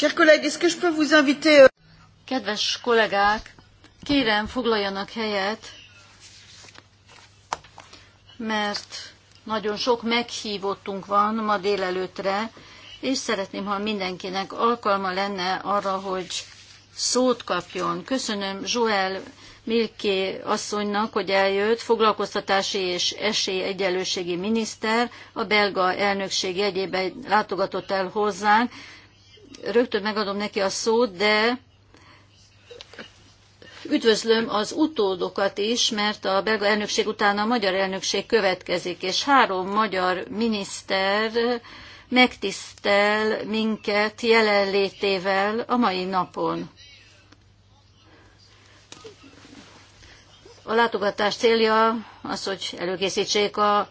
Euh, Kedves kollégák, kérem foglaljanak helyet, mert nagyon sok meghívottunk van ma délelőtre, és szeretném, ha mindenkinek alkalma lenne arra, hogy szót kapjon. Köszönöm Joel Milké asszonynak, hogy eljött, foglalkoztatási és esélyegyenlőségi miniszter, a belga elnökség jegyében látogatott el hozzánk, rögtön megadom neki a szót, de üdvözlöm az utódokat is, mert a belga elnökség után a magyar elnökség következik, és három magyar miniszter megtisztel minket jelenlétével a mai napon. A látogatás célja az, hogy előkészítsék a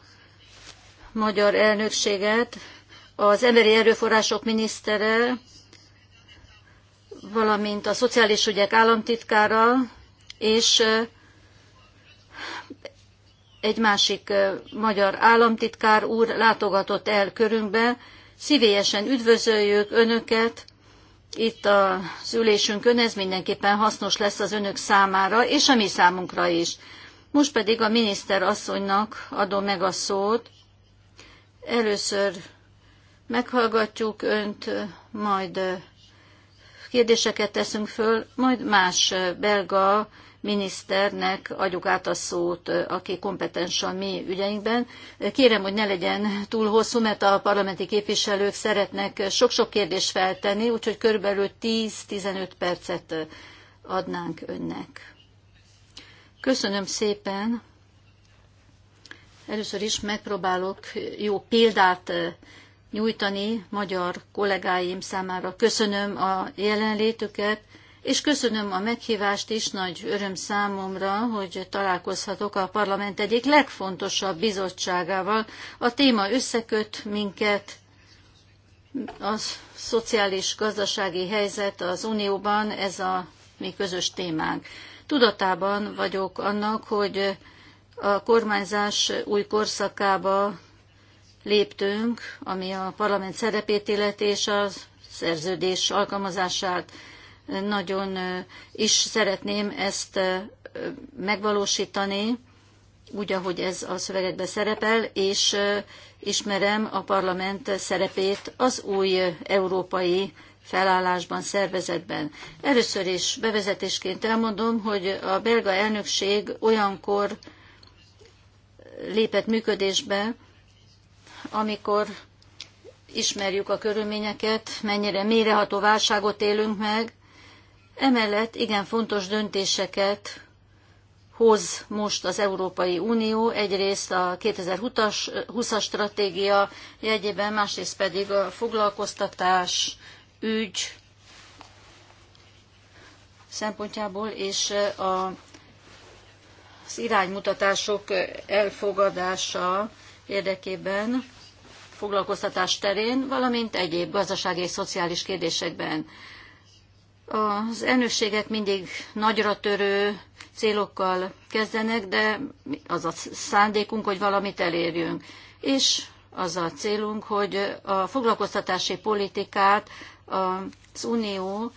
magyar elnökséget az emberi erőforrások minisztere, valamint a szociális ügyek államtitkára, és egy másik magyar államtitkár úr látogatott el körünkbe. Szívélyesen üdvözöljük Önöket itt az ülésünkön, ez mindenképpen hasznos lesz az Önök számára, és a mi számunkra is. Most pedig a miniszter asszonynak adom meg a szót. Először meghallgatjuk önt, majd kérdéseket teszünk föl, majd más belga miniszternek adjuk át a szót, aki kompetens a mi ügyeinkben. Kérem, hogy ne legyen túl hosszú, mert a parlamenti képviselők szeretnek sok-sok kérdést feltenni, úgyhogy körülbelül 10-15 percet adnánk önnek. Köszönöm szépen. Először is megpróbálok jó példát nyújtani magyar kollégáim számára. Köszönöm a jelenlétüket, és köszönöm a meghívást is, nagy öröm számomra, hogy találkozhatok a parlament egyik legfontosabb bizottságával. A téma összeköt minket, a szociális-gazdasági helyzet az Unióban, ez a mi közös témánk. Tudatában vagyok annak, hogy a kormányzás új korszakába léptünk, ami a parlament szerepét illeti és a szerződés alkalmazását. Nagyon is szeretném ezt megvalósítani, úgy, ahogy ez a szövegekben szerepel, és ismerem a parlament szerepét az új európai felállásban, szervezetben. Először is bevezetésként elmondom, hogy a belga elnökség olyankor lépett működésbe, amikor ismerjük a körülményeket, mennyire méreható válságot élünk meg. Emellett igen fontos döntéseket hoz most az Európai Unió, egyrészt a 2020-as stratégia jegyében, másrészt pedig a foglalkoztatás ügy szempontjából és a, az iránymutatások elfogadása érdekében foglalkoztatás terén, valamint egyéb gazdasági és szociális kérdésekben. Az elnökségek mindig nagyra törő célokkal kezdenek, de az a szándékunk, hogy valamit elérjünk. És az a célunk, hogy a foglalkoztatási politikát az unió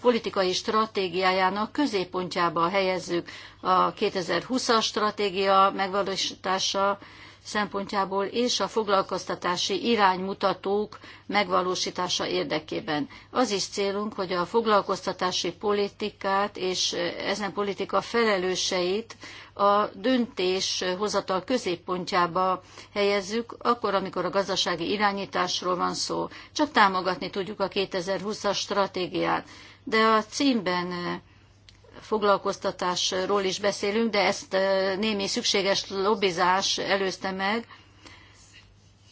politikai stratégiájának középpontjába helyezzük a 2020-as stratégia megvalósítása szempontjából és a foglalkoztatási iránymutatók megvalósítása érdekében. Az is célunk, hogy a foglalkoztatási politikát és ezen politika felelőseit a döntéshozatal középpontjába helyezzük, akkor, amikor a gazdasági irányításról van szó. Csak támogatni tudjuk a 2020-as stratégiát. De a címben foglalkoztatásról is beszélünk, de ezt némi szükséges lobbizás előzte meg,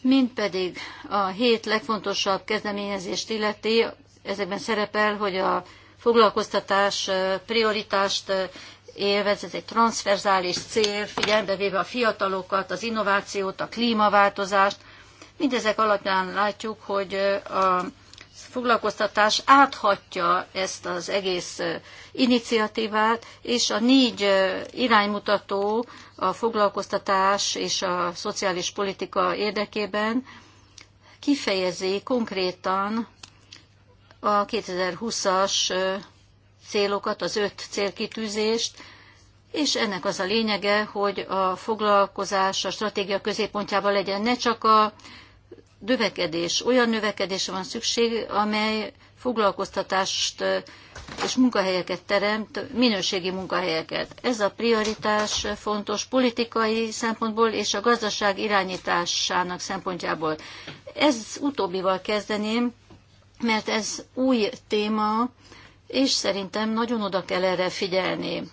mint pedig a hét legfontosabb kezdeményezést illeti, ezekben szerepel, hogy a foglalkoztatás prioritást élvez, ez egy transzverzális cél, figyelembe véve a fiatalokat, az innovációt, a klímaváltozást. Mindezek alapján látjuk, hogy a foglalkoztatás áthatja ezt az egész iniciatívát, és a négy iránymutató a foglalkoztatás és a szociális politika érdekében kifejezi konkrétan a 2020-as célokat, az öt célkitűzést, és ennek az a lényege, hogy a foglalkozás a stratégia középpontjában legyen ne csak a növekedés, olyan növekedésre van szükség, amely foglalkoztatást és munkahelyeket teremt, minőségi munkahelyeket. Ez a prioritás fontos politikai szempontból és a gazdaság irányításának szempontjából. Ez utóbbival kezdeném, mert ez új téma, és szerintem nagyon oda kell erre figyelni.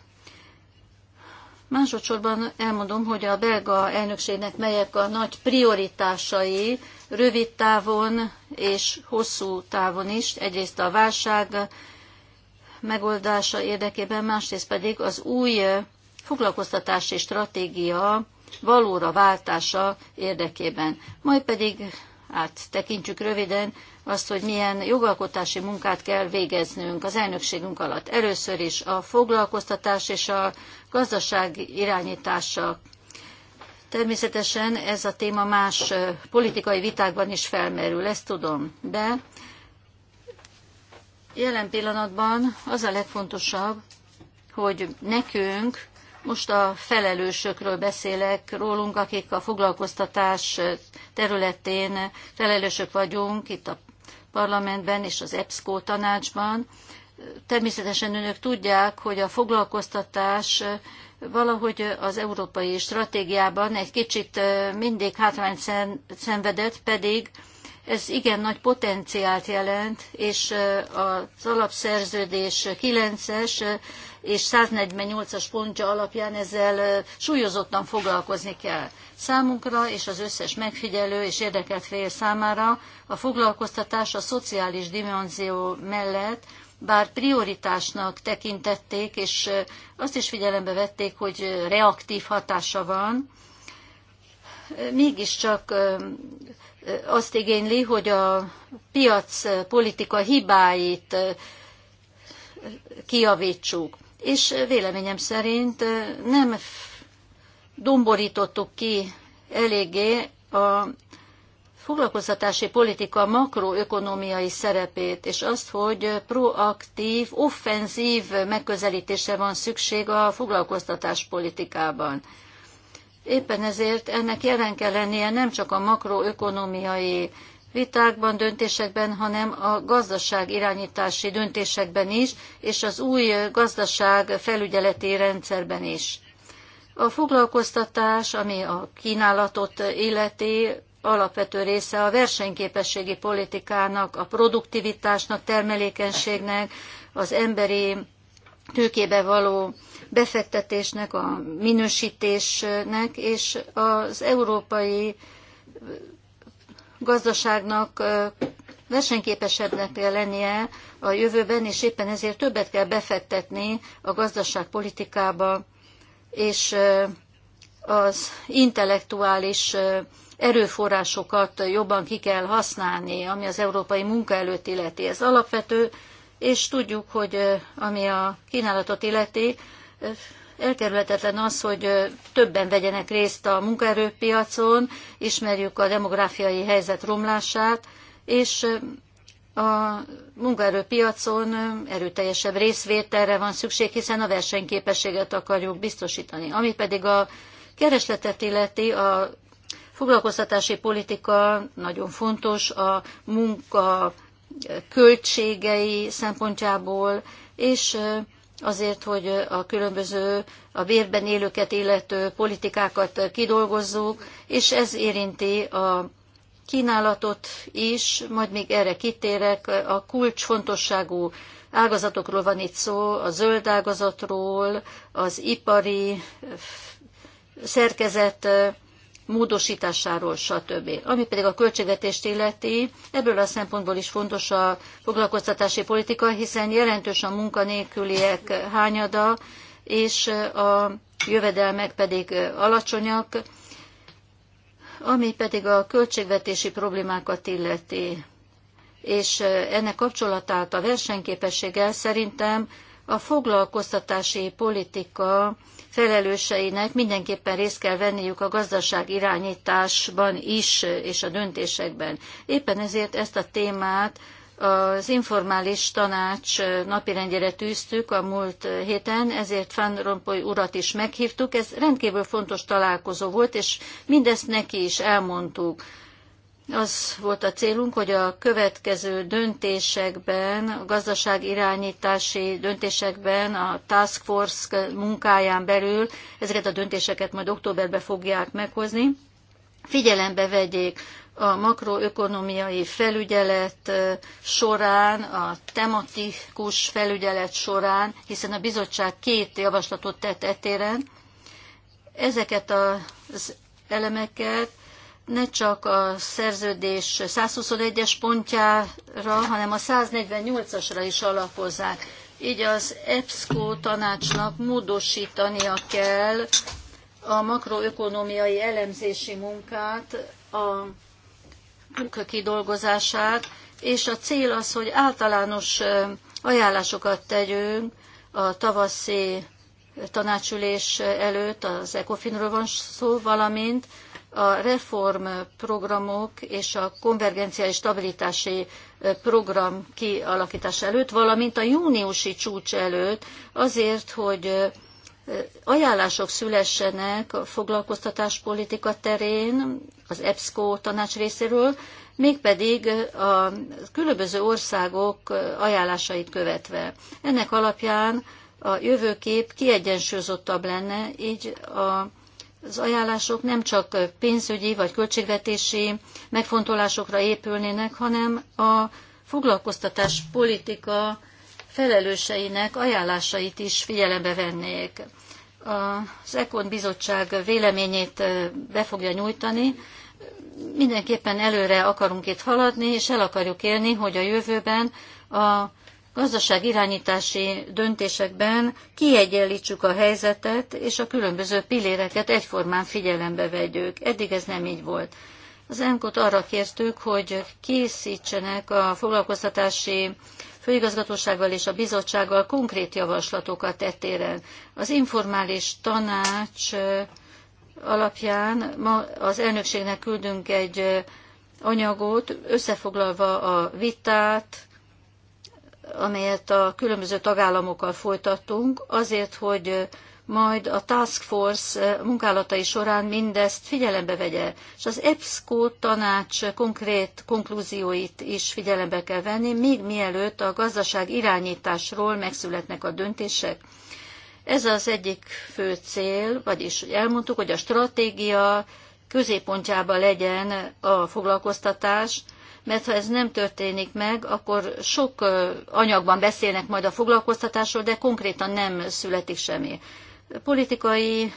Másodszorban elmondom, hogy a belga elnökségnek melyek a nagy prioritásai rövid távon és hosszú távon is. Egyrészt a válság megoldása érdekében, másrészt pedig az új foglalkoztatási stratégia valóra váltása érdekében. Majd pedig tekintsük röviden azt, hogy milyen jogalkotási munkát kell végeznünk az elnökségünk alatt. Először is a foglalkoztatás és a gazdaság irányítása. Természetesen ez a téma más politikai vitákban is felmerül, ezt tudom, de jelen pillanatban az a legfontosabb, hogy nekünk most a felelősökről beszélek, rólunk, akik a foglalkoztatás területén felelősök vagyunk, itt a parlamentben és az EBSCO tanácsban. Természetesen önök tudják, hogy a foglalkoztatás valahogy az európai stratégiában egy kicsit mindig hátrány szenvedett, pedig ez igen nagy potenciált jelent, és az alapszerződés 9-es és 148-as pontja alapján ezzel súlyozottan foglalkozni kell. Számunkra és az összes megfigyelő és érdekelt fél számára a foglalkoztatás a szociális dimenzió mellett bár prioritásnak tekintették, és azt is figyelembe vették, hogy reaktív hatása van, mégiscsak azt igényli, hogy a piacpolitika hibáit kiavítsuk és véleményem szerint nem domborítottuk ki eléggé a foglalkoztatási politika makroökonomiai szerepét, és azt, hogy proaktív, offenzív megközelítésre van szükség a foglalkoztatás politikában. Éppen ezért ennek jelen kell lennie nem csak a makroökonomiai vitákban, döntésekben, hanem a gazdaság irányítási döntésekben is, és az új gazdaság felügyeleti rendszerben is. A foglalkoztatás, ami a kínálatot illeti, alapvető része a versenyképességi politikának, a produktivitásnak, termelékenységnek, az emberi tőkébe való befektetésnek, a minősítésnek, és az európai gazdaságnak versenyképesebbnek kell lennie a jövőben, és éppen ezért többet kell befektetni a gazdaságpolitikába, és az intellektuális erőforrásokat jobban ki kell használni, ami az európai munkaerőt illeti. Ez alapvető, és tudjuk, hogy ami a kínálatot illeti, Elkerülhetetlen az, hogy többen vegyenek részt a munkaerőpiacon, ismerjük a demográfiai helyzet romlását, és a munkaerőpiacon erőteljesebb részvételre van szükség, hiszen a versenyképességet akarjuk biztosítani. Ami pedig a keresletet illeti, a foglalkoztatási politika nagyon fontos a munka költségei szempontjából, és azért, hogy a különböző a bérben élőket illető politikákat kidolgozzuk, és ez érinti a kínálatot is, majd még erre kitérek, a kulcsfontosságú ágazatokról van itt szó, a zöld ágazatról, az ipari szerkezet módosításáról, stb. Ami pedig a költségvetést illeti, ebből a szempontból is fontos a foglalkoztatási politika, hiszen jelentős a munkanélküliek hányada, és a jövedelmek pedig alacsonyak, ami pedig a költségvetési problémákat illeti, és ennek kapcsolatát a versenyképességgel szerintem a foglalkoztatási politika felelőseinek mindenképpen részt kell venniük a gazdaság irányításban is, és a döntésekben. Éppen ezért ezt a témát az informális tanács napirendjére tűztük a múlt héten, ezért Fan Rompuy urat is meghívtuk. Ez rendkívül fontos találkozó volt, és mindezt neki is elmondtuk. Az volt a célunk, hogy a következő döntésekben, a gazdaság irányítási döntésekben, a Task Force munkáján belül ezeket a döntéseket majd októberben fogják meghozni. Figyelembe vegyék a makroökonomiai felügyelet során, a tematikus felügyelet során, hiszen a bizottság két javaslatot tett etéren. Ezeket az elemeket ne csak a szerződés 121-es pontjára, hanem a 148-asra is alapozzák. Így az EBSCO tanácsnak módosítania kell a makroökonomiai elemzési munkát, a munka kidolgozását, és a cél az, hogy általános ajánlásokat tegyünk a tavaszi tanácsülés előtt, az ECOFIN-ről van szó, valamint a reformprogramok és a és stabilitási program kialakítása előtt, valamint a júniusi csúcs előtt azért, hogy ajánlások szülessenek a foglalkoztatáspolitika terén, az EBSCO tanács részéről, mégpedig a különböző országok ajánlásait követve. Ennek alapján a jövőkép kiegyensúlyozottabb lenne, így a az ajánlások nem csak pénzügyi vagy költségvetési megfontolásokra épülnének, hanem a foglalkoztatás politika felelőseinek ajánlásait is figyelembe vennék. Az Ekon bizottság véleményét be fogja nyújtani. Mindenképpen előre akarunk itt haladni, és el akarjuk élni, hogy a jövőben a gazdaságirányítási döntésekben kiegyenlítsük a helyzetet, és a különböző pilléreket egyformán figyelembe vegyük. Eddig ez nem így volt. Az EMKOT arra kértük, hogy készítsenek a foglalkoztatási főigazgatósággal és a bizottsággal konkrét javaslatokat tettéren. Az informális tanács alapján ma az elnökségnek küldünk egy anyagot, összefoglalva a vitát, amelyet a különböző tagállamokkal folytattunk, azért, hogy majd a Task Force munkálatai során mindezt figyelembe vegye, és az EBSCO tanács konkrét konklúzióit is figyelembe kell venni, még mielőtt a gazdaság irányításról megszületnek a döntések. Ez az egyik fő cél, vagyis elmondtuk, hogy a stratégia középpontjában legyen a foglalkoztatás, mert ha ez nem történik meg, akkor sok anyagban beszélnek majd a foglalkoztatásról, de konkrétan nem születik semmi. Politikai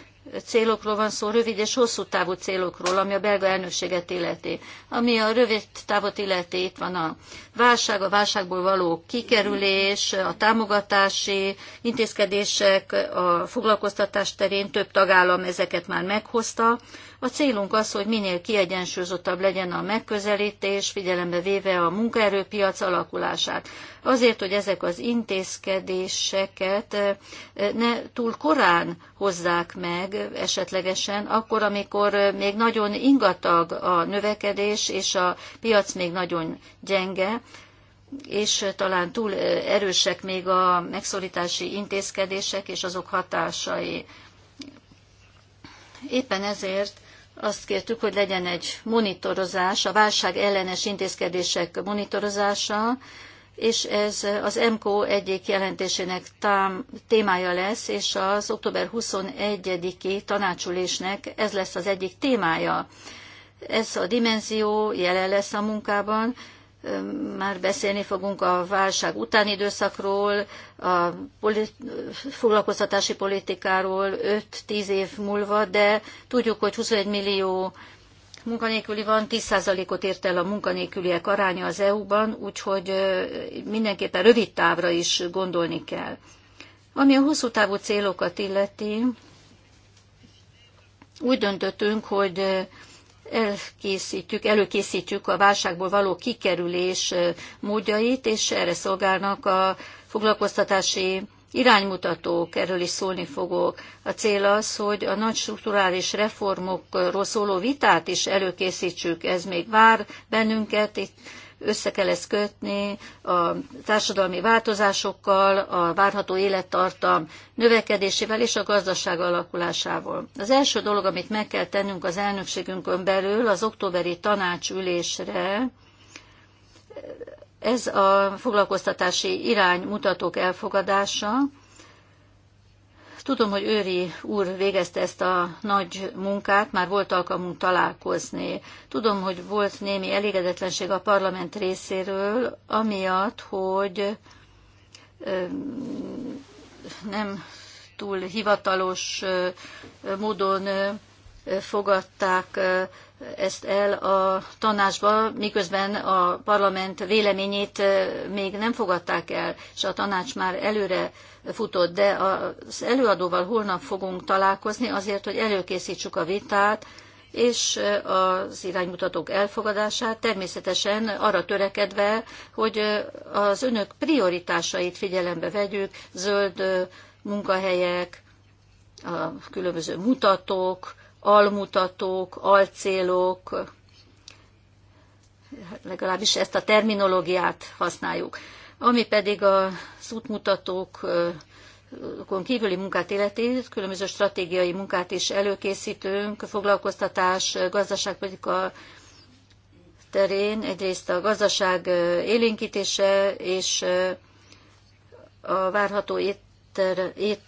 célokról van szó, rövid és hosszú távú célokról, ami a belga elnökséget illeti. Ami a rövid távot illeti, itt van a válság, a válságból való kikerülés, a támogatási intézkedések, a foglalkoztatás terén több tagállam ezeket már meghozta. A célunk az, hogy minél kiegyensúlyozottabb legyen a megközelítés, figyelembe véve a munkaerőpiac alakulását. Azért, hogy ezek az intézkedéseket eh, eh, ne túl korán hozzák meg esetlegesen, akkor, amikor eh, még nagyon ingatag a növekedés, és a piac még nagyon gyenge, és talán túl erősek még a megszorítási intézkedések és azok hatásai. Éppen ezért azt kértük, hogy legyen egy monitorozás, a válság ellenes intézkedések monitorozása, és ez az MKO egyik jelentésének tám, témája lesz, és az október 21-i tanácsülésnek ez lesz az egyik témája. Ez a dimenzió jelen lesz a munkában, már beszélni fogunk a válság utáni időszakról, a polit- foglalkoztatási politikáról 5-10 év múlva, de tudjuk, hogy 21 millió munkanélküli van, 10%-ot ért el a munkanélküliek aránya az EU-ban, úgyhogy mindenképpen rövid távra is gondolni kell. Ami a hosszú távú célokat illeti, úgy döntöttünk, hogy elkészítjük, előkészítjük a válságból való kikerülés módjait, és erre szolgálnak a foglalkoztatási iránymutatók, erről is szólni fogok. A cél az, hogy a nagy strukturális reformokról szóló vitát is előkészítsük. Ez még vár bennünket, itt össze kell ezt kötni a társadalmi változásokkal, a várható élettartam növekedésével és a gazdaság alakulásával. Az első dolog, amit meg kell tennünk az elnökségünkön belül, az októberi tanácsülésre ez a foglalkoztatási iránymutatók elfogadása, Tudom, hogy Őri úr végezte ezt a nagy munkát, már volt alkalmunk találkozni. Tudom, hogy volt némi elégedetlenség a parlament részéről, amiatt, hogy nem túl hivatalos módon fogadták ezt el a tanácsba, miközben a parlament véleményét még nem fogadták el, és a tanács már előre futott, de az előadóval holnap fogunk találkozni azért, hogy előkészítsük a vitát, és az iránymutatók elfogadását, természetesen arra törekedve, hogy az önök prioritásait figyelembe vegyük, zöld munkahelyek, a különböző mutatók, almutatók, alcélok, legalábbis ezt a terminológiát használjuk. Ami pedig az útmutatókon kívüli munkát illeti, különböző stratégiai munkát is előkészítünk, foglalkoztatás, gazdaságpolitika terén, egyrészt a gazdaság élénkítése és a várható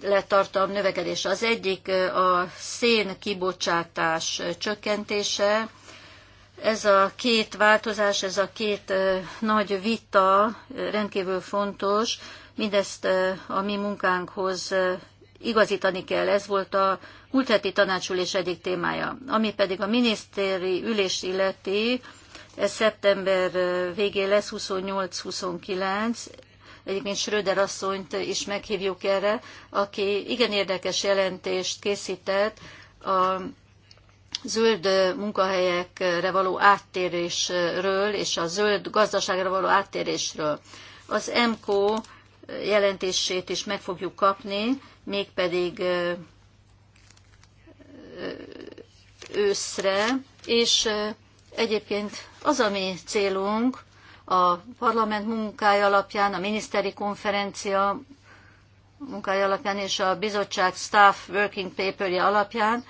élettartam növekedése. Az egyik a szén kibocsátás csökkentése. Ez a két változás, ez a két nagy vita rendkívül fontos. Mindezt a mi munkánkhoz igazítani kell. Ez volt a múlt heti tanácsülés egyik témája. Ami pedig a minisztéri ülés illeti, ez szeptember végén lesz 28-29, egyébként Schröder asszonyt is meghívjuk erre, aki igen érdekes jelentést készített a zöld munkahelyekre való áttérésről és a zöld gazdaságra való áttérésről. Az MKO jelentését is meg fogjuk kapni, mégpedig őszre, és egyébként az a mi célunk, a parlament munkája alapján, a miniszteri konferencia munkája alapján és a bizottság staff working paperje alapján.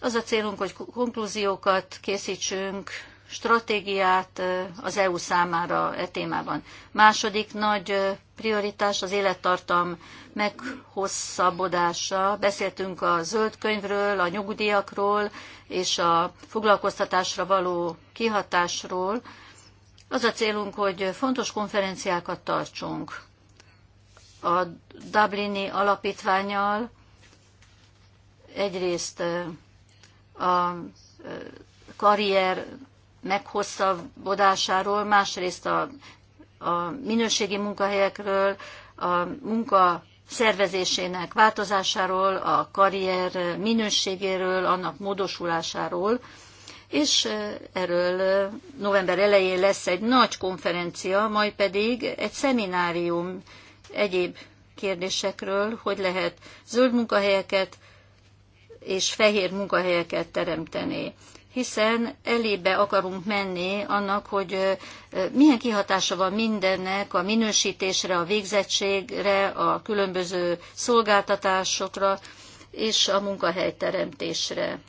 Az a célunk, hogy konklúziókat készítsünk, stratégiát az EU számára e témában. Második nagy prioritás az élettartam meghosszabbodása. Beszéltünk a zöld könyvről, a nyugdíjakról és a foglalkoztatásra való kihatásról. Az a célunk, hogy fontos konferenciákat tartsunk a Dublini alapítványal, egyrészt a karrier meghosszabbodásáról, másrészt a, a minőségi munkahelyekről, a munka szervezésének változásáról, a karrier minőségéről, annak módosulásáról, és erről november elején lesz egy nagy konferencia, majd pedig egy szeminárium egyéb kérdésekről, hogy lehet zöld munkahelyeket és fehér munkahelyeket teremteni hiszen elébe akarunk menni annak, hogy milyen kihatása van mindennek a minősítésre, a végzettségre, a különböző szolgáltatásokra és a munkahelyteremtésre.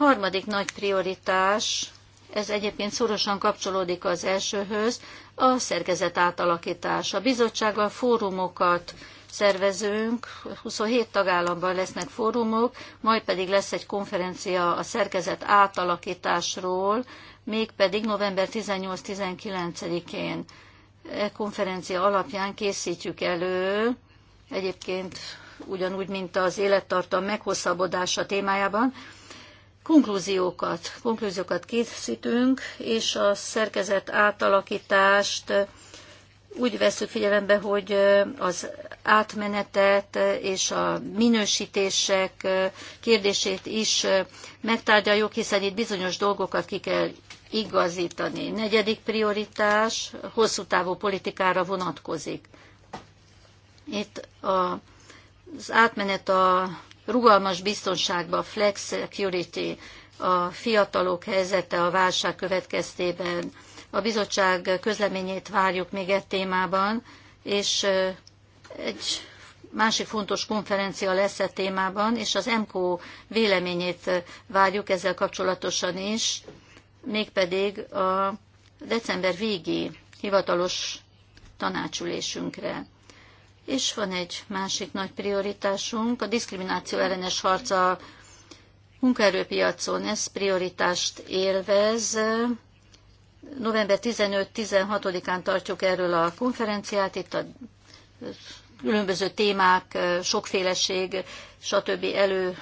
Harmadik nagy prioritás, ez egyébként szorosan kapcsolódik az elsőhöz, a szerkezet átalakítás. A bizottsággal fórumokat szervezünk, 27 tagállamban lesznek fórumok, majd pedig lesz egy konferencia a szerkezet átalakításról, mégpedig november 18-19-én. E konferencia alapján készítjük elő, egyébként ugyanúgy, mint az élettartam meghosszabbodása témájában, konklúziókat, konklúziókat készítünk, és a szerkezet átalakítást úgy veszük figyelembe, hogy az átmenetet és a minősítések kérdését is megtárgyaljuk, hiszen itt bizonyos dolgokat ki kell igazítani. Negyedik prioritás hosszú távú politikára vonatkozik. Itt a, az átmenet a rugalmas biztonságba, flex security, a fiatalok helyzete a válság következtében. A bizottság közleményét várjuk még egy témában, és egy másik fontos konferencia lesz a e témában, és az MKO véleményét várjuk ezzel kapcsolatosan is, mégpedig a december végi hivatalos tanácsülésünkre. És van egy másik nagy prioritásunk, a diszkrimináció ellenes harc a munkaerőpiacon. Ez prioritást élvez. November 15-16-án tartjuk erről a konferenciát, itt a különböző témák, sokféleség, stb. elő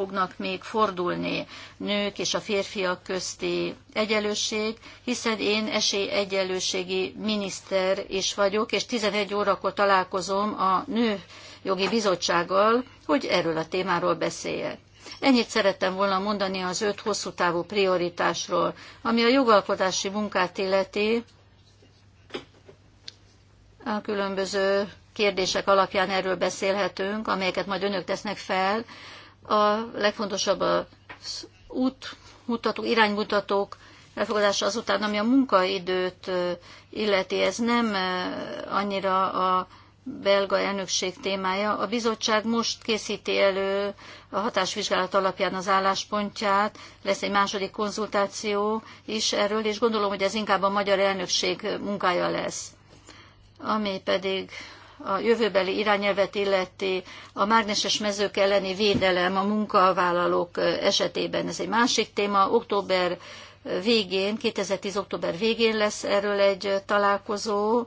fognak még fordulni nők és a férfiak közti egyenlőség, hiszen én esélyegyenlőségi miniszter is vagyok, és 11 órakor találkozom a nő jogi bizottsággal, hogy erről a témáról beszéljek. Ennyit szerettem volna mondani az öt hosszú távú prioritásról, ami a jogalkotási munkát illeti, a különböző kérdések alapján erről beszélhetünk, amelyeket majd önök tesznek fel, a legfontosabb az útmutatók, iránymutatók elfogadása azután, ami a munkaidőt illeti, ez nem annyira a belga elnökség témája. A bizottság most készíti elő a hatásvizsgálat alapján az álláspontját, lesz egy második konzultáció is erről, és gondolom, hogy ez inkább a magyar elnökség munkája lesz. Ami pedig a jövőbeli irányelvet illeti a mágneses mezők elleni védelem a munkavállalók esetében. Ez egy másik téma. Október végén, 2010. október végén lesz erről egy találkozó,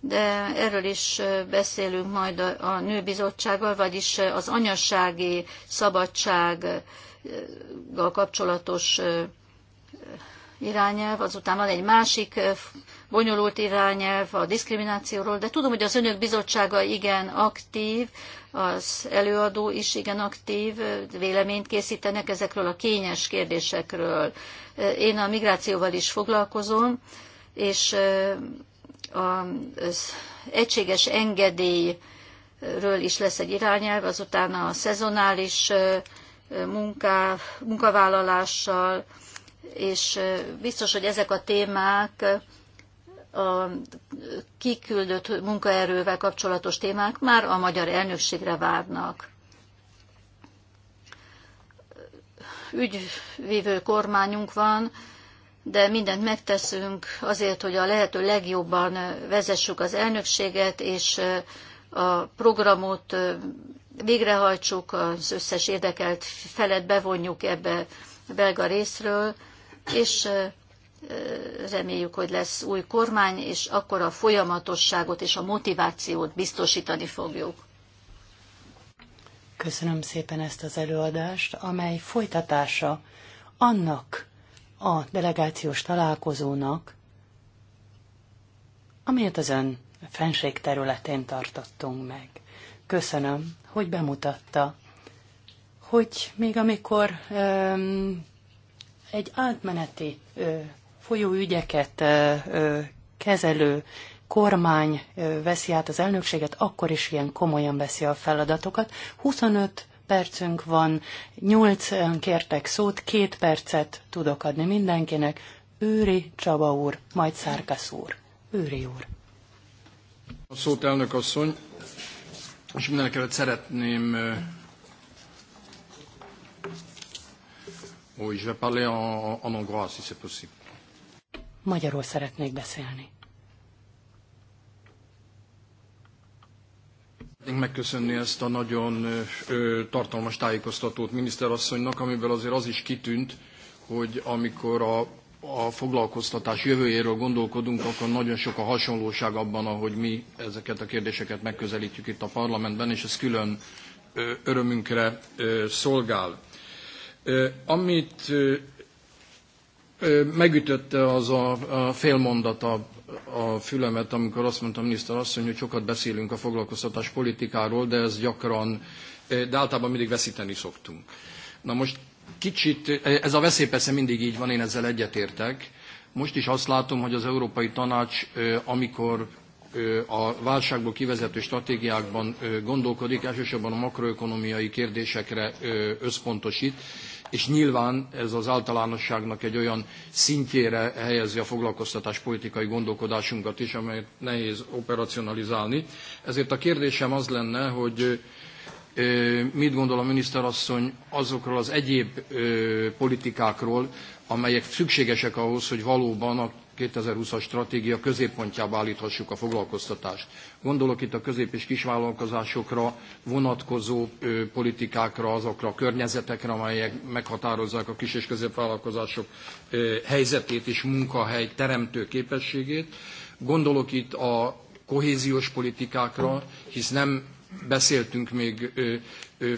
de erről is beszélünk majd a, nőbizottsággal, vagyis az anyassági szabadsággal kapcsolatos irányelv. Azután van egy másik bonyolult irányelv a diszkriminációról, de tudom, hogy az önök bizottsága igen aktív, az előadó is igen aktív, véleményt készítenek ezekről a kényes kérdésekről. Én a migrációval is foglalkozom, és az egységes engedélyről is lesz egy irányelv, azután a szezonális munká, munkavállalással, és biztos, hogy ezek a témák a kiküldött munkaerővel kapcsolatos témák már a magyar elnökségre várnak. Ügyvívő kormányunk van, de mindent megteszünk azért, hogy a lehető legjobban vezessük az elnökséget, és a programot végrehajtsuk, az összes érdekelt felet bevonjuk ebbe a belga részről, és reméljük, hogy lesz új kormány, és akkor a folyamatosságot és a motivációt biztosítani fogjuk. Köszönöm szépen ezt az előadást, amely folytatása annak a delegációs találkozónak, amelyet az ön fenség területén tartottunk meg. Köszönöm, hogy bemutatta, hogy még amikor öm, egy átmeneti ö, folyó ügyeket kezelő kormány veszi át az elnökséget, akkor is ilyen komolyan veszi a feladatokat. 25 percünk van, 8 kértek szót, két percet tudok adni mindenkinek. Őri Csaba úr, majd Szárkasz úr. Őri úr. A szót elnök asszony, és mindenekelőtt szeretném Oui, je vais parler en, en hongrois, si c'est possible magyarul szeretnék beszélni. Szeretnénk megköszönni ezt a nagyon ö, tartalmas tájékoztatót miniszterasszonynak, amiből azért az is kitűnt, hogy amikor a, a foglalkoztatás jövőjéről gondolkodunk, akkor nagyon sok a hasonlóság abban, ahogy mi ezeket a kérdéseket megközelítjük itt a parlamentben, és ez külön ö, örömünkre ö, szolgál. Amit Megütötte az a, a félmondat a, a fülemet, amikor azt mondta a miniszter asszony, hogy sokat beszélünk a foglalkoztatás politikáról, de ez gyakran, de általában mindig veszíteni szoktunk. Na most kicsit, ez a veszély persze mindig így van, én ezzel egyetértek. Most is azt látom, hogy az Európai Tanács, amikor a válságból kivezető stratégiákban gondolkodik, elsősorban a makroökonomiai kérdésekre összpontosít, és nyilván ez az általánosságnak egy olyan szintjére helyezi a foglalkoztatás politikai gondolkodásunkat is, amelyet nehéz operacionalizálni. Ezért a kérdésem az lenne, hogy mit gondol a miniszterasszony azokról az egyéb politikákról, amelyek szükségesek ahhoz, hogy valóban a 2020-as stratégia középpontjába állíthassuk a foglalkoztatást. Gondolok itt a közép- és kisvállalkozásokra vonatkozó politikákra, azokra a környezetekre, amelyek meghatározzák a kis- és középvállalkozások helyzetét és munkahely teremtő képességét. Gondolok itt a kohéziós politikákra, hisz nem beszéltünk még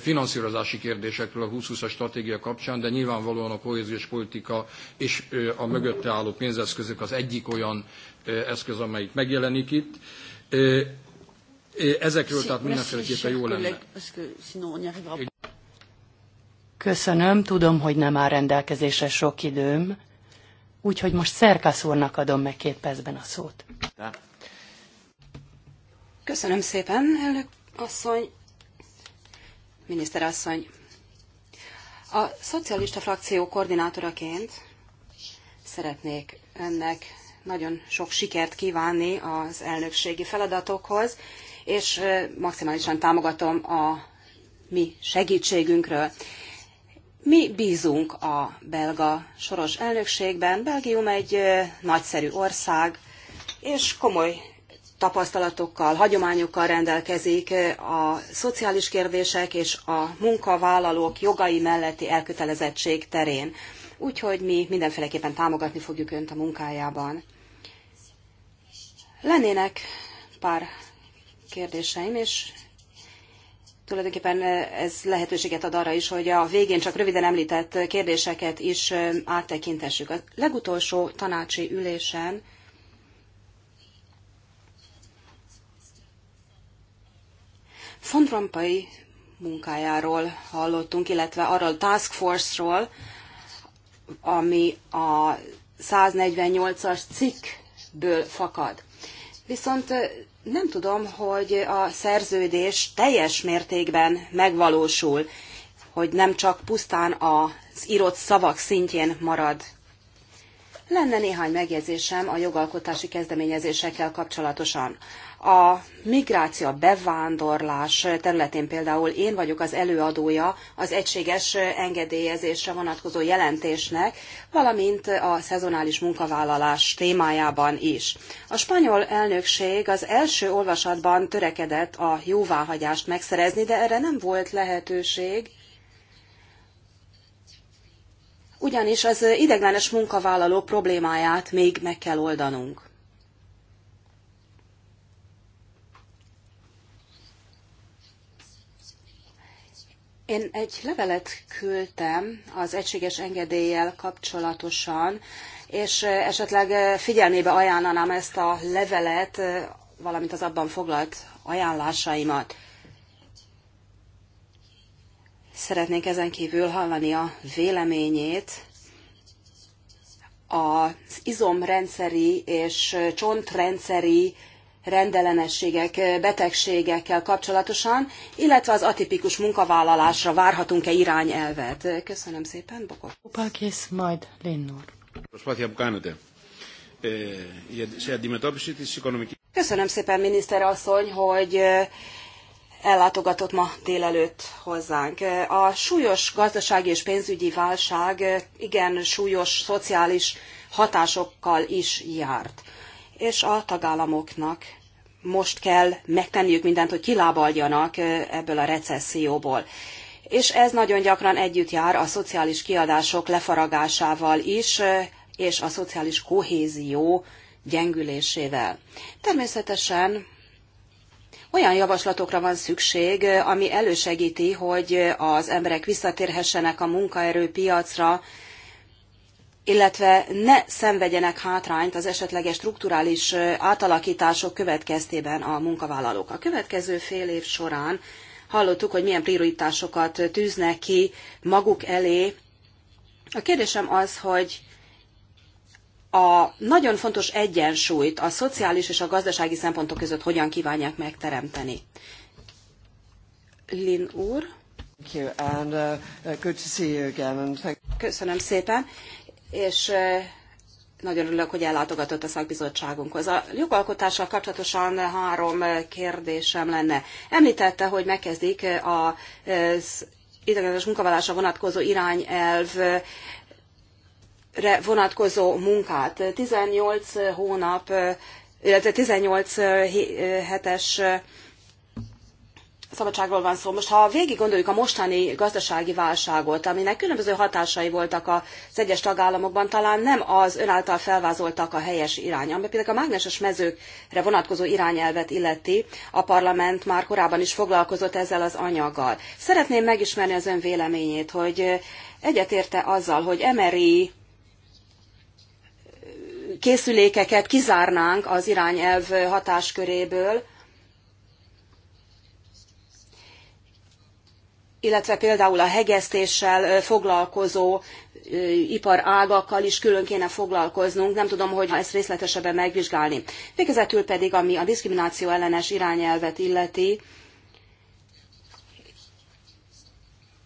finanszírozási kérdésekről a 2020-as stratégia kapcsán, de nyilvánvalóan a kohéziós politika és a mögötte álló pénzeszközök az egyik olyan eszköz, amelyik megjelenik itt. Ezekről tehát mindenféleképpen jó lenne. Köszönöm, tudom, hogy nem áll rendelkezésre sok időm, úgyhogy most Szerkasz úrnak adom meg két percben a szót. Köszönöm szépen, elnök asszony, miniszter asszony, a szocialista frakció koordinátoraként szeretnék önnek nagyon sok sikert kívánni az elnökségi feladatokhoz, és maximálisan támogatom a mi segítségünkről. Mi bízunk a belga soros elnökségben. Belgium egy nagyszerű ország, és komoly tapasztalatokkal, hagyományokkal rendelkezik, a szociális kérdések és a munkavállalók jogai melletti elkötelezettség terén. Úgyhogy mi mindenféleképpen támogatni fogjuk Önt a munkájában. Lennének pár kérdéseim, és tulajdonképpen ez lehetőséget ad arra is, hogy a végén csak röviden említett kérdéseket is áttekintessük. A legutolsó tanácsi ülésen Von Rompuy munkájáról hallottunk, illetve arról Task Force-ról, ami a 148-as cikkből fakad. Viszont nem tudom, hogy a szerződés teljes mértékben megvalósul, hogy nem csak pusztán az írott szavak szintjén marad. Lenne néhány megjegyzésem a jogalkotási kezdeményezésekkel kapcsolatosan. A migráció, a bevándorlás területén például én vagyok az előadója az egységes engedélyezésre vonatkozó jelentésnek, valamint a szezonális munkavállalás témájában is. A spanyol elnökség az első olvasatban törekedett a jóváhagyást megszerezni, de erre nem volt lehetőség, ugyanis az ideglenes munkavállalók problémáját még meg kell oldanunk. Én egy levelet küldtem az egységes engedéllyel kapcsolatosan, és esetleg figyelmébe ajánlanám ezt a levelet, valamint az abban foglalt ajánlásaimat. Szeretnénk ezen kívül hallani a véleményét az izomrendszeri és csontrendszeri rendellenességek, betegségekkel kapcsolatosan, illetve az atipikus munkavállalásra várhatunk-e irányelvet. Köszönöm szépen, Bokor. Pakis, majd Linnor. Köszönöm szépen, miniszter asszony, hogy ellátogatott ma délelőtt hozzánk. A súlyos gazdasági és pénzügyi válság igen súlyos szociális hatásokkal is járt, és a tagállamoknak most kell megtenniük mindent, hogy kilábaljanak ebből a recesszióból. És ez nagyon gyakran együtt jár a szociális kiadások lefaragásával is, és a szociális kohézió gyengülésével. Természetesen olyan javaslatokra van szükség, ami elősegíti, hogy az emberek visszatérhessenek a munkaerőpiacra, illetve ne szenvedjenek hátrányt az esetleges strukturális átalakítások következtében a munkavállalók. A következő fél év során hallottuk, hogy milyen prioritásokat tűznek ki maguk elé. A kérdésem az, hogy a nagyon fontos egyensúlyt a szociális és a gazdasági szempontok között hogyan kívánják megteremteni. Lin úr. Köszönöm szépen, és nagyon örülök, hogy ellátogatott a szakbizottságunkhoz. A jogalkotással kapcsolatosan három kérdésem lenne. Említette, hogy megkezdik az idegenes munkavállalásra vonatkozó irányelv vonatkozó munkát. 18 hónap, illetve 18 hetes szabadságról van szó. Most ha végig gondoljuk a mostani gazdasági válságot, aminek különböző hatásai voltak az egyes tagállamokban, talán nem az ön által felvázoltak a helyes irány, ami például a mágneses mezőkre vonatkozó irányelvet illeti, a parlament már korábban is foglalkozott ezzel az anyaggal. Szeretném megismerni az ön véleményét, hogy egyetérte azzal, hogy emeri készülékeket kizárnánk az irányelv hatásköréből, illetve például a hegesztéssel foglalkozó iparágakkal is külön kéne foglalkoznunk, nem tudom, hogy ezt részletesebben megvizsgálni. Végezetül pedig, ami a diszkrimináció ellenes irányelvet illeti,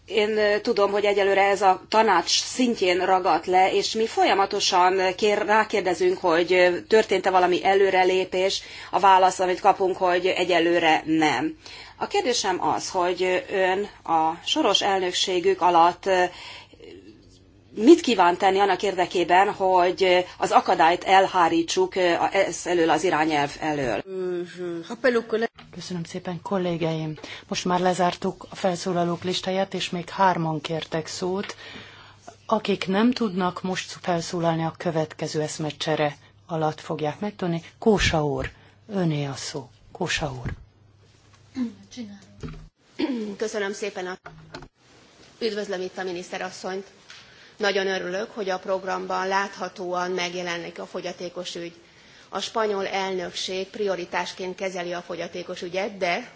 én tudom, hogy egyelőre ez a tanács szintjén ragadt le, és mi folyamatosan kér, rákérdezünk, hogy történt-e valami előrelépés, a válasz, amit kapunk, hogy egyelőre nem. A kérdésem az, hogy ön a soros elnökségük alatt mit kíván tenni annak érdekében, hogy az akadályt elhárítsuk ez elől az irányelv elől? Köszönöm szépen, kollégeim. Most már lezártuk a felszólalók listáját, és még hárman kértek szót. Akik nem tudnak most felszólalni, a következő eszmecsere alatt fogják megtudni. Kósa úr, öné a szó. Kósa úr. Köszönöm szépen a... Üdvözlöm itt a miniszterasszonyt. Nagyon örülök, hogy a programban láthatóan megjelenik a fogyatékos ügy. A spanyol elnökség prioritásként kezeli a fogyatékos ügyet, de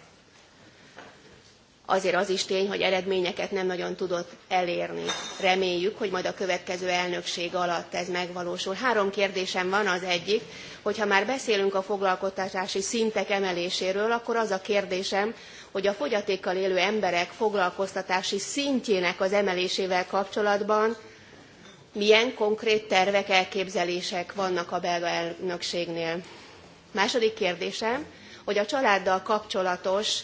azért az is tény, hogy eredményeket nem nagyon tudott elérni. Reméljük, hogy majd a következő elnökség alatt ez megvalósul. Három kérdésem van az egyik, hogyha már beszélünk a foglalkoztatási szintek emeléséről, akkor az a kérdésem, hogy a fogyatékkal élő emberek foglalkoztatási szintjének az emelésével kapcsolatban milyen konkrét tervek, elképzelések vannak a belga elnökségnél. Második kérdésem, hogy a családdal kapcsolatos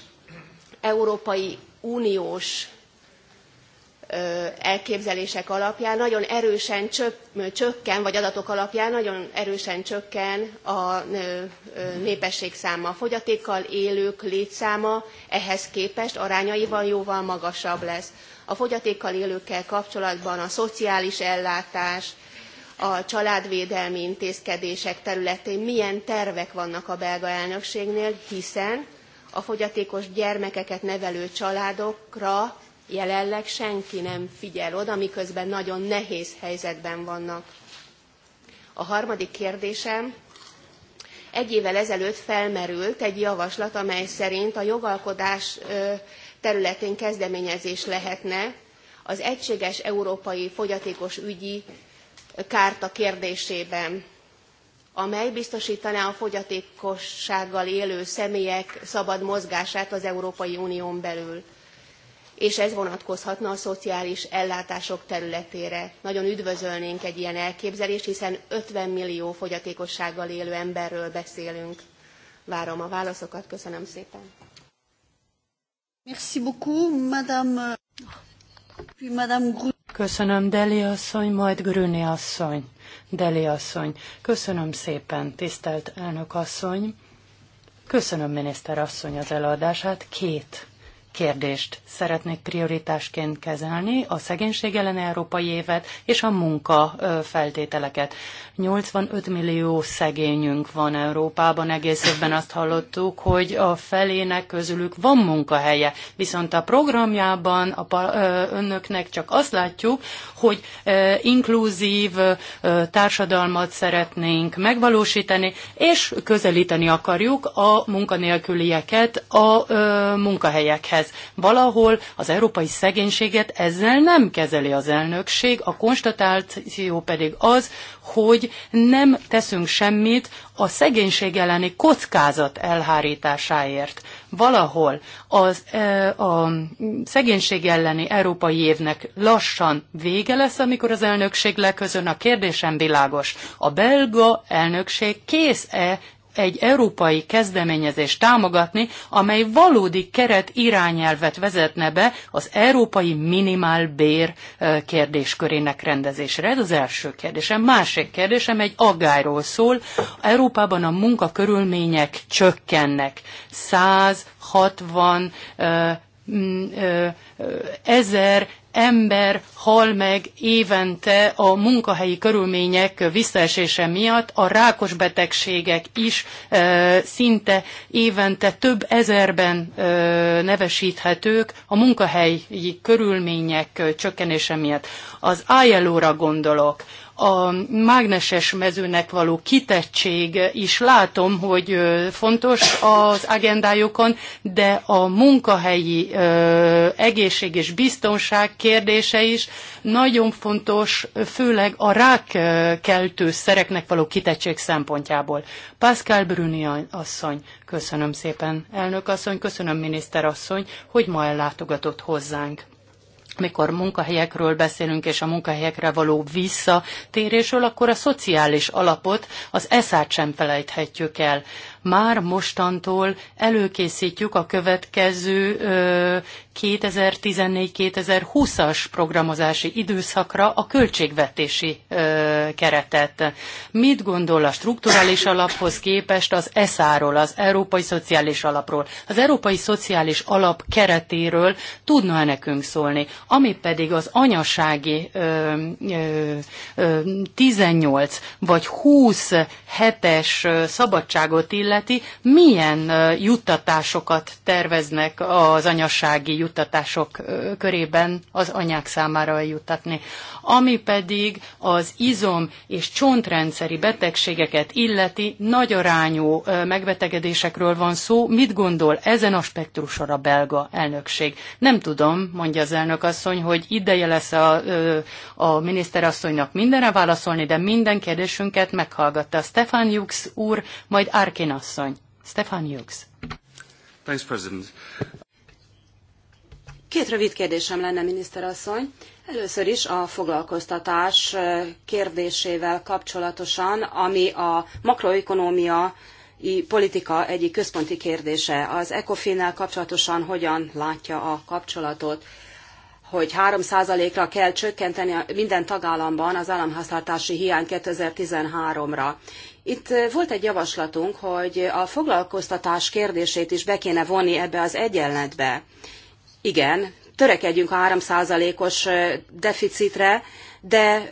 Európai Uniós elképzelések alapján nagyon erősen csökken, vagy adatok alapján nagyon erősen csökken a népesség száma. A fogyatékkal élők létszáma ehhez képest arányaiban jóval magasabb lesz a fogyatékkal élőkkel kapcsolatban a szociális ellátás, a családvédelmi intézkedések területén milyen tervek vannak a belga elnökségnél, hiszen a fogyatékos gyermekeket nevelő családokra jelenleg senki nem figyel oda, miközben nagyon nehéz helyzetben vannak. A harmadik kérdésem, egy évvel ezelőtt felmerült egy javaslat, amely szerint a jogalkodás területén kezdeményezés lehetne az egységes európai fogyatékos ügyi kárta kérdésében, amely biztosítaná a fogyatékossággal élő személyek szabad mozgását az Európai Unión belül. És ez vonatkozhatna a szociális ellátások területére. Nagyon üdvözölnénk egy ilyen elképzelést, hiszen 50 millió fogyatékossággal élő emberről beszélünk. Várom a válaszokat, köszönöm szépen. Merci beaucoup, Madame. Puis Madame Köszönöm, Deli asszony, majd Grüni asszony. Deli asszony, köszönöm szépen, tisztelt elnök asszony. Köszönöm miniszter asszony az eladását Két kérdést szeretnék prioritásként kezelni, a szegénység ellen európai évet és a munka feltételeket. 85 millió szegényünk van Európában, egész évben azt hallottuk, hogy a felének közülük van munkahelye, viszont a programjában a önöknek csak azt látjuk, hogy inkluzív társadalmat szeretnénk megvalósítani, és közelíteni akarjuk a munkanélkülieket a munkahelyekhez ez. Valahol az európai szegénységet ezzel nem kezeli az elnökség, a konstatáció pedig az, hogy nem teszünk semmit a szegénység elleni kockázat elhárításáért. Valahol az, e, a szegénység elleni európai évnek lassan vége lesz, amikor az elnökség leközön. A kérdésem világos. A belga elnökség kész-e egy európai kezdeményezést támogatni, amely valódi keret irányelvet vezetne be az európai bér kérdéskörének rendezésére. Ez az első kérdésem. Másik kérdésem egy agályról szól. Európában a munkakörülmények csökkennek. 160 ezer ember hal meg évente a munkahelyi körülmények visszaesése miatt, a rákos betegségek is e, szinte évente több ezerben e, nevesíthetők a munkahelyi körülmények csökkenése miatt. Az ILO-ra gondolok a mágneses mezőnek való kitettség is látom, hogy fontos az agendájukon, de a munkahelyi egészség és biztonság kérdése is nagyon fontos, főleg a rákkeltő szereknek való kitettség szempontjából. Pascal Bruni asszony, köszönöm szépen, elnök asszony, köszönöm miniszter asszony, hogy ma ellátogatott hozzánk mikor munkahelyekről beszélünk és a munkahelyekre való visszatérésről, akkor a szociális alapot, az eszát sem felejthetjük el már mostantól előkészítjük a következő 2014-2020-as programozási időszakra a költségvetési keretet. Mit gondol a strukturális alaphoz képest az eszá ról az Európai Szociális Alapról? Az Európai Szociális Alap keretéről tudna-e nekünk szólni? Ami pedig az anyasági 18 vagy 20 hetes szabadságot illet, illeti, milyen juttatásokat terveznek az anyasági juttatások körében az anyák számára juttatni. Ami pedig az izom és csontrendszeri betegségeket illeti, nagy arányú megbetegedésekről van szó. Mit gondol ezen a spektrusor a belga elnökség? Nem tudom, mondja az elnök asszony, hogy ideje lesz a, a miniszterasszonynak mindenre válaszolni, de minden kérdésünket meghallgatta. Stefan Jux úr, majd Arkina asszony. Stefan Hughes. Thanks, President. Két rövid kérdésem lenne, miniszterasszony. Először is a foglalkoztatás kérdésével kapcsolatosan, ami a makroökonómiai politika egyik központi kérdése. Az ECOFIN-nel kapcsolatosan hogyan látja a kapcsolatot? hogy 3%-ra kell csökkenteni minden tagállamban az államháztartási hiány 2013-ra. Itt volt egy javaslatunk, hogy a foglalkoztatás kérdését is be kéne vonni ebbe az egyenletbe. Igen, törekedjünk a 3%-os deficitre, de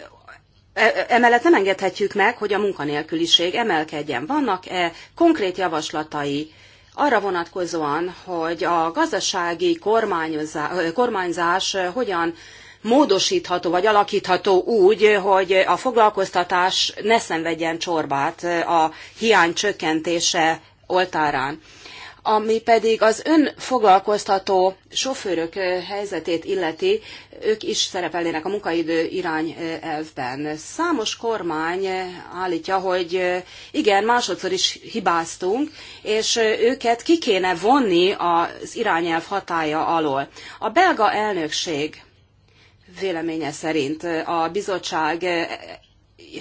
e, emellett nem engedhetjük meg, hogy a munkanélküliség emelkedjen. Vannak-e konkrét javaslatai arra vonatkozóan, hogy a gazdasági kormányzás hogyan módosítható vagy alakítható úgy, hogy a foglalkoztatás ne szenvedjen csorbát a hiány csökkentése oltárán. Ami pedig az ön foglalkoztató sofőrök helyzetét illeti, ők is szerepelnének a munkaidő irányelvben. Számos kormány állítja, hogy igen, másodszor is hibáztunk, és őket ki kéne vonni az irányelv hatája alól. A belga elnökség véleménye szerint a bizottság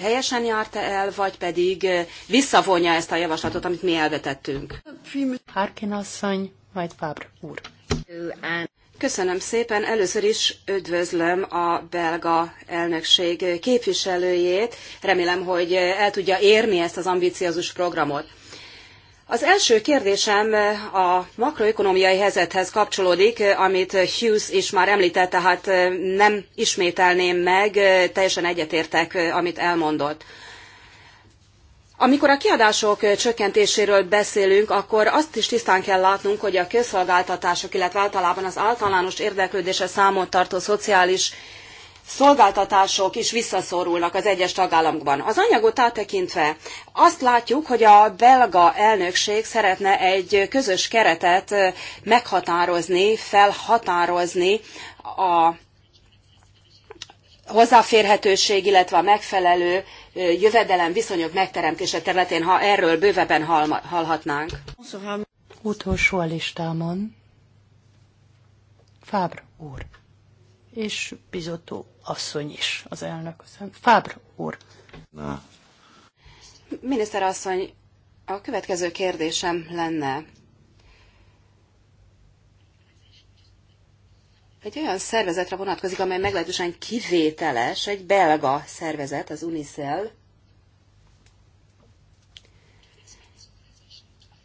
helyesen járta el, vagy pedig visszavonja ezt a javaslatot, amit mi elvetettünk. Harkin asszony, vagy Fábr úr. Köszönöm szépen. Először is üdvözlöm a belga elnökség képviselőjét. Remélem, hogy el tudja érni ezt az ambiciózus programot. Az első kérdésem eh, a makroökonómiai helyzethez kapcsolódik, eh, amit Hughes is már említett, tehát eh, nem ismételném meg, teljesen egyetértek, amit elmondott. Amikor a kiadások csökkentéséről beszélünk, akkor azt is tisztán kell látnunk, hogy a közszolgáltatások, illetve általában az általános érdeklődése számot tartó szociális szolgáltatások is visszaszorulnak az egyes tagállamokban. Az anyagot áttekintve azt látjuk, hogy a belga elnökség szeretne egy közös keretet meghatározni, felhatározni a hozzáférhetőség, illetve a megfelelő jövedelem viszonyok megteremtése területén, ha erről bővebben hallhatnánk. Utolsó a listámon Fábr úr és Bizotó asszony is, az elnök. Fábr úr. Na. Miniszter asszony, a következő kérdésem lenne. Egy olyan szervezetre vonatkozik, amely meglehetősen kivételes, egy belga szervezet, az UNICEL.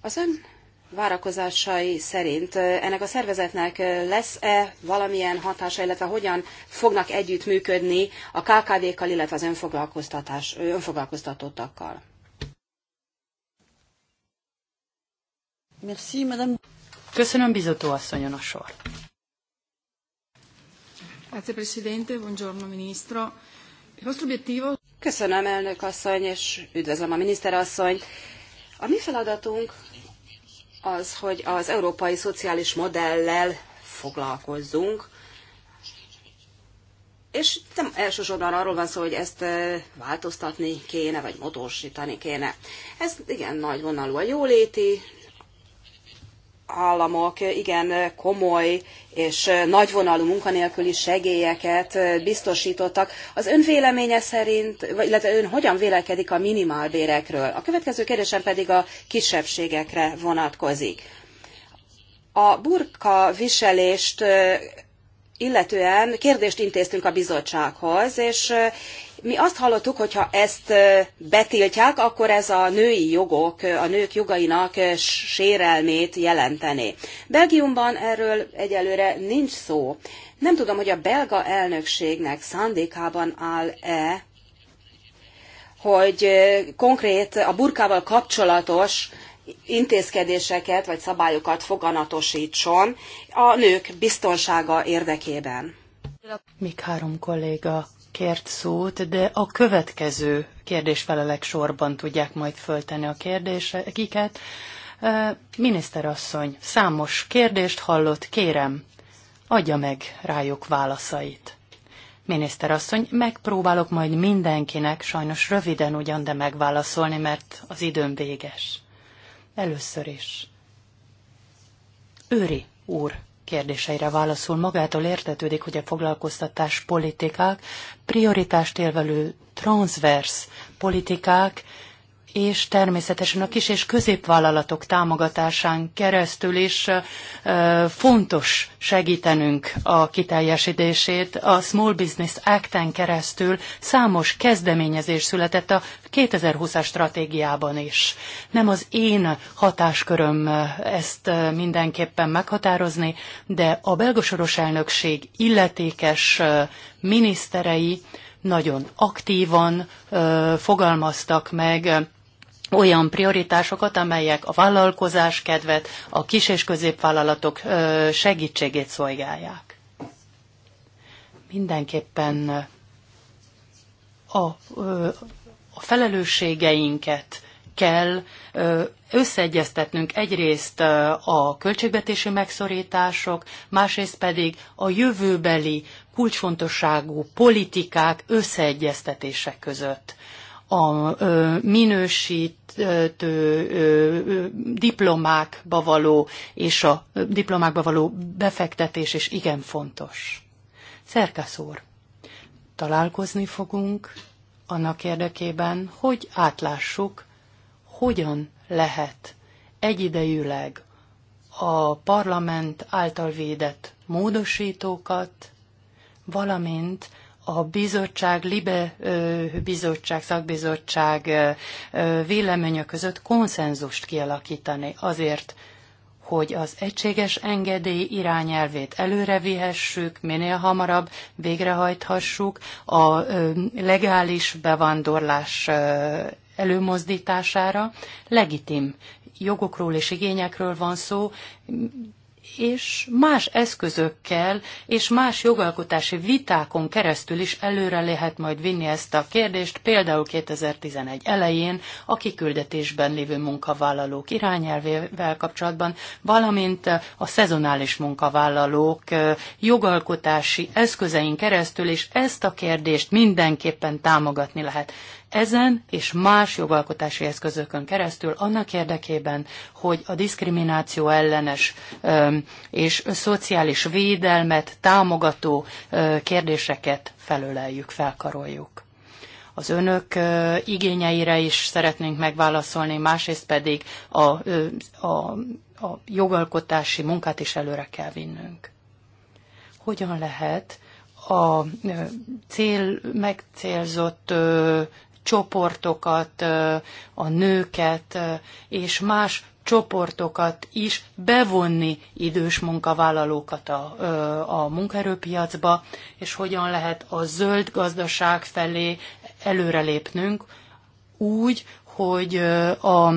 Az ön várakozásai szerint ennek a szervezetnek lesz-e valamilyen hatása, illetve hogyan fognak együttműködni a KKV-kkal, illetve az önfoglalkoztatás, önfoglalkoztatottakkal? Merci, madame. Köszönöm, bizotó asszonyon a sor. Grazie, Presidente. Buongiorno, Ministro. Il nostro obiettivo... Köszönöm, elnök asszony, és üdvözlöm a miniszter asszony. A mi feladatunk az, hogy az európai szociális modellel foglalkozzunk, és nem elsősorban arról van szó, hogy ezt változtatni kéne, vagy módosítani kéne. Ez igen nagy vonalú a jóléti államok igen komoly és nagyvonalú munkanélküli segélyeket biztosítottak. Az ön véleménye szerint, illetve ön hogyan vélekedik a minimálbérekről? A következő kérdésem pedig a kisebbségekre vonatkozik. A burka viselést illetően kérdést intéztünk a bizottsághoz, és mi azt hallottuk, hogy ha ezt betiltják, akkor ez a női jogok, a nők jogainak sérelmét jelentené. Belgiumban erről egyelőre nincs szó. Nem tudom, hogy a belga elnökségnek szándékában áll-e, hogy konkrét a burkával kapcsolatos intézkedéseket vagy szabályokat foganatosítson a nők biztonsága érdekében. Még három kolléga kért szót, de a következő kérdésfelelek sorban tudják majd föltenni a kérdéseket. Miniszterasszony, számos kérdést hallott, kérem, adja meg rájuk válaszait. Miniszterasszony, megpróbálok majd mindenkinek, sajnos röviden ugyan, de megválaszolni, mert az időm véges. Először is. Őri úr kérdéseire válaszul. Magától értetődik, hogy a foglalkoztatás politikák prioritást élvelő transzvers politikák és természetesen a kis és középvállalatok támogatásán keresztül is fontos segítenünk a kiteljesítését. A Small Business Act-en keresztül számos kezdeményezés született a 2020-as stratégiában is. Nem az én hatásköröm ezt mindenképpen meghatározni, de a belga elnökség illetékes miniszterei nagyon aktívan fogalmaztak meg olyan prioritásokat, amelyek a vállalkozás kedvet, a kis- és középvállalatok segítségét szolgálják. Mindenképpen a, a felelősségeinket kell összeegyeztetnünk egyrészt a költségvetési megszorítások, másrészt pedig a jövőbeli kulcsfontosságú politikák összeegyeztetése között a minősítő diplomákba való és a diplomákba való befektetés is igen fontos. Szerkesz úr, találkozni fogunk annak érdekében, hogy átlássuk, hogyan lehet egyidejűleg a parlament által védett módosítókat, valamint a bizottság, Libe bizottság, szakbizottság véleménye között konszenzust kialakítani azért, hogy az egységes engedély irányelvét előrevihessük, minél hamarabb végrehajthassuk, a legális bevándorlás előmozdítására legitim jogokról és igényekről van szó, és más eszközökkel és más jogalkotási vitákon keresztül is előre lehet majd vinni ezt a kérdést, például 2011 elején a kiküldetésben lévő munkavállalók irányelvével kapcsolatban, valamint a szezonális munkavállalók jogalkotási eszközein keresztül is ezt a kérdést mindenképpen támogatni lehet ezen és más jogalkotási eszközökön keresztül annak érdekében, hogy a diszkrimináció ellenes és szociális védelmet támogató kérdéseket felöleljük, felkaroljuk az önök igényeire is szeretnénk megválaszolni, másrészt pedig a, a, a jogalkotási munkát is előre kell vinnünk. Hogyan lehet a cél, megcélzott csoportokat, a nőket és más csoportokat is bevonni idős munkavállalókat a, a munkaerőpiacba, és hogyan lehet a zöld gazdaság felé előrelépnünk úgy, hogy a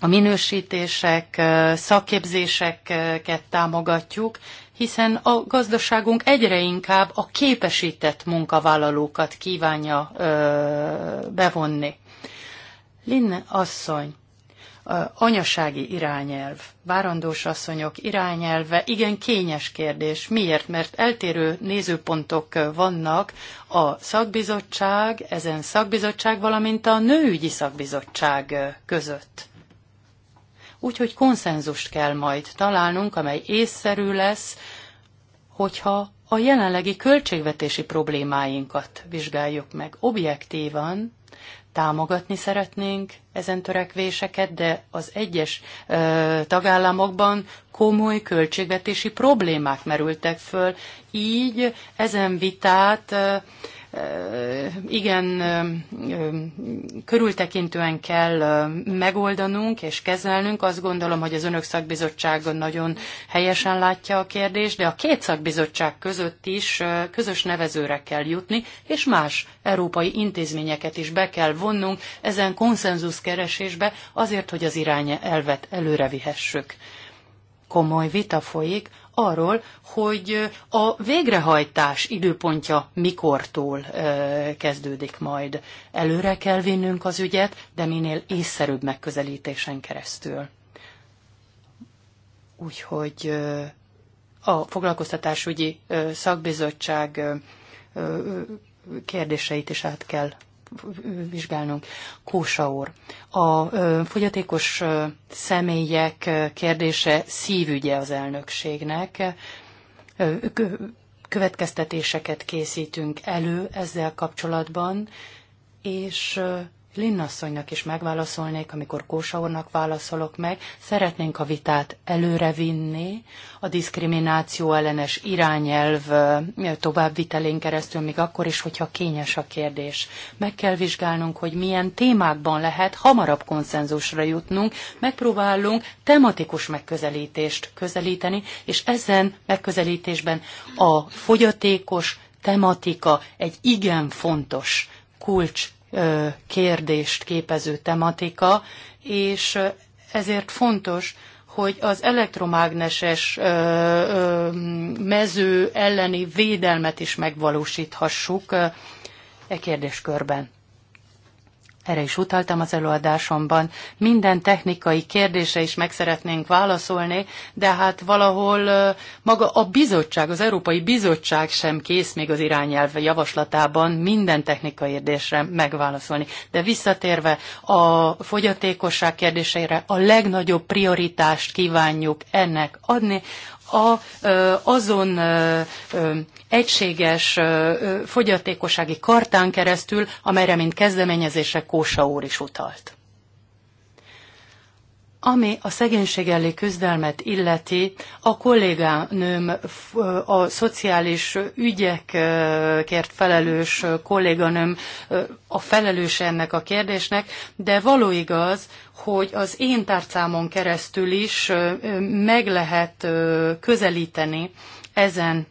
a minősítések, szakképzéseket támogatjuk, hiszen a gazdaságunk egyre inkább a képesített munkavállalókat kívánja ö, bevonni. Linne asszony, anyasági irányelv, várandós asszonyok irányelve, igen kényes kérdés. Miért? Mert eltérő nézőpontok vannak a szakbizottság, ezen szakbizottság, valamint a nőügyi szakbizottság között. Úgyhogy konszenzust kell majd találnunk, amely észszerű lesz, hogyha a jelenlegi költségvetési problémáinkat vizsgáljuk meg objektívan, támogatni szeretnénk ezen törekvéseket, de az egyes ö, tagállamokban komoly költségvetési problémák merültek föl, így ezen vitát ö, igen körültekintően kell megoldanunk és kezelnünk. Azt gondolom, hogy az önök szakbizottsága nagyon helyesen látja a kérdést, de a két szakbizottság között is közös nevezőre kell jutni, és más európai intézményeket is be kell vonnunk ezen konszenzus keresésbe azért, hogy az irány elvet előre vihessük. Komoly vita folyik arról, hogy a végrehajtás időpontja mikortól kezdődik majd. Előre kell vinnünk az ügyet, de minél észszerűbb megközelítésen keresztül. Úgyhogy a foglalkoztatásügyi szakbizottság kérdéseit is át kell vizsgálnunk. Kósa úr, a fogyatékos személyek kérdése szívügye az elnökségnek. Következtetéseket készítünk elő ezzel kapcsolatban, és Linnasszonynak is megválaszolnék, amikor Kósa úrnak válaszolok meg. Szeretnénk a vitát előrevinni a diszkrimináció ellenes irányelv továbbvitelén keresztül, még akkor is, hogyha kényes a kérdés. Meg kell vizsgálnunk, hogy milyen témákban lehet hamarabb konszenzusra jutnunk, megpróbálunk tematikus megközelítést közelíteni, és ezen megközelítésben a fogyatékos tematika egy igen fontos kulcs kérdést képező tematika, és ezért fontos, hogy az elektromágneses mező elleni védelmet is megvalósíthassuk e kérdéskörben erre is utaltam az előadásomban, minden technikai kérdése is meg szeretnénk válaszolni, de hát valahol maga a bizottság, az Európai Bizottság sem kész még az irányelv javaslatában minden technikai kérdésre megválaszolni. De visszatérve a fogyatékosság kérdésére, a legnagyobb prioritást kívánjuk ennek adni, a, azon egységes fogyatékossági kartán keresztül, amelyre mint kezdeményezése Kósa úr is utalt. Ami a szegénység elé küzdelmet illeti, a kolléganőm, a szociális ügyekért felelős kolléganőm a felelős ennek a kérdésnek, de való igaz, hogy az én tárcámon keresztül is meg lehet közelíteni ezen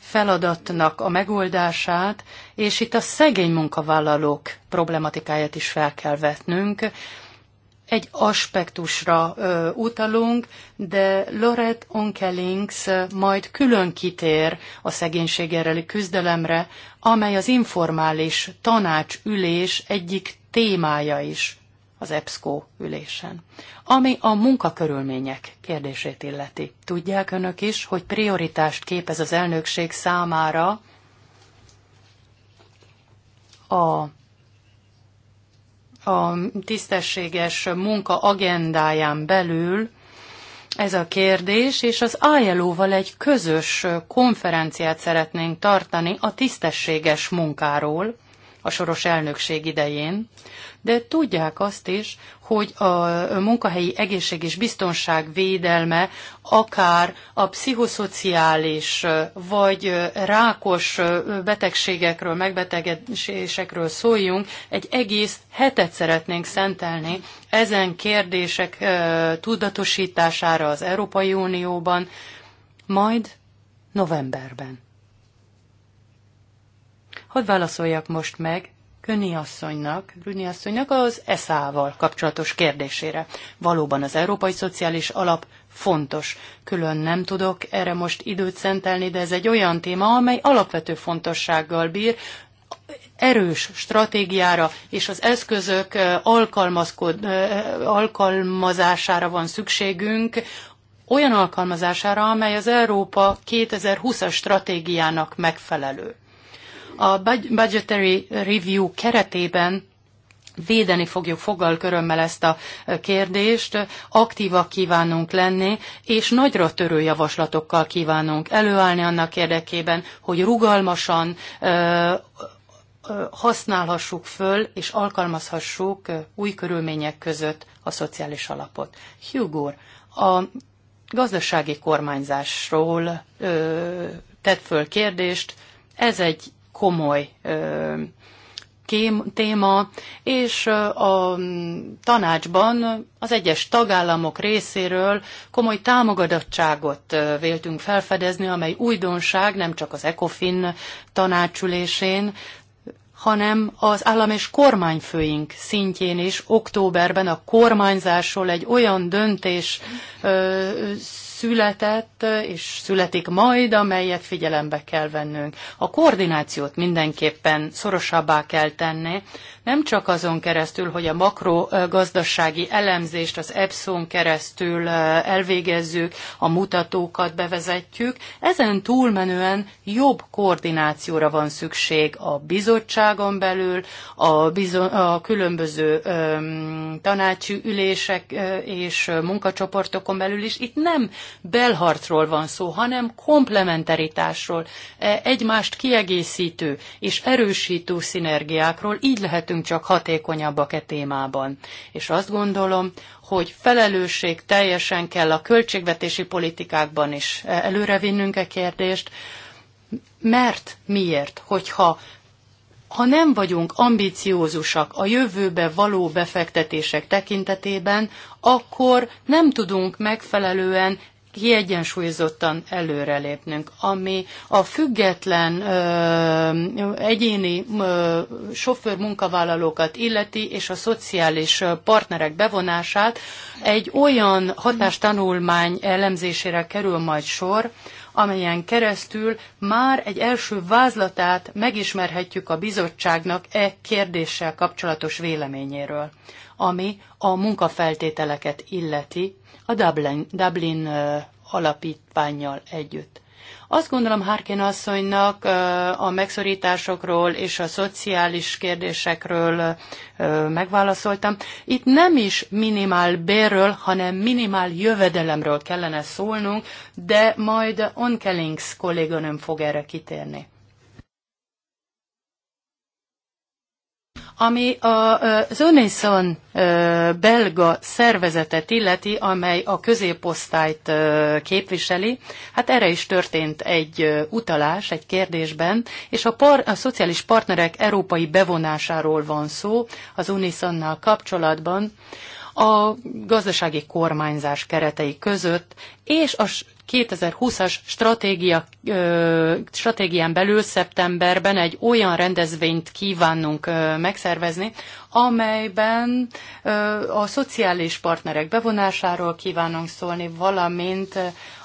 feladatnak a megoldását, és itt a szegény munkavállalók problematikáját is fel kell vetnünk. Egy aspektusra ö, utalunk, de Loret Onkelings majd külön kitér a szegénység küzdelemre, amely az informális tanácsülés egyik témája is az EBSCO ülésen. Ami a munkakörülmények kérdését illeti. Tudják önök is, hogy prioritást képez az elnökség számára a a tisztességes munka agendáján belül ez a kérdés, és az ILO-val egy közös konferenciát szeretnénk tartani a tisztességes munkáról a soros elnökség idején de tudják azt is, hogy a munkahelyi egészség és biztonság védelme akár a pszichoszociális vagy rákos betegségekről, megbetegedésekről szóljunk, egy egész hetet szeretnénk szentelni ezen kérdések tudatosítására az Európai Unióban, majd novemberben. Hadd válaszoljak most meg Köni asszonynak, Rüni asszonynak az ESZÁ-val kapcsolatos kérdésére. Valóban az Európai Szociális Alap fontos. Külön nem tudok erre most időt szentelni, de ez egy olyan téma, amely alapvető fontossággal bír, erős stratégiára és az eszközök alkalmazására van szükségünk, olyan alkalmazására, amely az Európa 2020-as stratégiának megfelelő a budgetary review keretében védeni fogjuk foggal körömmel ezt a kérdést, aktívak kívánunk lenni, és nagyra törő javaslatokkal kívánunk előállni annak érdekében, hogy rugalmasan használhassuk föl és alkalmazhassuk új körülmények között a szociális alapot. Hugo, a gazdasági kormányzásról ö, tett föl kérdést, ez egy komoly kém, téma, és a tanácsban az egyes tagállamok részéről komoly támogatottságot véltünk felfedezni, amely újdonság nem csak az ECOFIN tanácsülésén, hanem az állam és kormányfőink szintjén is októberben a kormányzásról egy olyan döntés ö, született, és születik majd, amelyet figyelembe kell vennünk. A koordinációt mindenképpen szorosabbá kell tenni, nem csak azon keresztül, hogy a makrogazdasági elemzést az EPSZON keresztül elvégezzük, a mutatókat bevezetjük, ezen túlmenően jobb koordinációra van szükség a bizottságon belül, a, bizo- a különböző öm, tanácsi ülések és munkacsoportokon belül is. Itt nem belharcról van szó, hanem komplementaritásról, e, egymást kiegészítő és erősítő szinergiákról, így lehetünk csak hatékonyabbak e témában. És azt gondolom, hogy felelősség teljesen kell a költségvetési politikákban is előrevinnünk e kérdést, mert miért, hogyha ha nem vagyunk ambiciózusak a jövőbe való befektetések tekintetében, akkor nem tudunk megfelelően kiegyensúlyozottan előrelépnünk, ami a független ö, egyéni ö, sofőr munkavállalókat illeti, és a szociális partnerek bevonását egy olyan hatástanulmány elemzésére kerül majd sor, amelyen keresztül már egy első vázlatát megismerhetjük a bizottságnak e kérdéssel kapcsolatos véleményéről, ami a munkafeltételeket illeti a Dublin, Dublin alapítványjal együtt. Azt gondolom Harkin asszonynak a megszorításokról és a szociális kérdésekről megválaszoltam. Itt nem is minimál bérről, hanem minimál jövedelemről kellene szólnunk, de majd Onkelings kolléganőm fog erre kitérni. Ami az Unison belga szervezetet illeti, amely a középosztályt képviseli, hát erre is történt egy utalás egy kérdésben, és a, par, a szociális partnerek európai bevonásáról van szó az Unisonnal kapcsolatban a gazdasági kormányzás keretei között, és a 2020-as stratégia, ö, stratégián belül szeptemberben egy olyan rendezvényt kívánunk ö, megszervezni, amelyben ö, a szociális partnerek bevonásáról kívánunk szólni, valamint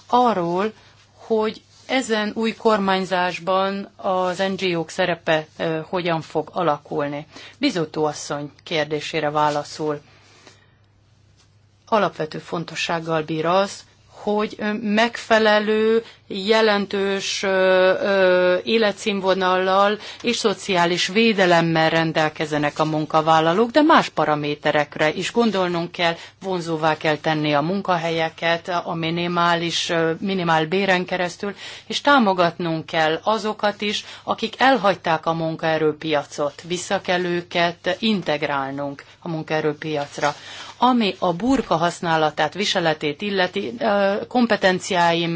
arról, hogy ezen új kormányzásban az NGO-k szerepe ö, hogyan fog alakulni. Bizotó asszony kérdésére válaszol. Alapvető fontossággal bír az, hogy megfelelő, jelentős életszínvonallal és szociális védelemmel rendelkezenek a munkavállalók, de más paraméterekre is gondolnunk kell, vonzóvá kell tenni a munkahelyeket a minimális, minimál béren keresztül, és támogatnunk kell azokat is, akik elhagyták a munkaerőpiacot, vissza kell őket integrálnunk a munkaerőpiacra ami a burka használatát, viseletét illeti, kompetenciáim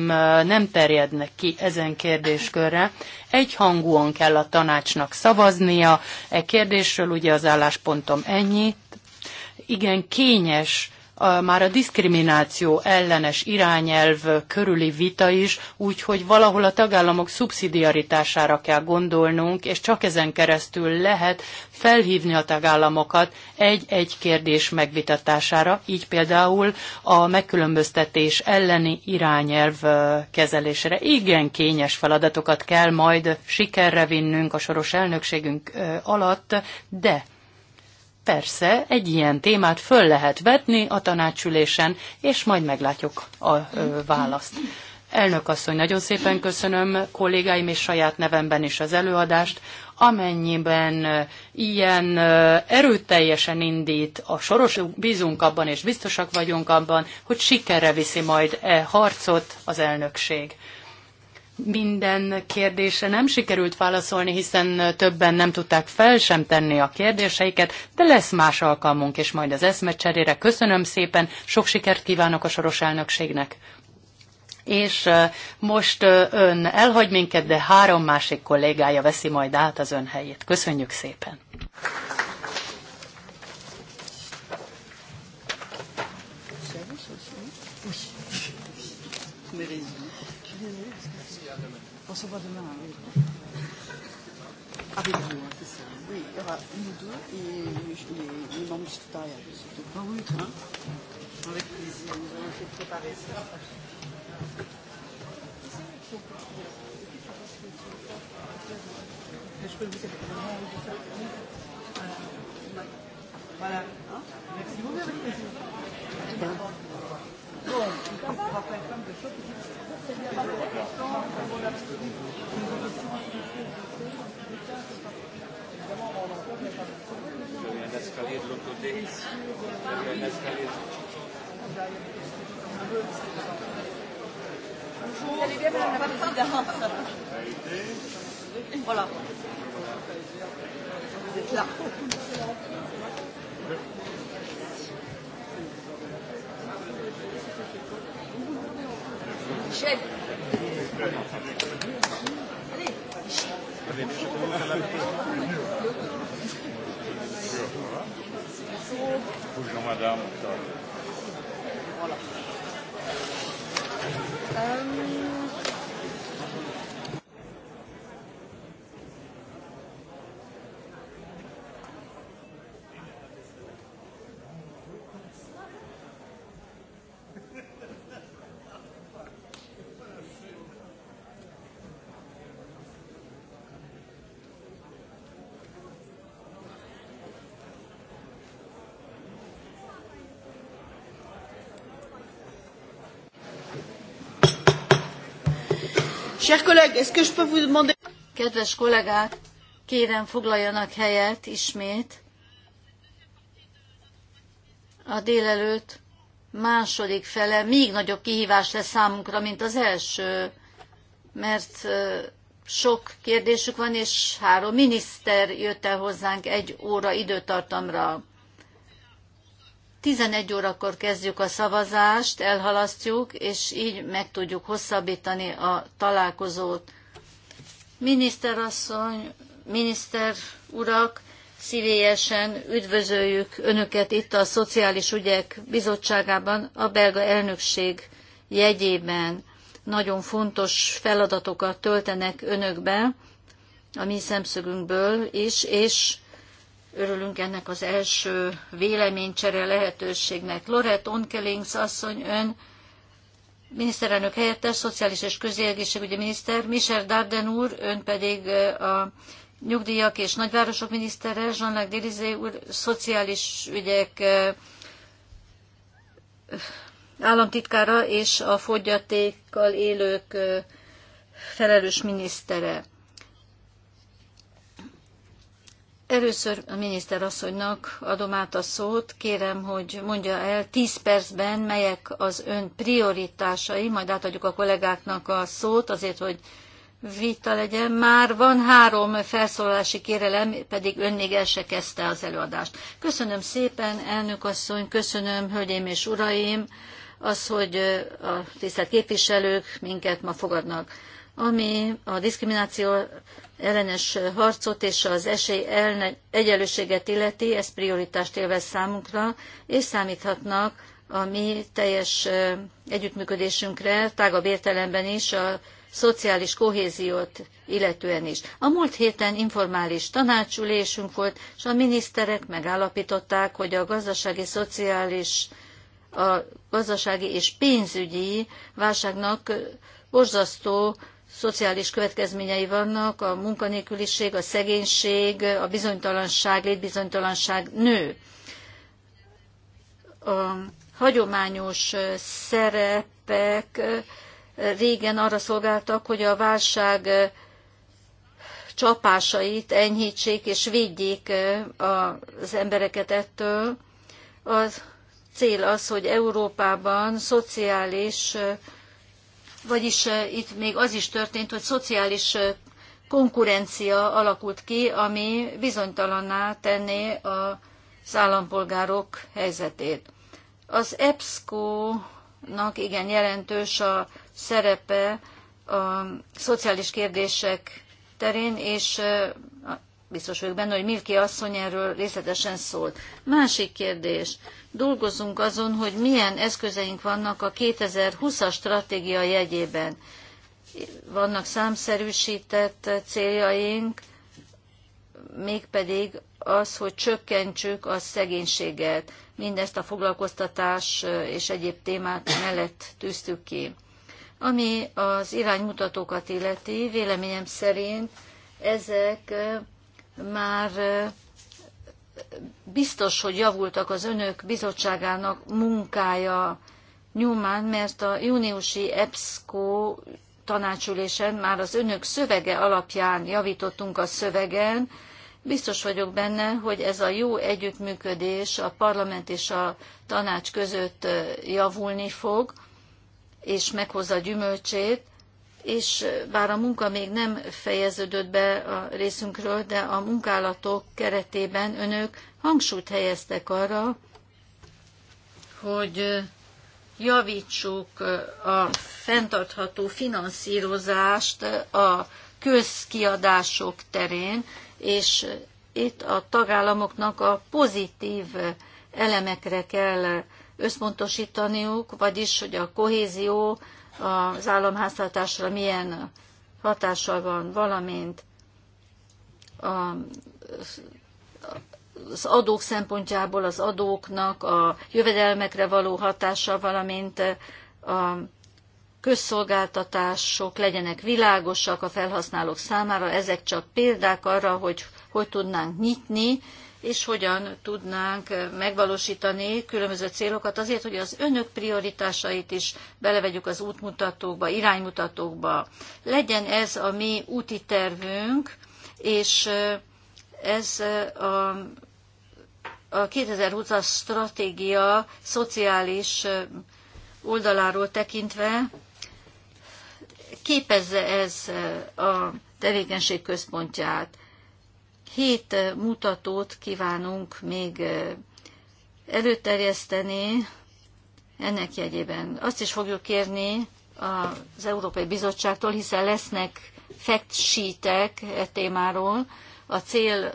nem terjednek ki ezen kérdéskörre. Egyhangúan kell a tanácsnak szavaznia. E kérdésről ugye az álláspontom ennyi. Igen, kényes a, már a diszkrimináció ellenes irányelv körüli vita is, úgyhogy valahol a tagállamok szubszidiaritására kell gondolnunk, és csak ezen keresztül lehet felhívni a tagállamokat egy-egy kérdés megvitatására, így például a megkülönböztetés elleni irányelv kezelésére. Igen kényes feladatokat kell majd sikerre vinnünk a soros elnökségünk alatt, de Persze, egy ilyen témát föl lehet vetni a tanácsülésen, és majd meglátjuk a ö, választ. Elnök asszony, nagyon szépen köszönöm kollégáim és saját nevemben is az előadást. Amennyiben ilyen erőteljesen indít a soros, bízunk abban és biztosak vagyunk abban, hogy sikerre viszi majd e harcot az elnökség minden kérdése nem sikerült válaszolni, hiszen többen nem tudták fel sem tenni a kérdéseiket, de lesz más alkalmunk, és majd az eszmecserére köszönöm szépen, sok sikert kívánok a soros elnökségnek. És most ön elhagy minket, de három másik kollégája veszi majd át az ön helyét. Köszönjük szépen! ça va demain. Oui. Avec vous, hein, c'est ça. Oui, il y aura nous deux et les, les membres du secrétariat. Ah oui, très bien. Hein Avec plaisir, nous allons essayer de préparer ça. Je peux vous dire Voilà. Hein Merci beaucoup, avec plaisir. Bon, on va faire comme de choses. Voilà. Vous êtes là. Michel. Allez, Bonjour madame. Voilà. Euh... Kedves kollégák, kérem foglaljanak helyet ismét. A délelőtt második fele még nagyobb kihívás lesz számunkra, mint az első, mert sok kérdésük van, és három miniszter jött el hozzánk egy óra időtartamra. 11 órakor kezdjük a szavazást, elhalasztjuk, és így meg tudjuk hosszabbítani a találkozót. Miniszterasszony, miniszter urak, szívélyesen üdvözöljük Önöket itt a Szociális Ügyek Bizottságában, a belga elnökség jegyében. Nagyon fontos feladatokat töltenek Önökbe a mi szemszögünkből is, és Örülünk ennek az első véleménycsere lehetőségnek. Loret Onkelings asszony, ön miniszterelnök helyettes, szociális és közegészségügyi miniszter, Michel Darden úr, ön pedig eh, a nyugdíjak és nagyvárosok minisztere, Jean-Luc Dérizé úr, szociális ügyek eh, államtitkára és a fogyatékkal élők eh, felelős minisztere. Először a miniszter asszonynak adom át a szót. Kérem, hogy mondja el 10 percben, melyek az ön prioritásai, majd átadjuk a kollégáknak a szót, azért, hogy vita legyen. Már van három felszólalási kérelem, pedig ön még el se kezdte az előadást. Köszönöm szépen, elnök asszony, köszönöm, hölgyeim és uraim, az, hogy a tisztelt képviselők minket ma fogadnak. Ami a diszkrimináció ellenes harcot és az esély elne- egyenlőséget illeti, ez prioritást élvez számunkra, és számíthatnak a mi teljes együttműködésünkre, tágabb értelemben is a szociális kohéziót illetően is. A múlt héten informális tanácsülésünk volt, és a miniszterek megállapították, hogy a gazdasági, szociális, a gazdasági és pénzügyi válságnak borzasztó szociális következményei vannak, a munkanélküliség, a szegénység, a bizonytalanság, létbizonytalanság nő. A hagyományos szerepek régen arra szolgáltak, hogy a válság csapásait enyhítsék és védjék az embereket ettől. Az cél az, hogy Európában szociális vagyis itt még az is történt, hogy szociális konkurencia alakult ki, ami bizonytalanná tenné az állampolgárok helyzetét. Az EBSCO-nak igen jelentős a szerepe a szociális kérdések terén, és biztos vagyok benne, hogy Milki asszony erről részletesen szólt. Másik kérdés. Dolgozunk azon, hogy milyen eszközeink vannak a 2020-as stratégia jegyében. Vannak számszerűsített céljaink, mégpedig az, hogy csökkentsük a szegénységet. Mindezt a foglalkoztatás és egyéb témák mellett tűztük ki. Ami az iránymutatókat illeti, véleményem szerint ezek már biztos, hogy javultak az önök bizottságának munkája nyomán, mert a júniusi EBSCO tanácsülésen már az önök szövege alapján javítottunk a szövegen. Biztos vagyok benne, hogy ez a jó együttműködés a parlament és a tanács között javulni fog, és meghozza gyümölcsét, és bár a munka még nem fejeződött be a részünkről, de a munkálatok keretében önök hangsúlyt helyeztek arra, hogy javítsuk a fenntartható finanszírozást a közkiadások terén, és itt a tagállamoknak a pozitív elemekre kell összpontosítaniuk, vagyis hogy a kohézió az államháztartásra milyen hatással van, valamint az adók szempontjából az adóknak a jövedelmekre való hatása, valamint a közszolgáltatások legyenek világosak a felhasználók számára. Ezek csak példák arra, hogy hogy tudnánk nyitni és hogyan tudnánk megvalósítani különböző célokat azért, hogy az önök prioritásait is belevegyük az útmutatókba, iránymutatókba. Legyen ez a mi úti tervünk, és ez a a 2020-as stratégia szociális oldaláról tekintve képezze ez a tevékenység központját. Hét mutatót kívánunk még előterjeszteni, ennek jegyében. Azt is fogjuk kérni az Európai Bizottságtól, hiszen lesznek fact sheetek e témáról. A cél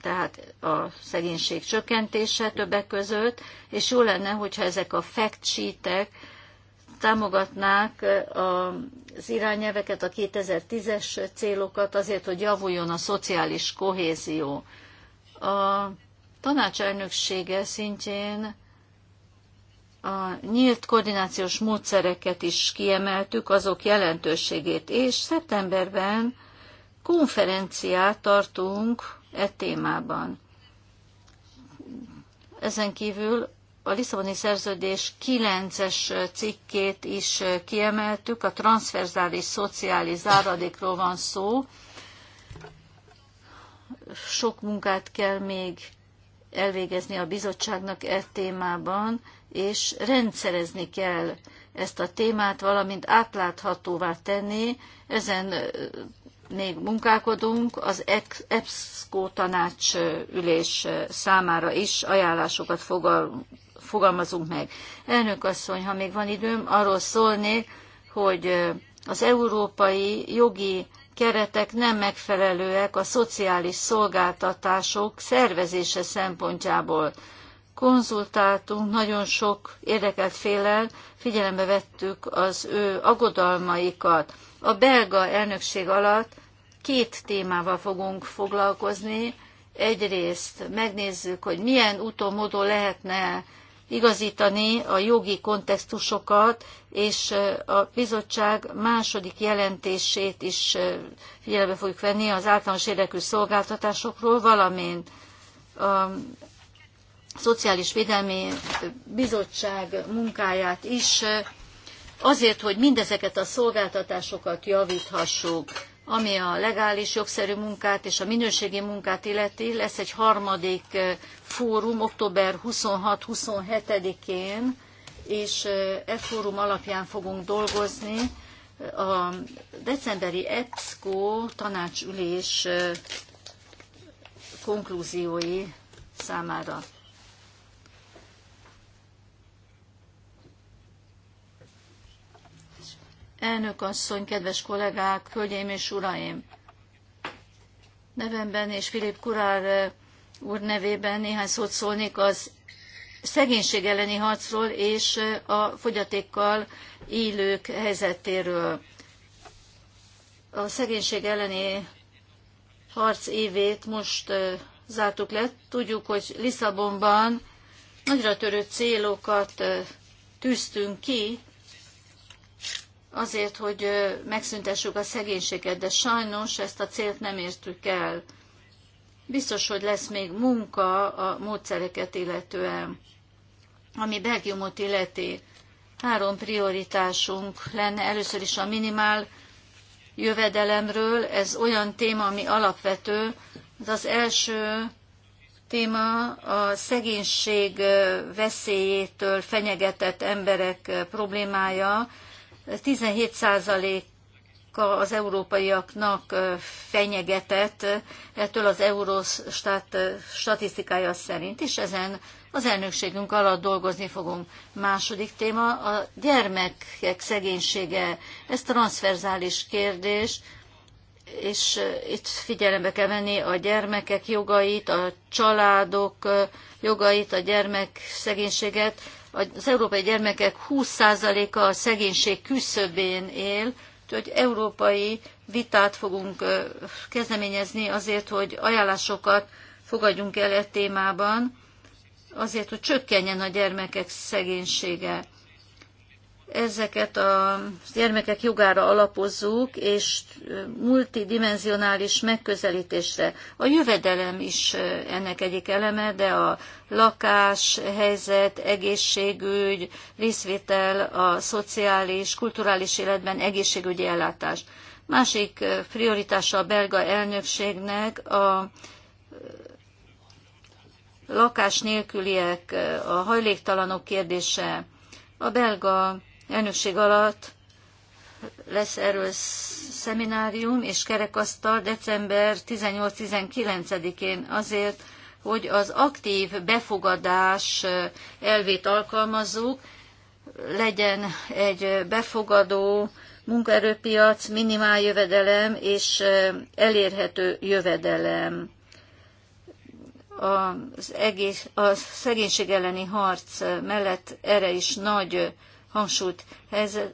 tehát a szegénység csökkentése többek között, és jó lenne, hogyha ezek a fact sheetek támogatnák az irányelveket, a 2010-es célokat azért, hogy javuljon a szociális kohézió. A elnöksége szintjén a nyílt koordinációs módszereket is kiemeltük, azok jelentőségét, és szeptemberben konferenciát tartunk e témában. Ezen kívül a Lisszaboni szerződés 9-es cikkét is kiemeltük, a transferzális szociális záradékról van szó. Sok munkát kell még elvégezni a bizottságnak e témában, és rendszerezni kell ezt a témát, valamint átláthatóvá tenni. Ezen még munkálkodunk, az EPSZKÓ tanács ülés számára is ajánlásokat fogal fogalmazunk meg. Elnök asszony, ha még van időm, arról szólnék, hogy az európai jogi keretek nem megfelelőek a szociális szolgáltatások szervezése szempontjából. Konzultáltunk nagyon sok érdekelt félel, figyelembe vettük az ő aggodalmaikat. A belga elnökség alatt két témával fogunk foglalkozni. Egyrészt megnézzük, hogy milyen úton, módon lehetne igazítani a jogi kontextusokat, és a bizottság második jelentését is figyelembe fogjuk venni az általános érdekű szolgáltatásokról, valamint a Szociális Védelmi Bizottság munkáját is, azért, hogy mindezeket a szolgáltatásokat javíthassuk ami a legális jogszerű munkát és a minőségi munkát illeti, lesz egy harmadik fórum október 26-27-én, és e fórum alapján fogunk dolgozni. A decemberi EPSCO tanácsülés konklúziói számára. elnök asszony, kedves kollégák, hölgyeim és uraim! Nevemben és Filip Kurár úr nevében néhány szót szólnék az szegénység elleni harcról és a fogyatékkal élők helyzetéről. A szegénység elleni harc évét most zártuk le. Tudjuk, hogy Lisszabonban nagyra törő célokat tűztünk ki, azért, hogy megszüntessük a szegénységet, de sajnos ezt a célt nem értük el. Biztos, hogy lesz még munka a módszereket illetően, ami Belgiumot illeti. Három prioritásunk lenne először is a minimál jövedelemről. Ez olyan téma, ami alapvető. Ez az első téma a szegénység veszélyétől fenyegetett emberek problémája, 17%-a az európaiaknak fenyegetett ettől az Eurostat statisztikája szerint, és ezen az elnökségünk alatt dolgozni fogunk. Második téma a gyermekek szegénysége. Ez transzverzális kérdés, és itt figyelembe kell venni a gyermekek jogait, a családok jogait, a gyermek szegénységet az európai gyermekek 20%-a a szegénység küszöbén él, hogy európai vitát fogunk kezdeményezni azért, hogy ajánlásokat fogadjunk el e témában, azért, hogy csökkenjen a gyermekek szegénysége ezeket a gyermekek jogára alapozzuk, és multidimensionális megközelítésre. A jövedelem is ennek egyik eleme, de a lakás, helyzet, egészségügy, részvétel a szociális, kulturális életben egészségügyi ellátás. Másik prioritása a belga elnökségnek a lakás nélküliek, a hajléktalanok kérdése. A belga elnökség alatt lesz erről szeminárium és kerekasztal december 18-19-én azért, hogy az aktív befogadás elvét alkalmazzuk, legyen egy befogadó munkaerőpiac, minimál jövedelem és elérhető jövedelem. Az, egész, a szegénység elleni harc mellett erre is nagy hangsúlyt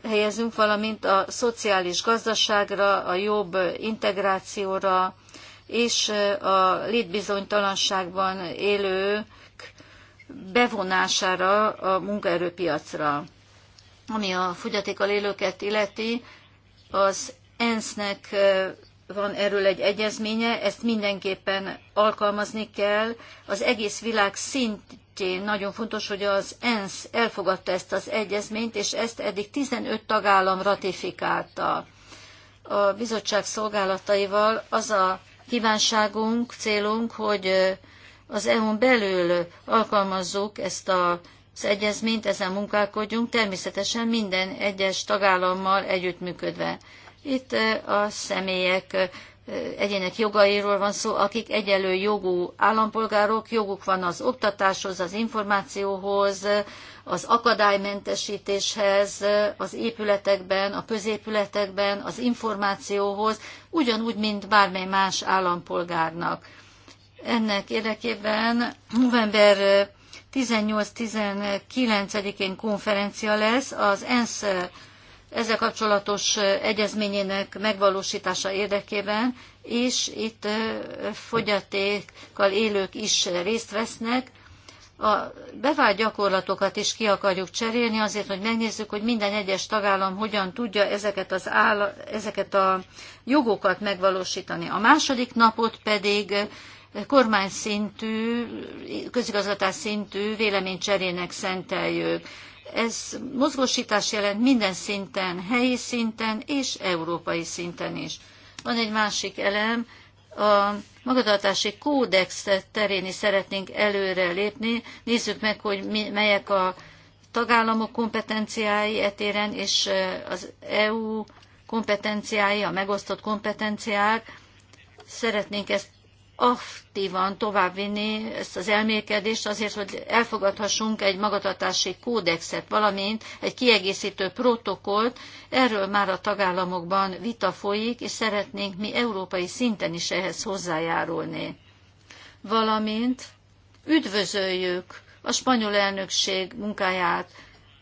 helyezünk, valamint a szociális gazdaságra, a jobb integrációra és a létbizonytalanságban élők bevonására a munkaerőpiacra. Ami a fogyatékkal élőket illeti, az ENSZ-nek van erről egy egyezménye, ezt mindenképpen alkalmazni kell. Az egész világ szintjén nagyon fontos, hogy az ENSZ elfogadta ezt az egyezményt, és ezt eddig 15 tagállam ratifikálta. A bizottság szolgálataival az a kívánságunk, célunk, hogy az EU-n belül alkalmazzuk ezt a az egyezményt, ezen munkálkodjunk, természetesen minden egyes tagállammal együttműködve. Itt a személyek egyének jogairól van szó, akik egyelő jogú állampolgárok, joguk van az oktatáshoz, az információhoz, az akadálymentesítéshez, az épületekben, a középületekben, az információhoz, ugyanúgy, mint bármely más állampolgárnak. Ennek érdekében november 18-19-én konferencia lesz az ENSZ ezzel kapcsolatos egyezményének megvalósítása érdekében, is itt fogyatékkal élők is részt vesznek. A bevált gyakorlatokat is ki akarjuk cserélni azért, hogy megnézzük, hogy minden egyes tagállam hogyan tudja ezeket, az áll, ezeket a jogokat megvalósítani. A második napot pedig kormány szintű, közigazgatás szintű véleménycserének szenteljük. Ez mozgósítás jelent minden szinten, helyi szinten és európai szinten is. Van egy másik elem, a magatartási kódex terén is szeretnénk előre lépni. Nézzük meg, hogy mi, melyek a tagállamok kompetenciái etéren, és az EU kompetenciái, a megosztott kompetenciák. Szeretnénk ezt aktívan továbbvinni ezt az elmélkedést azért, hogy elfogadhassunk egy magatartási kódexet, valamint egy kiegészítő protokollt. Erről már a tagállamokban vita folyik, és szeretnénk mi európai szinten is ehhez hozzájárulni. Valamint üdvözöljük a spanyol elnökség munkáját,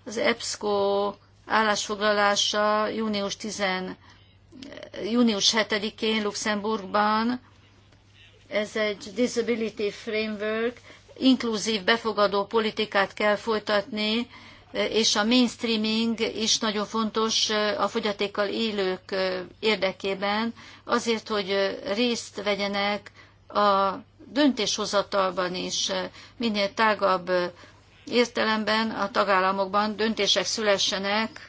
az EBSCO állásfoglalása június 10 június 7-én Luxemburgban ez egy Disability Framework, inkluzív, befogadó politikát kell folytatni, és a mainstreaming is nagyon fontos a fogyatékkal élők érdekében, azért, hogy részt vegyenek a döntéshozatalban is, minél tágabb értelemben a tagállamokban döntések szülessenek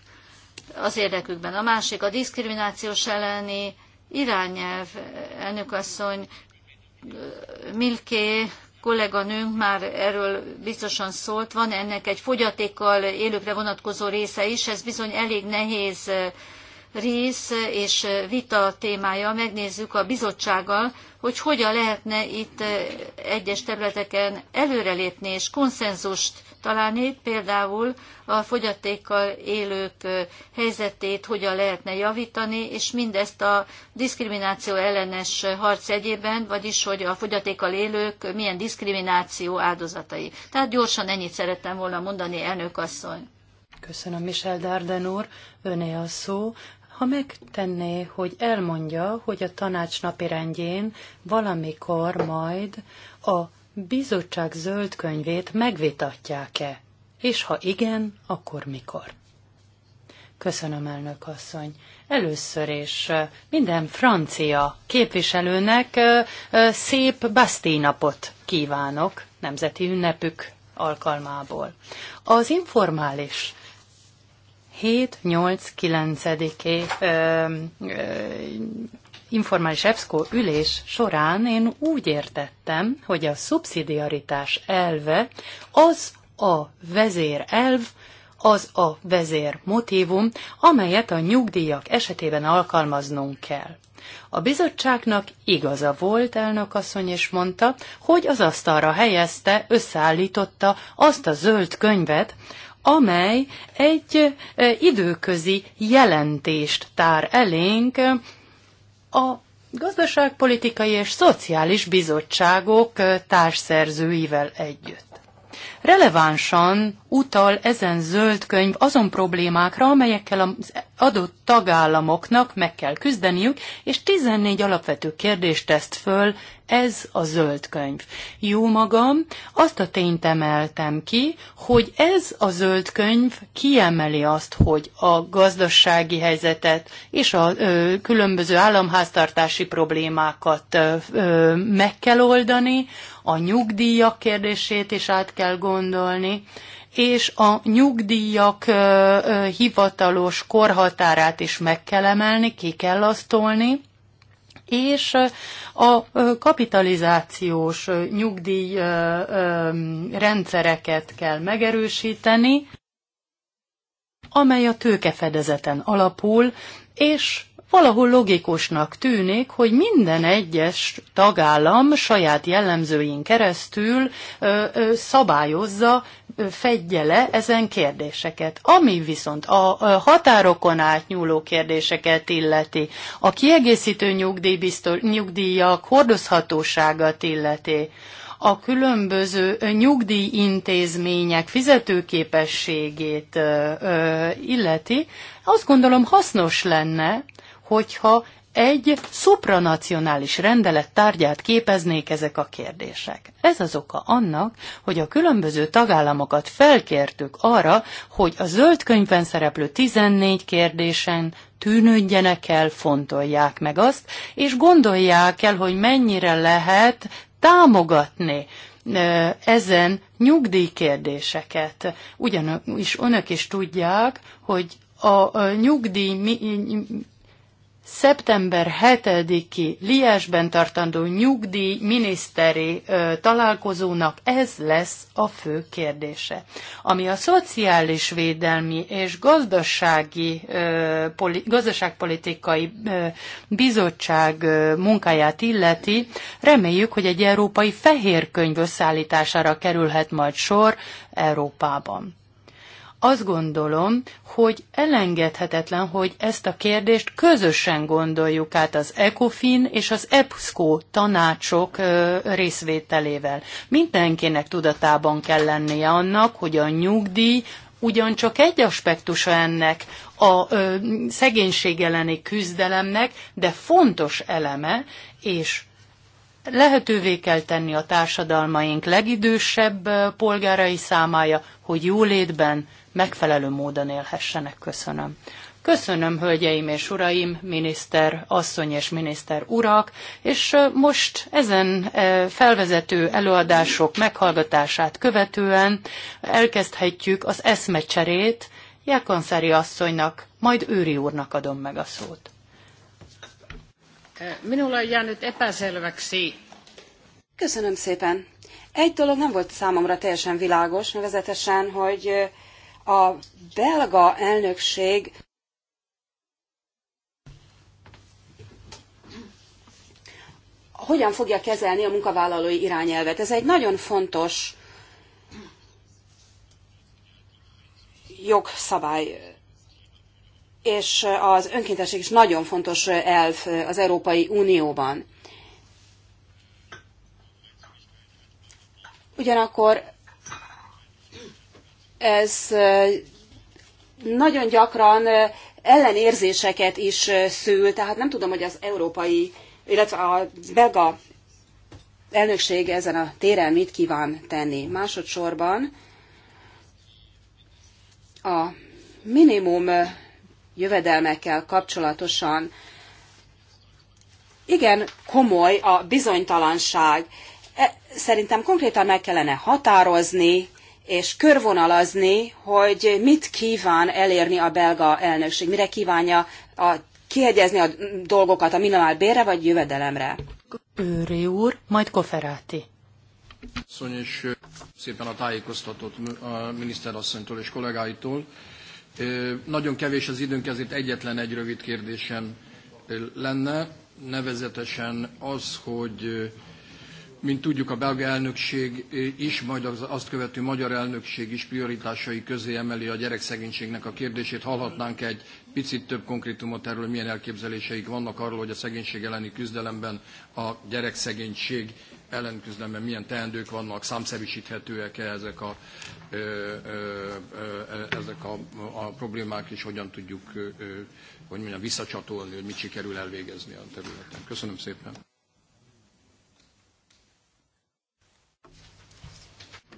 az érdekükben. A másik a diszkriminációs elleni irányelv, elnök asszony, Milke, kolléganőnk már erről biztosan szólt, van ennek egy fogyatékkal élőkre vonatkozó része is, ez bizony elég nehéz eh, rész és eh, vita témája. Megnézzük a bizottsággal, hogy hogyan lehetne itt eh, egyes területeken előrelépni és konszenzust talán itt például a fogyatékkal élők helyzetét hogyan lehetne javítani, és mindezt a diszkrimináció ellenes harc egyében, vagyis hogy a fogyatékkal élők milyen diszkrimináció áldozatai. Tehát gyorsan ennyit szerettem volna mondani, elnök asszony. Köszönöm, Michel Darden úr. Öné a szó. Ha megtenné, hogy elmondja, hogy a tanács rendjén valamikor majd a bizottság zöld könyvét megvitatják-e, és ha igen, akkor mikor? Köszönöm, elnök asszony. Először is minden francia képviselőnek szép Basti napot kívánok nemzeti ünnepük alkalmából. Az informális 7-8-9 informális EBSCO ülés során én úgy értettem, hogy a szubszidiaritás elve az a vezér elv, az a vezér motivum, amelyet a nyugdíjak esetében alkalmaznunk kell. A bizottságnak igaza volt, elnök asszony is mondta, hogy az asztalra helyezte, összeállította azt a zöld könyvet, amely egy eh, időközi jelentést tár elénk a gazdaságpolitikai és szociális bizottságok társszerzőivel együtt relevánsan utal ezen zöld könyv azon problémákra, amelyekkel az adott tagállamoknak meg kell küzdeniük, és 14 alapvető kérdést teszt föl ez a zöld könyv. Jó magam, azt a tényt emeltem ki, hogy ez a zöld könyv kiemeli azt, hogy a gazdasági helyzetet és a ö, különböző államháztartási problémákat ö, ö, meg kell oldani, a nyugdíjak kérdését is át kell gondolni, és a nyugdíjak hivatalos korhatárát is meg kell emelni, ki kell asztolni, és a kapitalizációs nyugdíj rendszereket kell megerősíteni, amely a tőkefedezeten alapul, és valahol logikusnak tűnik, hogy minden egyes tagállam saját jellemzőin keresztül ö, ö, szabályozza, ö, fedje le ezen kérdéseket. Ami viszont a, a határokon átnyúló kérdéseket illeti, a kiegészítő nyugdíjbiztos, nyugdíjak hordozhatóságát illeti, a különböző nyugdíjintézmények fizetőképességét illeti, azt gondolom hasznos lenne, hogyha egy szupranacionális rendelet tárgyát képeznék ezek a kérdések. Ez az oka annak, hogy a különböző tagállamokat felkértük arra, hogy a zöld könyvben szereplő 14 kérdésen tűnődjenek el, fontolják meg azt, és gondolják el, hogy mennyire lehet támogatni ezen nyugdíjkérdéseket. Ugyanis önök is tudják, hogy a nyugdíj szeptember 7-i Liásben tartandó nyugdíj miniszteri ö, találkozónak ez lesz a fő kérdése. Ami a szociális védelmi és gazdasági, ö, poli, gazdaságpolitikai ö, bizottság ö, munkáját illeti, reméljük, hogy egy európai fehér könyv összeállítására kerülhet majd sor Európában azt gondolom, hogy elengedhetetlen, hogy ezt a kérdést közösen gondoljuk át az ECOFIN és az EPSCO tanácsok részvételével. Mindenkinek tudatában kell lennie annak, hogy a nyugdíj ugyancsak egy aspektusa ennek a szegénység elleni küzdelemnek, de fontos eleme, és lehetővé kell tenni a társadalmaink legidősebb polgárai számája, hogy jólétben megfelelő módon élhessenek. Köszönöm. Köszönöm, hölgyeim és uraim, miniszter, asszony és miniszter urak, és most ezen felvezető előadások meghallgatását követően elkezdhetjük az eszmecserét, Jákonszári asszonynak, majd Őri úrnak adom meg a szót. Minulla on jäänyt epäselväksi. Köszönöm szépen. Egy dolog nem volt számomra teljesen világos, nevezetesen, hogy a belga elnökség hogyan fogja kezelni a munkavállalói irányelvet. Ez egy nagyon fontos jogszabály és az önkéntesség is nagyon fontos elv az Európai Unióban. Ugyanakkor ez nagyon gyakran ellenérzéseket is szül, tehát nem tudom, hogy az európai, illetve a belga elnökség ezen a téren mit kíván tenni. Másodszorban a minimum jövedelmekkel kapcsolatosan igen komoly a bizonytalanság. E, szerintem konkrétan meg kellene határozni, és körvonalazni, hogy mit kíván elérni a belga elnökség, mire kívánja a, kiegyezni a dolgokat a minimál bérre vagy jövedelemre. Őri úr, majd Koferáti. Szóval szépen a tájékoztatott miniszterasszonytól és kollégáitól. Nagyon kevés az időnk, ezért egyetlen egy rövid kérdésem lenne, nevezetesen az, hogy mint tudjuk, a belga elnökség is, majd az azt követő magyar elnökség is prioritásai közé emeli a gyerekszegénységnek a kérdését. Hallhatnánk egy picit több konkrétumot erről, milyen elképzeléseik vannak arról, hogy a szegénység elleni küzdelemben a gyerekszegénység ellenküzlemben milyen teendők vannak, számszerűsíthetőek-e ezek a, ezek a, a problémák, és hogyan tudjuk hogy mondjam, visszacsatolni, hogy mit sikerül elvégezni a területen. Köszönöm szépen.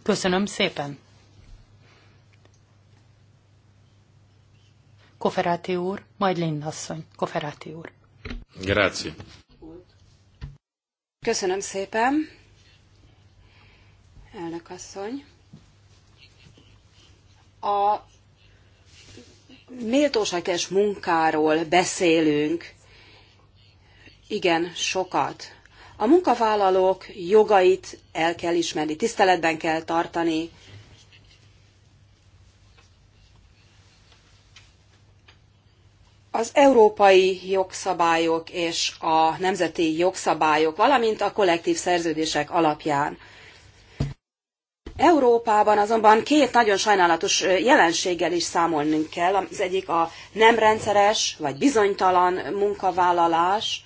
Köszönöm szépen. Koferáti úr, majd Lindasszony. Koferáti úr. Grazie. Köszönöm szépen, elnök asszony. A méltóságes munkáról beszélünk igen sokat. A munkavállalók jogait el kell ismerni, tiszteletben kell tartani, az európai jogszabályok és a nemzeti jogszabályok, valamint a kollektív szerződések alapján. Európában azonban két nagyon sajnálatos jelenséggel is számolnunk kell. Az egyik a nem rendszeres vagy bizonytalan munkavállalás,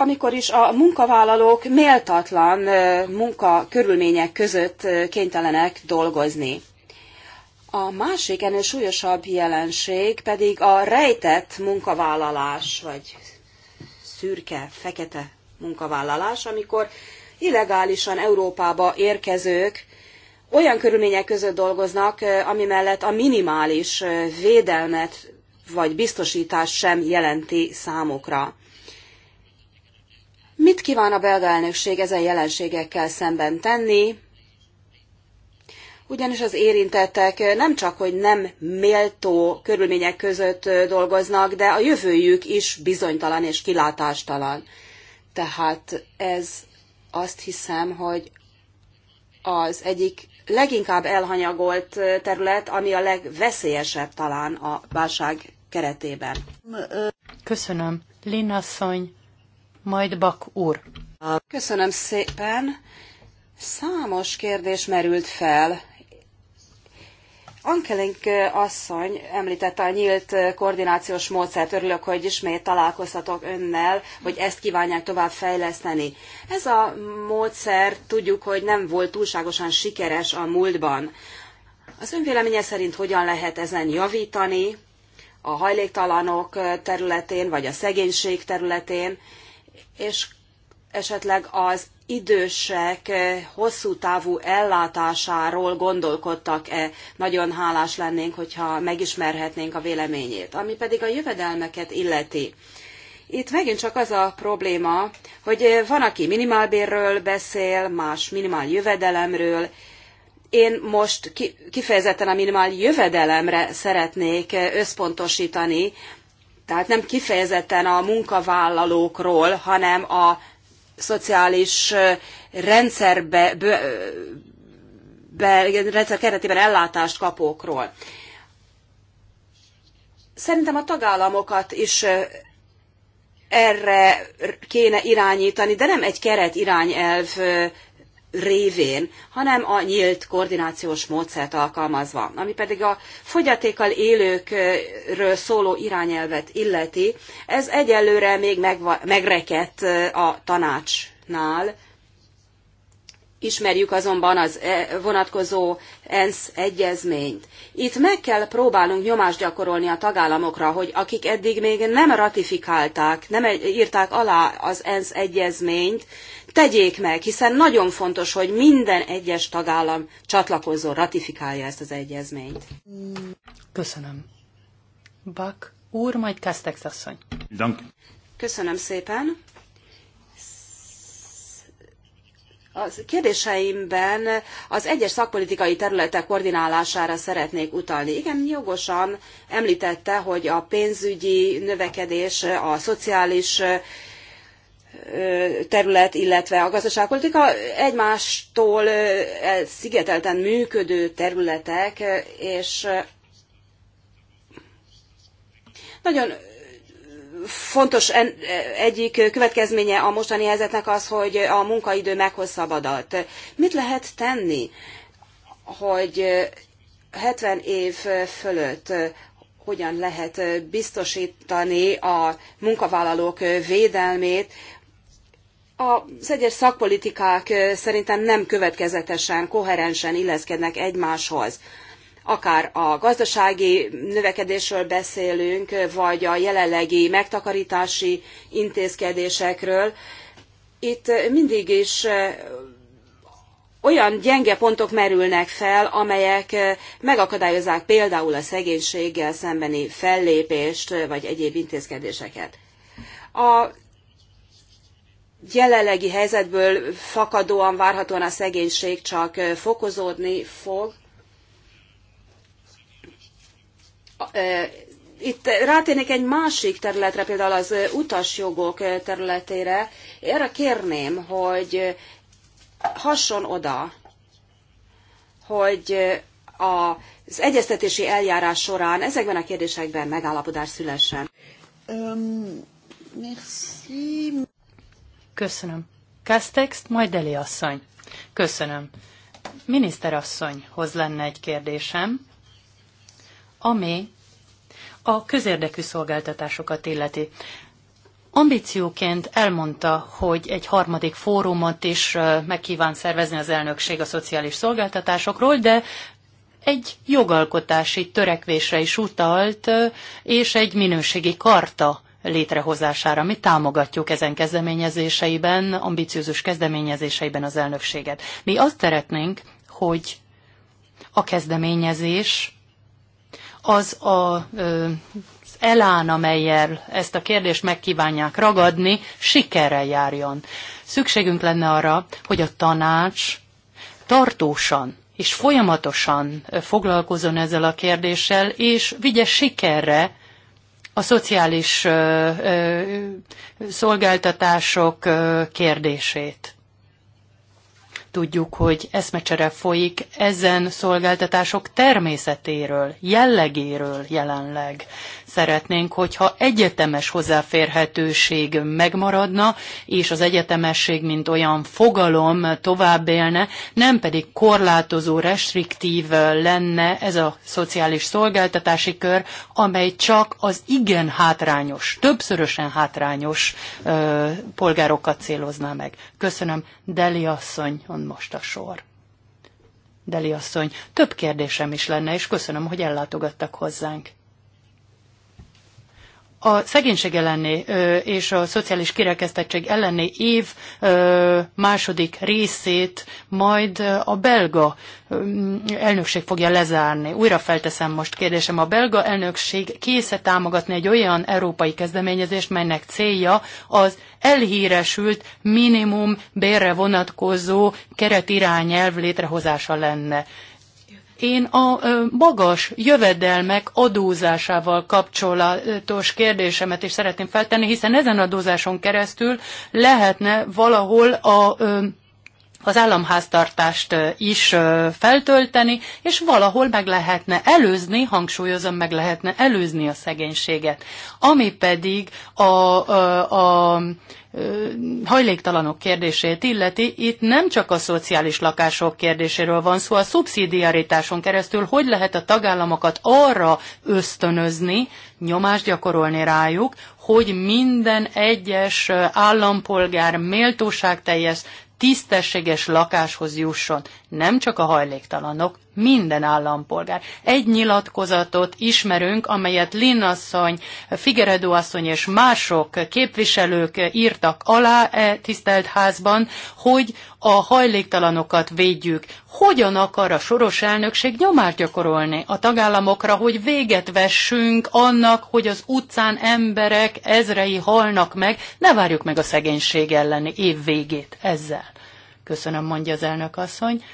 amikor is a munkavállalók méltatlan munkakörülmények között kénytelenek dolgozni. A másik ennél súlyosabb jelenség pedig a rejtett munkavállalás, vagy szürke, fekete munkavállalás, amikor illegálisan Európába érkezők olyan körülmények között dolgoznak, ami mellett a minimális védelmet vagy biztosítást sem jelenti számukra. Mit kíván a belga elnökség ezen jelenségekkel szemben tenni? Ugyanis az érintettek nem csak, hogy nem méltó körülmények között dolgoznak, de a jövőjük is bizonytalan és kilátástalan. Tehát ez azt hiszem, hogy az egyik leginkább elhanyagolt terület, ami a legveszélyesebb talán a válság keretében. Köszönöm. Lina Szony majd Bak úr. Köszönöm szépen. Számos kérdés merült fel. Ankelink eh, asszony említette a nyílt eh, koordinációs módszert. Örülök, hogy ismét találkozhatok önnel, hogy ezt kívánják tovább fejleszteni. Ez a módszer tudjuk, hogy nem volt túlságosan sikeres a múltban. Az ön véleménye szerint hogyan lehet ezen javítani a hajléktalanok eh, területén, vagy a szegénység területén? és esetleg az idősek eh, hosszú távú ellátásáról gondolkodtak-e. Nagyon hálás lennénk, hogyha megismerhetnénk a véleményét. Ami pedig a jövedelmeket illeti. Itt megint csak az a probléma, hogy van, aki minimálbérről beszél, más minimál jövedelemről. Én most kifejezetten a minimál jövedelemre szeretnék eh, összpontosítani, tehát nem kifejezetten a munkavállalókról, hanem a szociális rendszerbe, be, rendszer keretében ellátást kapókról. Szerintem a tagállamokat is erre kéne irányítani, de nem egy keret irányelv révén, hanem a nyílt koordinációs módszert alkalmazva. Ami pedig a fogyatékkal élőkről szóló irányelvet illeti, ez egyelőre még megva- megrekedt a tanácsnál. Ismerjük azonban az e, vonatkozó ENSZ egyezményt. Itt meg kell próbálnunk nyomást gyakorolni a tagállamokra, hogy akik eddig még nem ratifikálták, nem írták alá az ENSZ egyezményt, tegyék meg, hiszen nagyon fontos, hogy minden egyes tagállam csatlakozzon, ratifikálja ezt az egyezményt. Köszönöm. Bak úr, majd Kastex asszony. Köszönöm szépen. A kérdéseimben az egyes szakpolitikai területek koordinálására szeretnék utalni. Igen, jogosan említette, hogy a pénzügyi növekedés, a szociális terület, illetve a gazdaságpolitika egymástól e, szigetelten működő területek, és nagyon fontos egyik következménye a mostani helyzetnek az, hogy a munkaidő meghosszabbadat. Mit lehet tenni, hogy 70 év fölött hogyan lehet biztosítani a munkavállalók védelmét, az egyes szakpolitikák szerintem nem következetesen, koherensen illeszkednek egymáshoz. Akár a gazdasági növekedésről beszélünk, vagy a jelenlegi megtakarítási intézkedésekről. Itt mindig is olyan gyenge pontok merülnek fel, amelyek megakadályozzák például a szegénységgel szembeni fellépést, vagy egyéb intézkedéseket. A jelenlegi helyzetből fakadóan várhatóan a szegénység csak fokozódni fog. Itt rátérnék egy másik területre, például az utasjogok területére. Erre kérném, hogy hasson oda, hogy az egyeztetési eljárás során ezekben a kérdésekben megállapodás szülessen. Um, merci. Köszönöm. Kastext, majd Deli asszony. Köszönöm. Miniszter Miniszterasszonyhoz lenne egy kérdésem, ami a közérdekű szolgáltatásokat illeti. Ambícióként elmondta, hogy egy harmadik fórumot is megkíván szervezni az elnökség a szociális szolgáltatásokról, de egy jogalkotási törekvésre is utalt, és egy minőségi karta létrehozására. Mi támogatjuk ezen kezdeményezéseiben, ambiciózus kezdeményezéseiben az elnökséget. Mi azt szeretnénk, hogy a kezdeményezés az a ö, elán, amelyel ezt a kérdést megkívánják ragadni, sikerrel járjon. Szükségünk lenne arra, hogy a tanács tartósan és folyamatosan foglalkozon ezzel a kérdéssel, és vigye sikerre a szociális szolgáltatások kérdését. Tudjuk, hogy eszmecsere folyik ezen szolgáltatások természetéről, jellegéről jelenleg. Szeretnénk, hogyha egyetemes hozzáférhetőség megmaradna, és az egyetemesség, mint olyan fogalom tovább élne, nem pedig korlátozó, restriktív lenne ez a szociális szolgáltatási kör, amely csak az igen hátrányos, többszörösen hátrányos ö, polgárokat célozná meg. Köszönöm, Deli asszony, on most a sor. Deli asszony, több kérdésem is lenne, és köszönöm, hogy ellátogattak hozzánk a szegénység elleni és a szociális kirekesztettség elleni év második részét majd a belga elnökség fogja lezárni. Újra felteszem most kérdésem, a belga elnökség késze támogatni egy olyan európai kezdeményezést, melynek célja az elhíresült minimum bérre vonatkozó keretirányelv létrehozása lenne. Én a magas jövedelmek adózásával kapcsolatos kérdésemet is szeretném feltenni, hiszen ezen adózáson keresztül lehetne valahol a az államháztartást is feltölteni, és valahol meg lehetne előzni, hangsúlyozom, meg lehetne előzni a szegénységet. Ami pedig a, a, a hajléktalanok kérdését illeti, itt nem csak a szociális lakások kérdéséről van szó, a szubszidiaritáson keresztül hogy lehet a tagállamokat arra ösztönözni, nyomást gyakorolni rájuk, hogy minden egyes állampolgár méltóságteljes, tisztességes lakáshoz jusson nem csak a hajléktalanok, minden állampolgár. Egy nyilatkozatot ismerünk, amelyet Lin asszony, Figueredo asszony és mások képviselők írtak alá e tisztelt házban, hogy a hajléktalanokat védjük. Hogyan akar a soros elnökség nyomást gyakorolni a tagállamokra, hogy véget vessünk annak, hogy az utcán emberek ezrei halnak meg, ne várjuk meg a szegénység elleni év végét ezzel. Köszönöm, mondja az elnök asszony.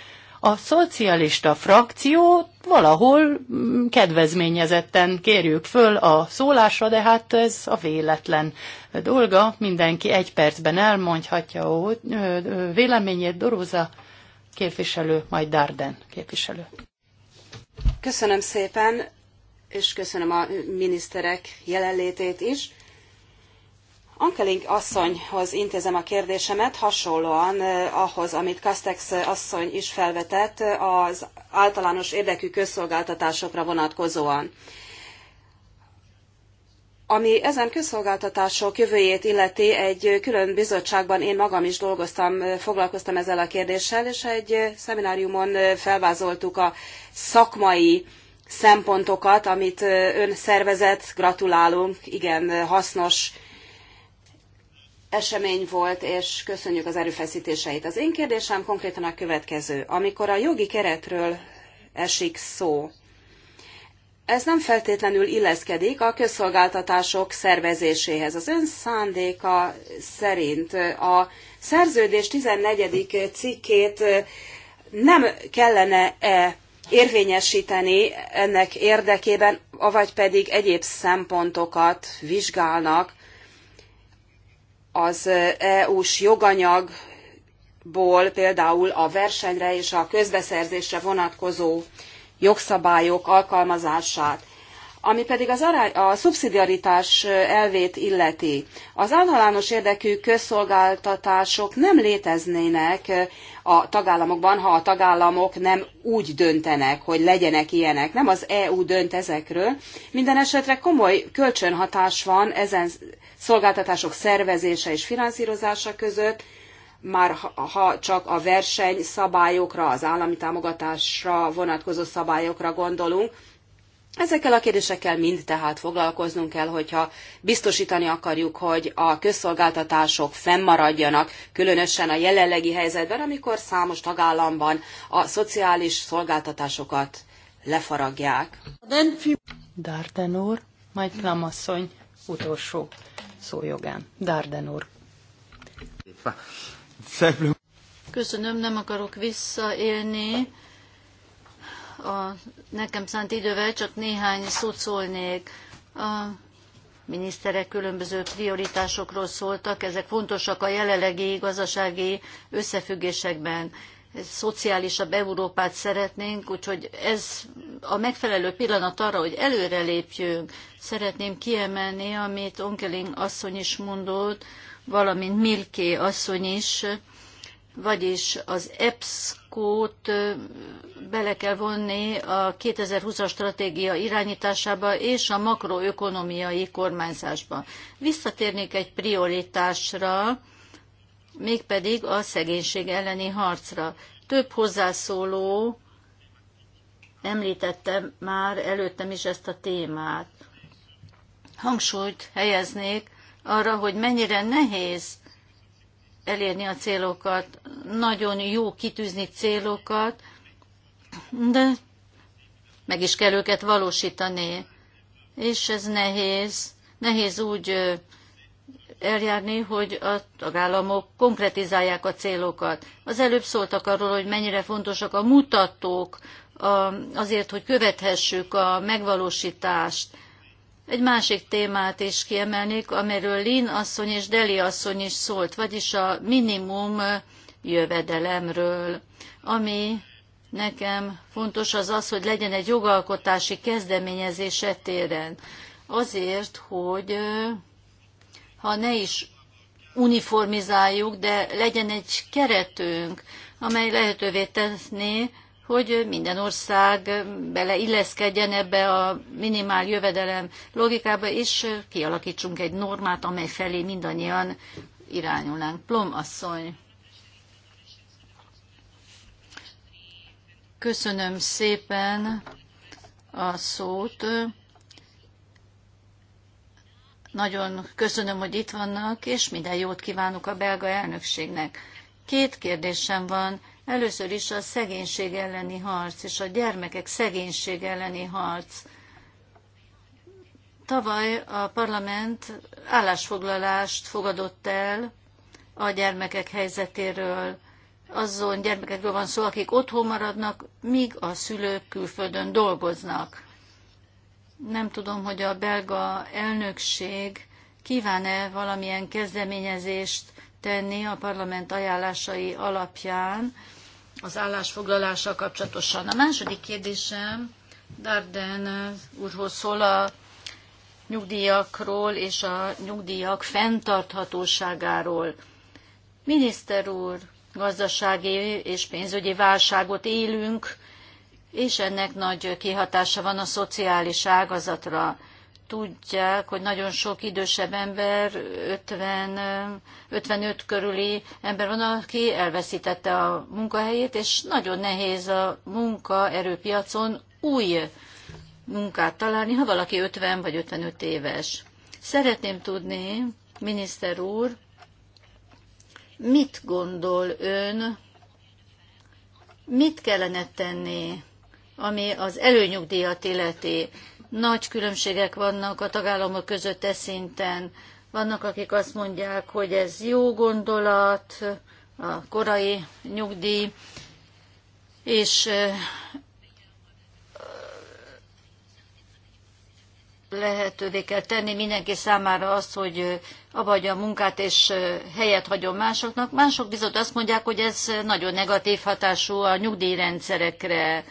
A szocialista frakció valahol mm, kedvezményezetten kérjük föl a szólásra, de hát ez a véletlen dolga. Mindenki egy percben elmondhatja a véleményét. Doróza képviselő, majd Darden képviselő. Köszönöm szépen, és köszönöm a miniszterek jelenlétét is. Ankeling asszonyhoz intézem a kérdésemet, hasonlóan eh, ahhoz, amit Castex asszony is felvetett eh, az általános érdekű közszolgáltatásokra vonatkozóan. Ami ezen közszolgáltatások jövőjét illeti, egy külön bizottságban én magam is dolgoztam, eh, foglalkoztam ezzel a kérdéssel, és egy szemináriumon felvázoltuk a szakmai szempontokat, amit ön szervezett, gratulálunk, igen hasznos esemény volt, és köszönjük az erőfeszítéseit. Az én kérdésem konkrétan a következő. Amikor a jogi keretről esik szó, ez nem feltétlenül illeszkedik a közszolgáltatások szervezéséhez. Az ön szándéka szerint a szerződés 14. cikkét nem kellene-e érvényesíteni ennek érdekében, avagy pedig egyéb szempontokat vizsgálnak, az EU-s joganyagból például a versenyre és a közbeszerzésre vonatkozó jogszabályok alkalmazását. Ami pedig az arány, a szubszidiaritás elvét illeti. Az általános érdekű közszolgáltatások nem léteznének a tagállamokban, ha a tagállamok nem úgy döntenek, hogy legyenek ilyenek. Nem az EU dönt ezekről. Minden esetre komoly kölcsönhatás van ezen szolgáltatások szervezése és finanszírozása között, már ha csak a versenyszabályokra, az állami támogatásra vonatkozó szabályokra gondolunk, Ezekkel a kérdésekkel mind tehát foglalkoznunk kell, hogyha biztosítani akarjuk, hogy a közszolgáltatások fennmaradjanak, különösen a jelenlegi helyzetben, amikor számos tagállamban a szociális szolgáltatásokat lefaragják. Dárten majd Klamasszony utolsó szójogán. Darden úr. Köszönöm, nem akarok visszaélni a nekem szánt idővel, csak néhány szót szólnék. A miniszterek különböző prioritásokról szóltak, ezek fontosak a jelenlegi gazdasági összefüggésekben szociálisabb Európát szeretnénk, úgyhogy ez a megfelelő pillanat arra, hogy előrelépjünk. Szeretném kiemelni, amit Onkeling asszony is mondott, valamint Milké asszony is, vagyis az EPSZ-kót bele kell vonni a 2020-as stratégia irányításába és a makroökonomiai kormányzásba. Visszatérnék egy prioritásra, mégpedig a szegénység elleni harcra. Több hozzászóló említettem már előttem is ezt a témát. Hangsúlyt helyeznék arra, hogy mennyire nehéz elérni a célokat, nagyon jó kitűzni célokat, de meg is kell őket valósítani. És ez nehéz. Nehéz úgy eljárni, hogy a tagállamok konkretizálják a célokat. Az előbb szóltak arról, hogy mennyire fontosak a mutatók azért, hogy követhessük a megvalósítást. Egy másik témát is kiemelnék, amiről Lin asszony és Deli asszony is szólt, vagyis a minimum jövedelemről. Ami nekem fontos az az, hogy legyen egy jogalkotási kezdeményezés e téren. Azért, hogy ha ne is uniformizáljuk, de legyen egy keretünk, amely lehetővé tenné, hogy minden ország beleilleszkedjen ebbe a minimál jövedelem logikába, és kialakítsunk egy normát, amely felé mindannyian irányulnánk. Plom asszony. Köszönöm szépen a szót. Nagyon köszönöm, hogy itt vannak, és minden jót kívánok a belga elnökségnek. Két kérdésem van. Először is a szegénység elleni harc és a gyermekek szegénység elleni harc. Tavaly a parlament állásfoglalást fogadott el a gyermekek helyzetéről. Azon gyermekekről van szó, akik otthon maradnak, míg a szülők külföldön dolgoznak. Nem tudom, hogy a belga elnökség kíván-e valamilyen kezdeményezést tenni a parlament ajánlásai alapján az állásfoglalással kapcsolatosan. A második kérdésem Darden úrhoz szól a nyugdíjakról és a nyugdíjak fenntarthatóságáról. Miniszter úr, gazdasági és pénzügyi válságot élünk, és ennek nagy kihatása van a szociális ágazatra. Tudják, hogy nagyon sok idősebb ember, 50, 55 körüli ember van, aki elveszítette a munkahelyét, és nagyon nehéz a munkaerőpiacon új munkát találni, ha valaki 50 vagy 55 éves. Szeretném tudni, miniszter úr, mit gondol ön, mit kellene tenni ami az előnyugdíjat illeti. Nagy különbségek vannak a tagállamok között e szinten. Vannak, akik azt mondják, hogy ez jó gondolat, a korai nyugdíj, és lehetővé kell tenni mindenki számára azt, hogy abbahagyja a munkát és helyet hagyom másoknak. Mások viszont azt mondják, hogy ez nagyon negatív hatású a nyugdíjrendszerekre,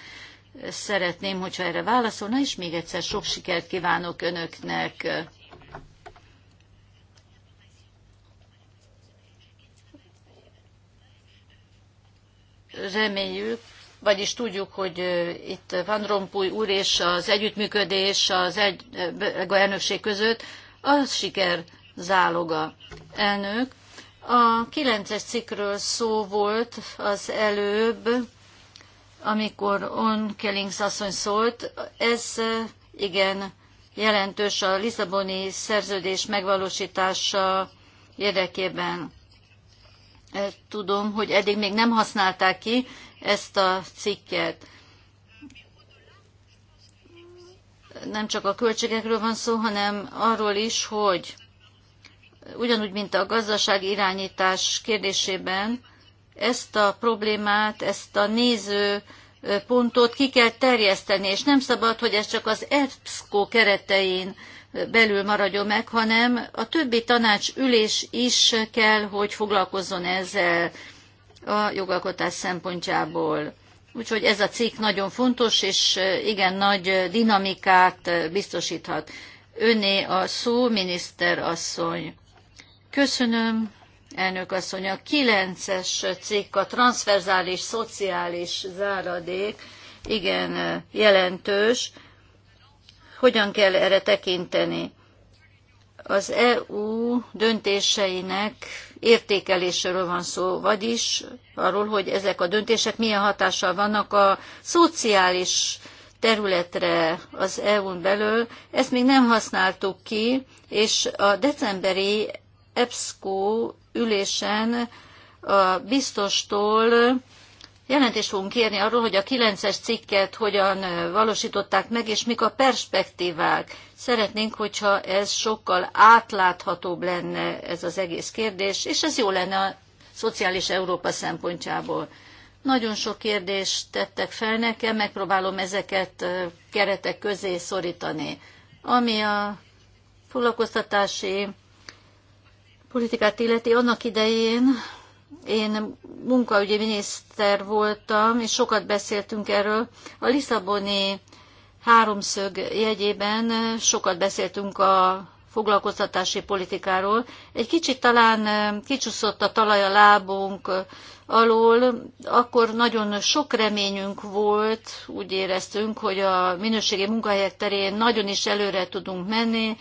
szeretném, hogyha erre válaszolna, és még egyszer sok sikert kívánok önöknek. Reméljük, vagyis tudjuk, hogy itt Van Rompuy úr és az együttműködés az egy, a elnökség között a siker záloga. Elnök, a 9-es cikkről szó volt az előbb, amikor On Kellings asszony szólt, ez igen jelentős a Lisszaboni szerződés megvalósítása érdekében. Tudom, hogy eddig még nem használták ki ezt a cikket. Nem csak a költségekről van szó, hanem arról is, hogy ugyanúgy, mint a gazdaság irányítás kérdésében, ezt a problémát, ezt a néző pontot ki kell terjeszteni, és nem szabad, hogy ez csak az Epsco keretein belül maradjon meg, hanem a többi tanács ülés is kell, hogy foglalkozzon ezzel a jogalkotás szempontjából. Úgyhogy ez a cikk nagyon fontos, és igen nagy dinamikát biztosíthat. Öné a szó, miniszter asszony. Köszönöm elnök asszony. A kilences cikk a transverzális szociális záradék igen jelentős. Hogyan kell erre tekinteni? Az EU döntéseinek értékeléséről van szó, vagyis arról, hogy ezek a döntések milyen hatással vannak a szociális területre az EU-n belül. Ezt még nem használtuk ki, és a decemberi EBSCO ülésen a biztostól jelentést fogunk kérni arról, hogy a 9-es cikket hogyan valósították meg, és mik a perspektívák. Szeretnénk, hogyha ez sokkal átláthatóbb lenne ez az egész kérdés, és ez jó lenne a szociális Európa szempontjából. Nagyon sok kérdést tettek fel nekem, megpróbálom ezeket keretek közé szorítani. Ami a foglalkoztatási politikát illeti, annak idején én munkaügyi miniszter voltam, és sokat beszéltünk erről. A Lisszaboni háromszög jegyében sokat beszéltünk a foglalkoztatási politikáról. Egy kicsit talán kicsúszott a talaj a lábunk alól, akkor nagyon sok reményünk volt, úgy éreztünk, hogy a minőségi munkahelyek terén nagyon is előre tudunk menni,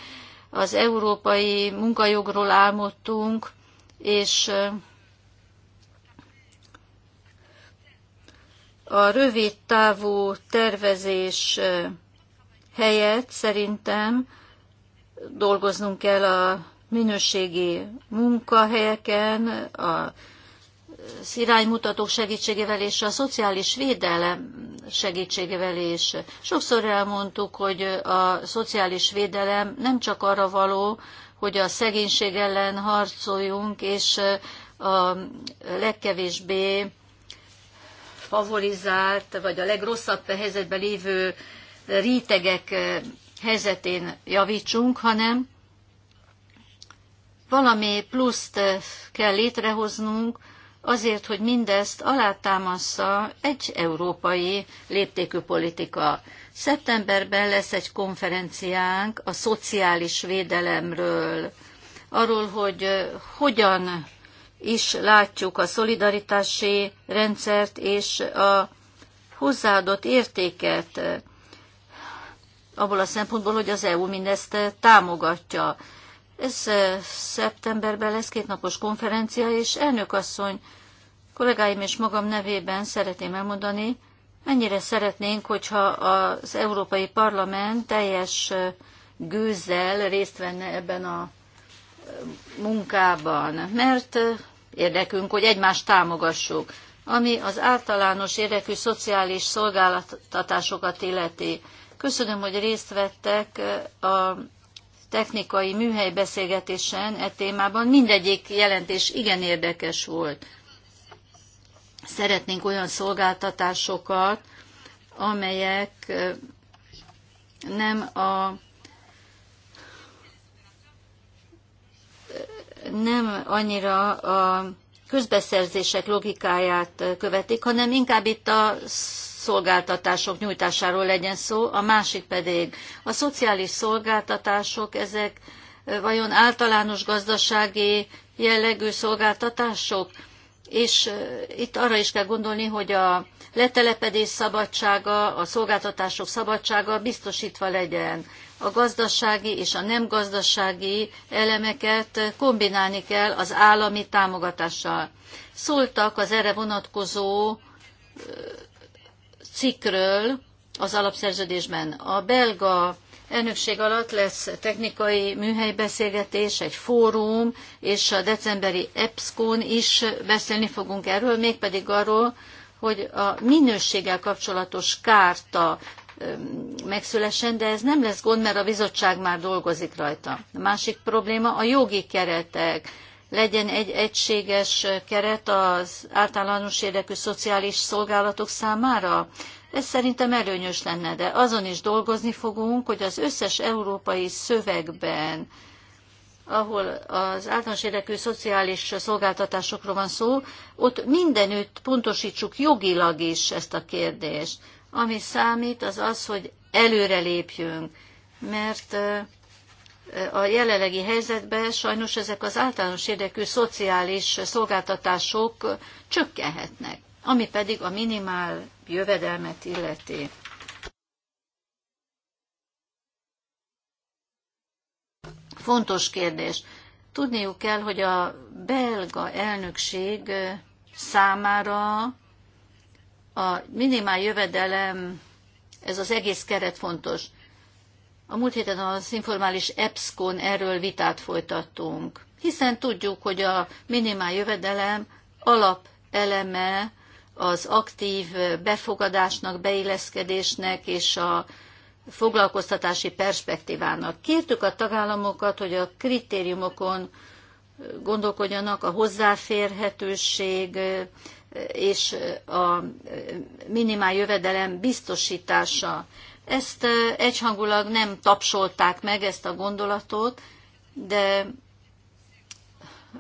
az európai munkajogról álmodtunk, és a rövid távú tervezés helyett szerintem dolgoznunk kell a minőségi munkahelyeken, a iránymutatók segítségével és a szociális védelem segítségével is. Sokszor elmondtuk, hogy a szociális védelem nem csak arra való, hogy a szegénység ellen harcoljunk, és a legkevésbé favorizált, vagy a legrosszabb helyzetben lévő rétegek helyzetén javítsunk, hanem valami pluszt kell létrehoznunk, azért, hogy mindezt alátámassza egy európai léptékű politika. Szeptemberben lesz egy konferenciánk a szociális védelemről, arról, hogy hogyan is látjuk a szolidaritási rendszert és a hozzáadott értéket abból a szempontból, hogy az EU mindezt támogatja. Ez szeptemberben lesz kétnapos konferencia, és asszony, kollégáim és magam nevében szeretném elmondani, mennyire szeretnénk, hogyha az Európai Parlament teljes gőzzel részt venne ebben a munkában, mert érdekünk, hogy egymást támogassuk, ami az általános érdekű szociális szolgáltatásokat illeti. Köszönöm, hogy részt vettek a technikai műhely beszélgetésen e témában mindegyik jelentés igen érdekes volt. Szeretnénk olyan szolgáltatásokat, amelyek nem a nem annyira a közbeszerzések logikáját követik, hanem inkább itt a szolgáltatások nyújtásáról legyen szó, a másik pedig a szociális szolgáltatások, ezek eh, vajon általános gazdasági jellegű szolgáltatások? És eh, itt arra is kell gondolni, hogy a letelepedés szabadsága, a szolgáltatások szabadsága biztosítva legyen. A gazdasági és a nem gazdasági elemeket eh, kombinálni kell az állami támogatással. Szóltak az erre vonatkozó cikkről az alapszerződésben. A belga elnökség alatt lesz technikai műhelybeszélgetés, egy fórum, és a decemberi epsco is beszélni fogunk erről, mégpedig arról, hogy a minőséggel kapcsolatos kárta megszülessen, de ez nem lesz gond, mert a bizottság már dolgozik rajta. A másik probléma a jogi keretek, legyen egy egységes keret az általános érdekű szociális szolgálatok számára? Ez szerintem előnyös lenne, de azon is dolgozni fogunk, hogy az összes európai szövegben, ahol az általános érdekű szociális szolgáltatásokról van szó, ott mindenütt pontosítsuk jogilag is ezt a kérdést. Ami számít, az az, hogy előre lépjünk, mert a jelenlegi helyzetben sajnos ezek az általános érdekű szociális szolgáltatások csökkenhetnek, ami pedig a minimál jövedelmet illeti. Fontos kérdés. Tudniuk kell, hogy a belga elnökség számára a minimál jövedelem, ez az egész keret fontos. A múlt héten az informális EBSCON erről vitát folytattunk, hiszen tudjuk, hogy a minimál jövedelem alapeleme az aktív befogadásnak, beilleszkedésnek és a foglalkoztatási perspektívának. Kértük a tagállamokat, hogy a kritériumokon gondolkodjanak a hozzáférhetőség és a minimál jövedelem biztosítása ezt egyhangulag nem tapsolták meg, ezt a gondolatot, de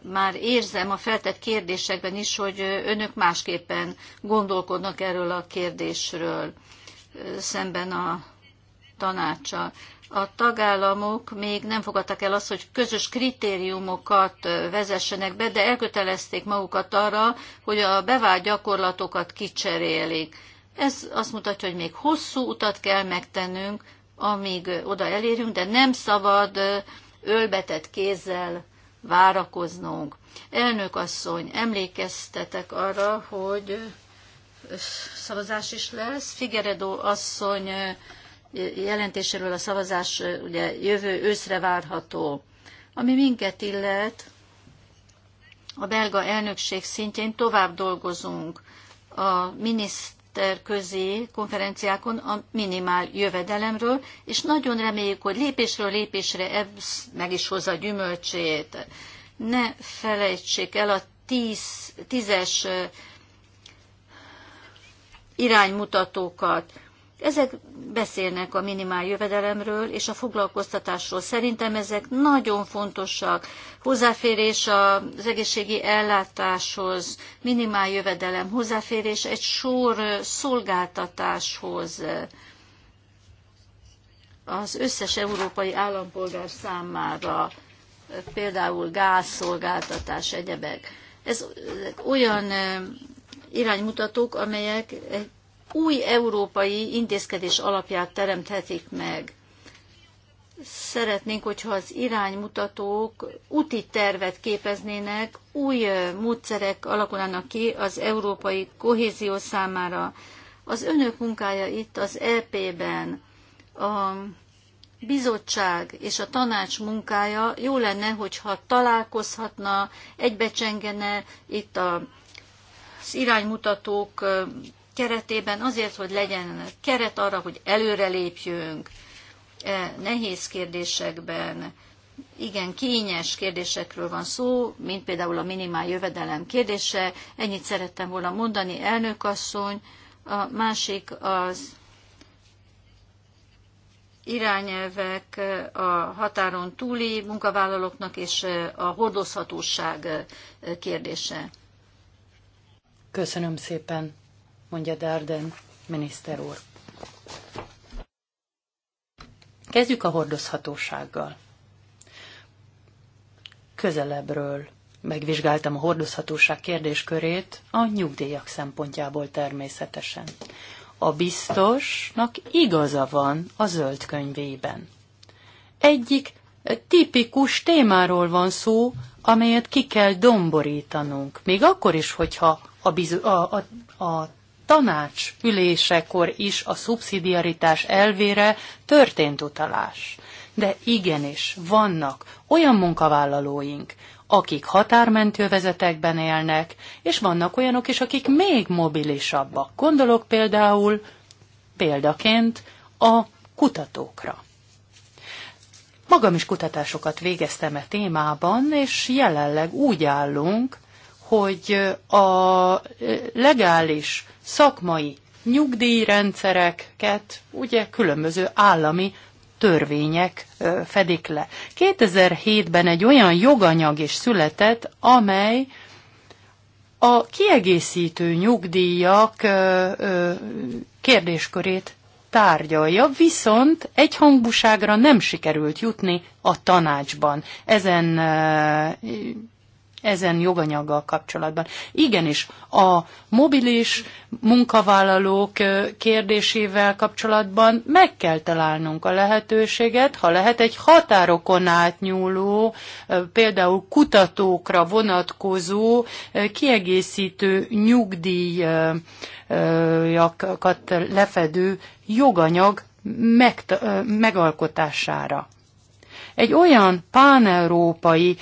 már érzem a feltett kérdésekben is, hogy önök másképpen gondolkodnak erről a kérdésről szemben a tanácsa. A tagállamok még nem fogadtak el azt, hogy közös kritériumokat vezessenek be, de elkötelezték magukat arra, hogy a bevált gyakorlatokat kicserélik ez azt mutatja, hogy még hosszú utat kell megtennünk, amíg oda elérünk, de nem szabad ölbetett kézzel várakoznunk. Elnök asszony, emlékeztetek arra, hogy szavazás is lesz. Figeredó asszony jelentéséről a szavazás ugye jövő őszre várható. Ami minket illet, a belga elnökség szintjén tovább dolgozunk a miniszter, miniszterközi konferenciákon a minimál jövedelemről, és nagyon reméljük, hogy lépésről lépésre ez meg is hozza gyümölcsét. Ne felejtsék el a tíz, tízes iránymutatókat. Ezek beszélnek a minimál jövedelemről és a foglalkoztatásról. Szerintem ezek nagyon fontosak. Hozzáférés az egészségi ellátáshoz, minimál jövedelem, hozzáférés egy sor szolgáltatáshoz az összes európai állampolgár számára, például gázszolgáltatás, egyebek. Ez olyan iránymutatók, amelyek egy új európai intézkedés alapját teremthetik meg. Szeretnénk, hogyha az iránymutatók úti tervet képeznének, új módszerek alakulnának ki az európai kohézió számára. Az önök munkája itt az EP-ben, a bizottság és a tanács munkája jó lenne, hogyha találkozhatna, egybecsengene itt a az iránymutatók keretében, azért, hogy legyen keret arra, hogy előrelépjünk e, nehéz kérdésekben, igen, kényes kérdésekről van szó, mint például a minimál jövedelem kérdése. Ennyit szerettem volna mondani, elnökasszony. A másik az irányelvek a határon túli munkavállalóknak és a hordozhatóság kérdése. Köszönöm szépen mondja Darden miniszter úr. Kezdjük a hordozhatósággal. Közelebbről megvizsgáltam a hordozhatóság kérdéskörét a nyugdíjak szempontjából természetesen. A biztosnak igaza van a zöld könyvében. Egyik tipikus témáról van szó, amelyet ki kell domborítanunk, még akkor is, hogyha a, a, a, a tanács ülésekor is a szubszidiaritás elvére történt utalás. De igenis, vannak olyan munkavállalóink, akik határmentő övezetekben élnek, és vannak olyanok is, akik még mobilisabbak. Gondolok például példaként a kutatókra. Magam is kutatásokat végeztem e témában, és jelenleg úgy állunk, hogy a legális szakmai nyugdíjrendszereket ugye különböző állami törvények fedik le. 2007-ben egy olyan joganyag is született, amely a kiegészítő nyugdíjak kérdéskörét tárgyalja, viszont egy hangbuságra nem sikerült jutni a tanácsban. Ezen ezen joganyaggal kapcsolatban. Igenis, a mobilis munkavállalók kérdésével kapcsolatban meg kell találnunk a lehetőséget, ha lehet egy határokon átnyúló, például kutatókra vonatkozó, kiegészítő nyugdíjakat lefedő joganyag megalkotására egy olyan páneurópai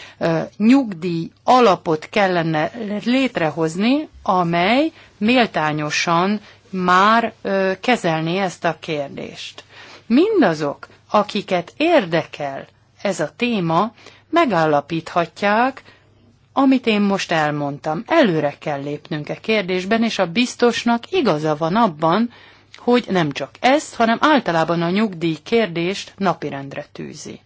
nyugdíj alapot kellene létrehozni, amely méltányosan már kezelné ezt a kérdést. Mindazok, akiket érdekel ez a téma, megállapíthatják, amit én most elmondtam. Előre kell lépnünk e kérdésben, és a biztosnak igaza van abban, hogy nem csak ezt, hanem általában a nyugdíj kérdést napirendre tűzi.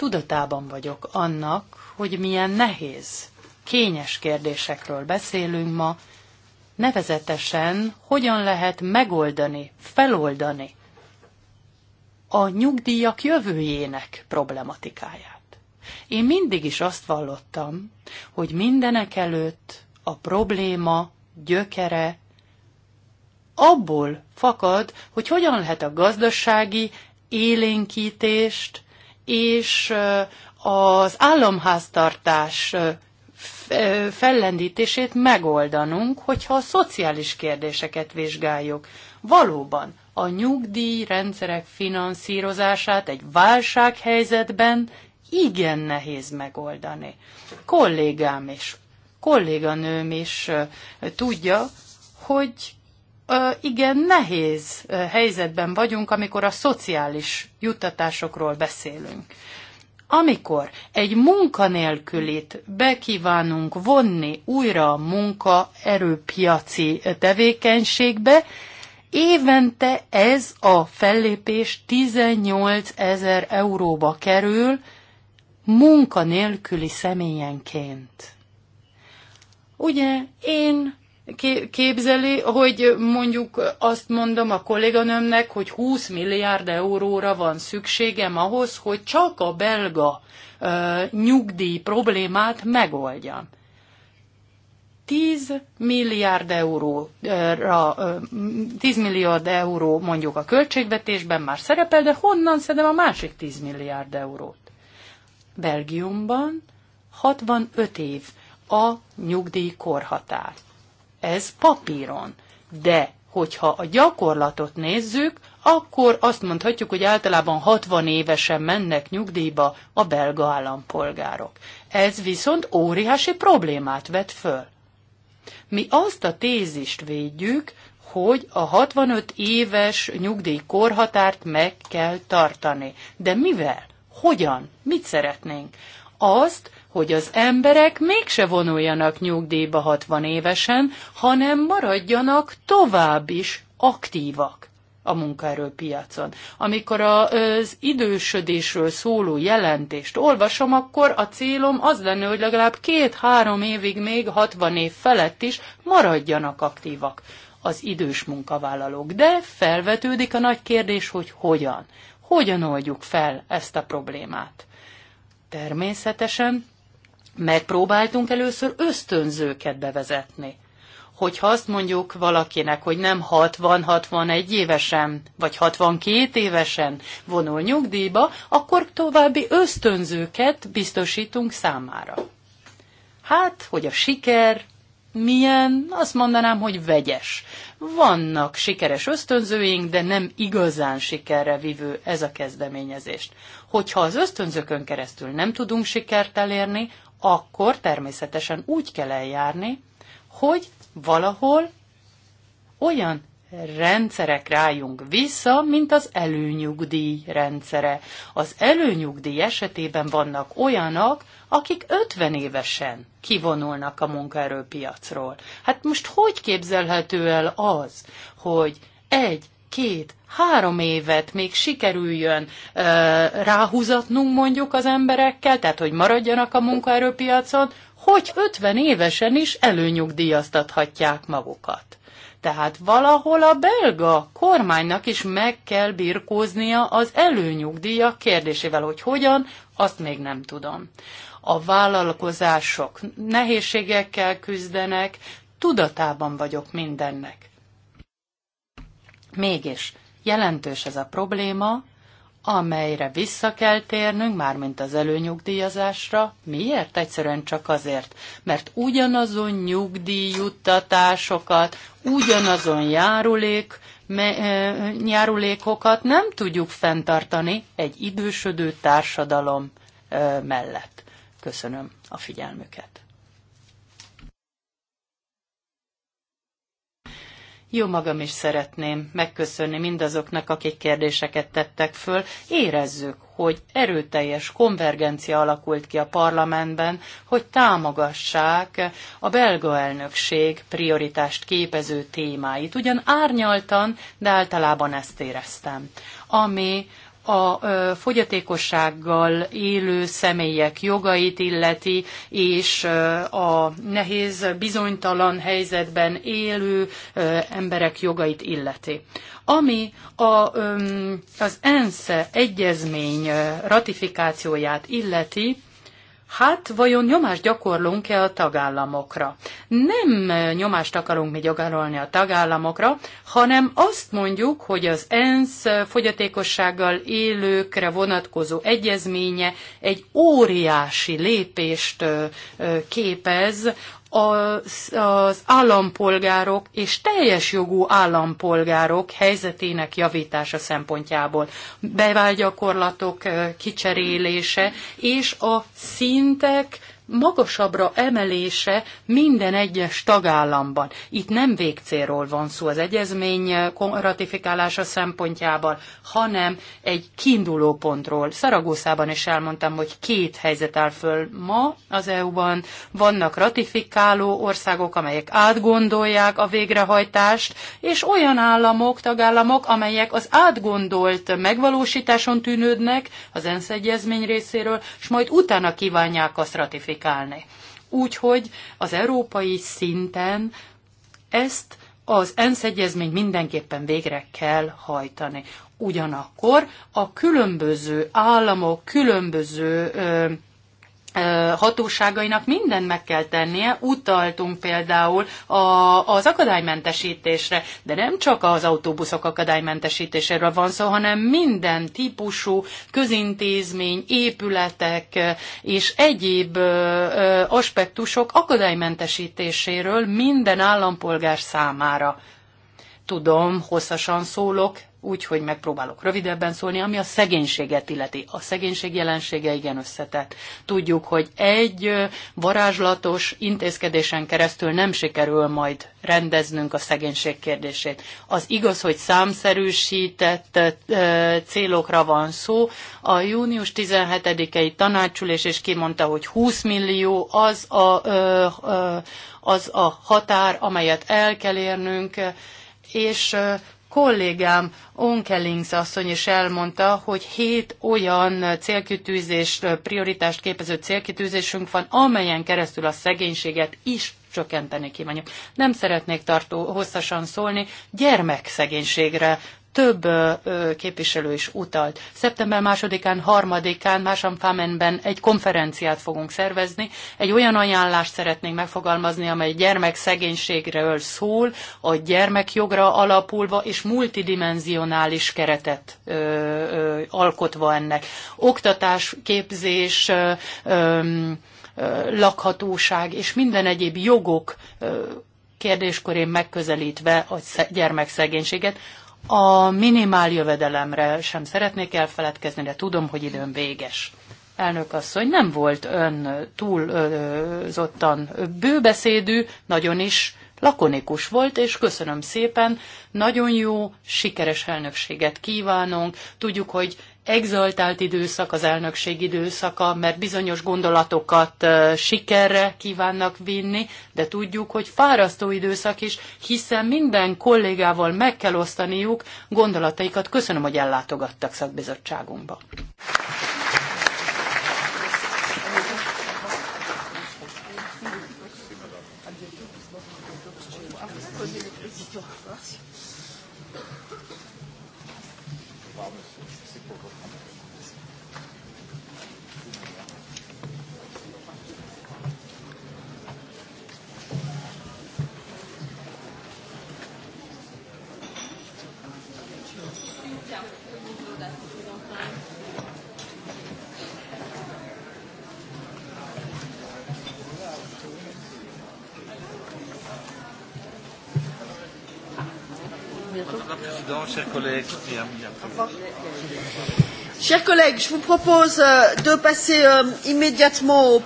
Tudatában vagyok annak, hogy milyen nehéz, kényes kérdésekről beszélünk ma, nevezetesen hogyan lehet megoldani, feloldani a nyugdíjak jövőjének problematikáját. Én mindig is azt vallottam, hogy mindenek előtt a probléma gyökere abból fakad, hogy hogyan lehet a gazdasági élénkítést és az államháztartás fellendítését megoldanunk, hogyha a szociális kérdéseket vizsgáljuk. Valóban a nyugdíjrendszerek finanszírozását egy válsághelyzetben igen nehéz megoldani. Kollégám is, kolléganőm is tudja, hogy igen nehéz helyzetben vagyunk, amikor a szociális juttatásokról beszélünk. Amikor egy munkanélkülit bekívánunk vonni újra a munkaerőpiaci tevékenységbe, évente ez a fellépés 18 ezer euróba kerül munkanélküli személyenként. Ugye én képzeli, hogy mondjuk azt mondom a kolléganőmnek, hogy 20 milliárd euróra van szükségem ahhoz, hogy csak a belga ö, nyugdíj problémát megoldjam. 10 milliárd euróra, 10 milliárd euró mondjuk a költségvetésben már szerepel, de honnan szedem a másik 10 milliárd eurót? Belgiumban 65 év a nyugdíj korhatár ez papíron. De hogyha a gyakorlatot nézzük, akkor azt mondhatjuk, hogy általában 60 évesen mennek nyugdíjba a belga állampolgárok. Ez viszont óriási problémát vet föl. Mi azt a tézist védjük, hogy a 65 éves nyugdíjkorhatárt meg kell tartani. De mivel? Hogyan? Mit szeretnénk? Azt, hogy az emberek mégse vonuljanak nyugdíjba 60 évesen, hanem maradjanak tovább is aktívak a munkaerőpiacon. Amikor az idősödésről szóló jelentést olvasom, akkor a célom az lenne, hogy legalább két-három évig még 60 év felett is maradjanak aktívak az idős munkavállalók. De felvetődik a nagy kérdés, hogy hogyan. Hogyan oldjuk fel ezt a problémát? Természetesen megpróbáltunk először ösztönzőket bevezetni. Hogyha azt mondjuk valakinek, hogy nem 60-61 évesen, vagy 62 évesen vonul nyugdíjba, akkor további ösztönzőket biztosítunk számára. Hát, hogy a siker milyen, azt mondanám, hogy vegyes. Vannak sikeres ösztönzőink, de nem igazán sikerre vívő ez a kezdeményezést. Hogyha az ösztönzőkön keresztül nem tudunk sikert elérni, akkor természetesen úgy kell eljárni, hogy valahol olyan rendszerek rájunk vissza, mint az előnyugdíj rendszere. Az előnyugdíj esetében vannak olyanok, akik 50 évesen kivonulnak a munkaerőpiacról. Hát most hogy képzelhető el az, hogy egy két, három évet még sikerüljön ö, ráhúzatnunk mondjuk az emberekkel, tehát hogy maradjanak a munkaerőpiacon, hogy 50 évesen is előnyugdíjaztathatják magukat. Tehát valahol a belga kormánynak is meg kell birkóznia az előnyugdíja kérdésével, hogy hogyan, azt még nem tudom. A vállalkozások nehézségekkel küzdenek, tudatában vagyok mindennek. Mégis jelentős ez a probléma, amelyre vissza kell térnünk, mármint az előnyugdíjazásra. Miért? Egyszerűen csak azért, mert ugyanazon nyugdíjuttatásokat, ugyanazon járulék, me, eh, járulékokat nem tudjuk fenntartani egy idősödő társadalom eh, mellett. Köszönöm a figyelmüket. Jó magam is szeretném megköszönni mindazoknak, akik kérdéseket tettek föl. Érezzük, hogy erőteljes konvergencia alakult ki a parlamentben, hogy támogassák a belga elnökség prioritást képező témáit. Ugyan árnyaltan, de általában ezt éreztem. Ami a fogyatékossággal élő személyek jogait illeti, és a nehéz, bizonytalan helyzetben élő emberek jogait illeti. Ami a, az ENSZ egyezmény ratifikációját illeti, hát vajon nyomást gyakorlunk-e a tagállamokra? Nem nyomást akarunk mi gyakorolni a tagállamokra, hanem azt mondjuk, hogy az ENSZ fogyatékossággal élőkre vonatkozó egyezménye egy óriási lépést képez az, az állampolgárok és teljes jogú állampolgárok helyzetének javítása szempontjából. Bevágyakorlatok kicserélése és a szintek magasabbra emelése minden egyes tagállamban. Itt nem végcélról van szó az egyezmény eh, ratifikálása szempontjából, hanem egy kiinduló pontról. Szaragószában is elmondtam, hogy két helyzet áll föl ma az EU-ban. Vannak ratifikáló országok, amelyek átgondolják a végrehajtást, és olyan államok, tagállamok, amelyek az átgondolt megvalósításon tűnődnek az ENSZ egyezmény részéről, és majd utána kívánják azt ratifikálni kommunikálni. Úgyhogy az európai szinten ezt az ENSZ egyezményt mindenképpen végre kell hajtani. Ugyanakkor a különböző államok különböző ö, hatóságainak mindent meg kell tennie, utaltunk például a, az akadálymentesítésre, de nem csak az autóbuszok akadálymentesítéséről van szó, hanem minden típusú közintézmény, épületek és egyéb aspektusok akadálymentesítéséről minden állampolgár számára. Tudom, hosszasan szólok, úgy, hogy megpróbálok rövidebben szólni, ami a szegénységet illeti. A szegénység jelensége igen összetett. Tudjuk, hogy egy varázslatos intézkedésen keresztül nem sikerül majd rendeznünk a szegénység kérdését. Az igaz, hogy számszerűsített célokra van szó. A június 17-i tanácsülés is kimondta, hogy 20 millió az a, az a határ, amelyet el kell érnünk, és kollégám Onkelings asszony is elmondta, hogy hét olyan célkitűzés, prioritást képező célkitűzésünk van, amelyen keresztül a szegénységet is csökkenteni kívánjuk. Nem szeretnék tartó hosszasan szólni, gyermekszegénységre több képviselő is utalt. Szeptember másodikán, harmadikán fámenben egy konferenciát fogunk szervezni. Egy olyan ajánlást szeretnénk megfogalmazni, amely gyermekszegénységről szól, a gyermekjogra alapulva és multidimensionális keretet ö, ö, alkotva ennek. Oktatás, képzés, ö, ö, lakhatóság és minden egyéb jogok kérdéskorén megközelítve a gyermekszegénységet, a minimál jövedelemre sem szeretnék elfeledkezni, de tudom, hogy időm véges. Elnök asszony nem volt ön túlzottan bőbeszédű, nagyon is lakonikus volt, és köszönöm szépen, nagyon jó, sikeres elnökséget kívánunk. Tudjuk, hogy exaltált időszak, az elnökség időszaka, mert bizonyos gondolatokat sikerre kívánnak vinni, de tudjuk, hogy fárasztó időszak is, hiszen minden kollégával meg kell osztaniuk gondolataikat. Köszönöm, hogy ellátogattak szakbizottságunkba. collègues. Chers collègues, je vous propose euh, de passer euh, immédiatement au...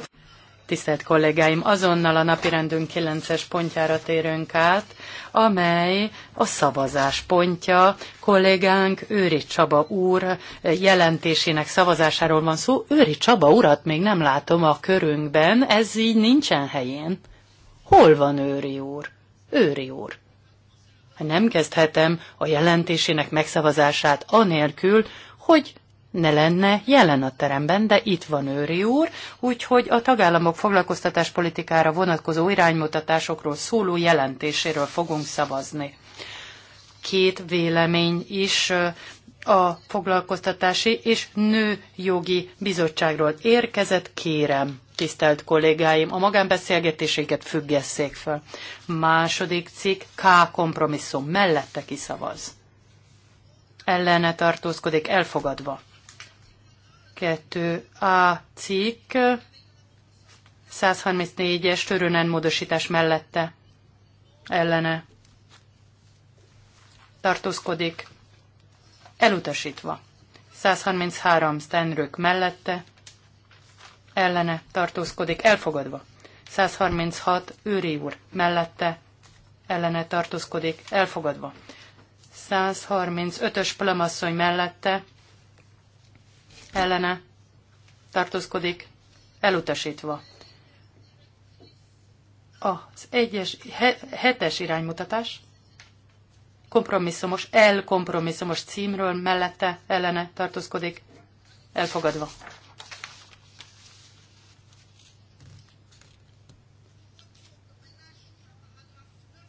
Tisztelt kollégáim, azonnal a napirendünk 9-es pontjára térünk át, amely a szavazás pontja. Kollégánk Őri Csaba úr eh, jelentésének szavazásáról van szó. Őri Csaba urat még nem látom a körünkben, ez így nincsen helyén. Hol van Őri úr? Őri úr nem kezdhetem a jelentésének megszavazását anélkül, hogy ne lenne jelen a teremben, de itt van Őri úr, úgyhogy a tagállamok foglalkoztatáspolitikára vonatkozó iránymutatásokról szóló jelentéséről fogunk szavazni. Két vélemény is a foglalkoztatási és nőjogi bizottságról érkezett kérem tisztelt kollégáim, a magánbeszélgetéseiket függesszék fel. Második cikk, K kompromisszum, mellette kiszavaz. Ellene tartózkodik, elfogadva. 2A cikk, 134-es törőnen módosítás mellette. Ellene tartózkodik, Elutasítva. 133 Stenrök mellette, ellene tartózkodik, elfogadva. 136 Őri úr mellette, ellene tartózkodik, elfogadva. 135-ös Plamasszony mellette, ellene tartózkodik, elutasítva. Az egyes, he, hetes iránymutatás kompromisszumos, elkompromisszumos címről mellette ellene tartózkodik, elfogadva.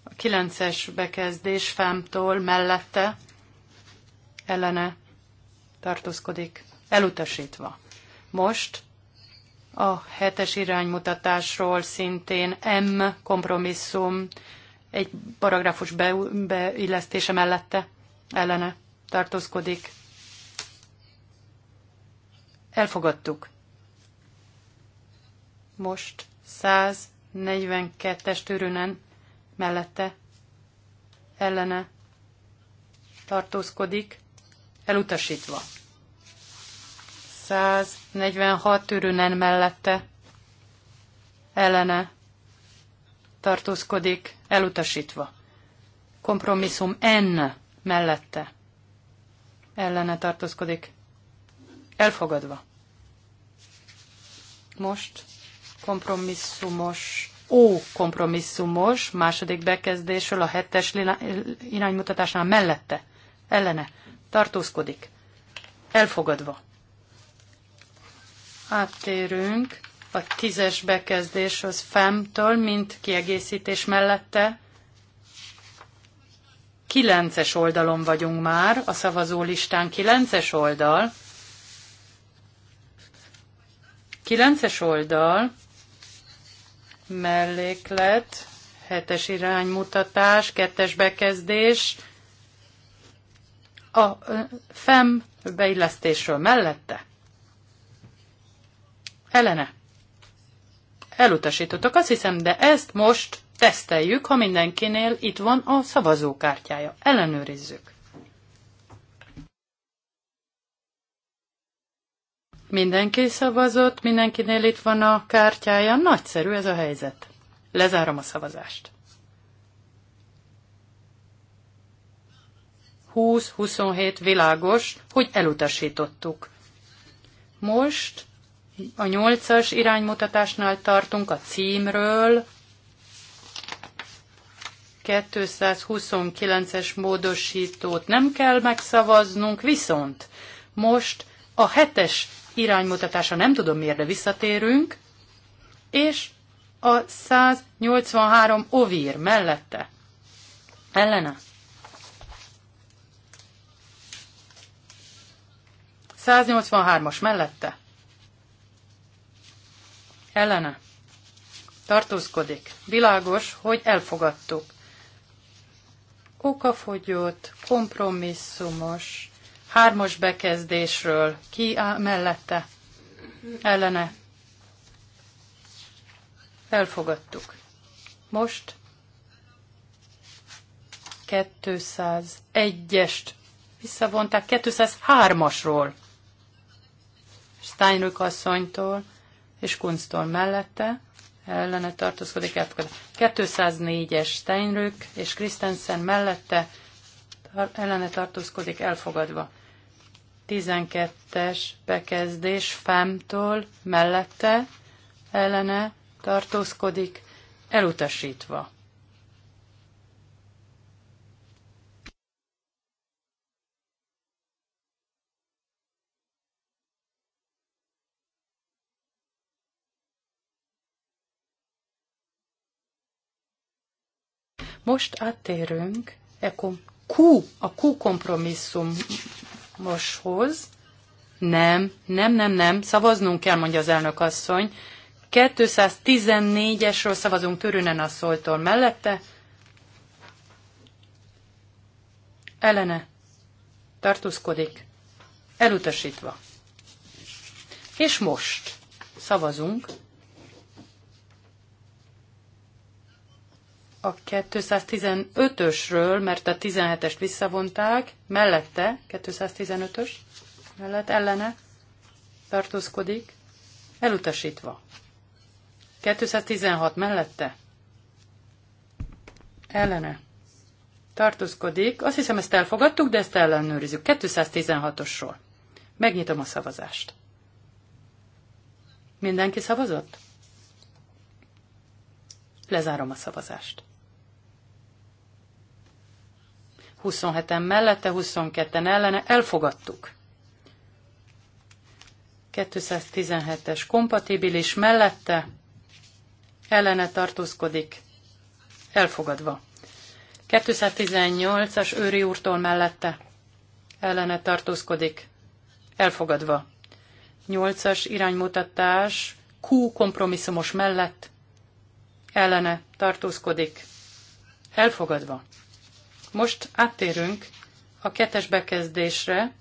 A kilences bekezdés fámtól mellette ellene tartózkodik, elutasítva. Most a hetes iránymutatásról szintén M kompromisszum egy paragrafus be, beillesztése mellette ellene tartózkodik. Elfogadtuk. Most 142-es törőnen mellette ellene tartózkodik, elutasítva. 146 törőnen mellette ellene tartózkodik, elutasítva. Kompromisszum N mellette, ellene tartózkodik, elfogadva. Most kompromisszumos, ó kompromisszumos, második bekezdésről a hetes iránymutatásnál mellette, ellene tartózkodik, elfogadva. Áttérünk a tízes bekezdés az FEM-től, mint kiegészítés mellette. Kilences oldalon vagyunk már, a szavazólistán kilences oldal. Kilences oldal, melléklet, hetes iránymutatás, kettes bekezdés, a FEM beillesztésről mellette. Elene elutasítottak, azt hiszem, de ezt most teszteljük, ha mindenkinél itt van a szavazókártyája. Ellenőrizzük. Mindenki szavazott, mindenkinél itt van a kártyája, nagyszerű ez a helyzet. Lezárom a szavazást. 20-27 világos, hogy elutasítottuk. Most a nyolcas iránymutatásnál tartunk a címről. 229-es módosítót nem kell megszavaznunk, viszont most a hetes iránymutatása nem tudom miért, de visszatérünk, és a 183 ovír mellette. Ellene. 183-as mellette ellene tartózkodik. Világos, hogy elfogadtuk. Okafogyott, kompromisszumos, hármas bekezdésről, ki áll mellette, ellene. Elfogadtuk. Most 201-est visszavonták 203-asról. Steinrück asszonytól és Kunsztól mellette ellene tartózkodik elfogadva. 204-es Steinrück és Christensen mellette ellene tartózkodik elfogadva. 12-es bekezdés Fámtól mellette ellene tartózkodik elutasítva. Most áttérünk e kom- Q, a Q kompromisszumoshoz. Nem, nem, nem, nem, szavaznunk kell, mondja az elnök asszony. 214-esről szavazunk a szóltól mellette. Elene tartózkodik, elutasítva. És most szavazunk a 215-ösről, mert a 17-est visszavonták, mellette, 215-ös, mellett ellene tartózkodik, elutasítva. 216 mellette, ellene tartózkodik, azt hiszem ezt elfogadtuk, de ezt ellenőrizzük, 216-osról. Megnyitom a szavazást. Mindenki szavazott? Lezárom a szavazást. 27-en mellette, 22-en ellene, elfogadtuk. 217-es kompatibilis mellette, ellene tartózkodik, elfogadva. 218-as őri úrtól mellette, ellene tartózkodik, elfogadva. 8-as iránymutatás Q kompromisszumos mellett, ellene tartózkodik, elfogadva. Most áttérünk a kettes bekezdésre,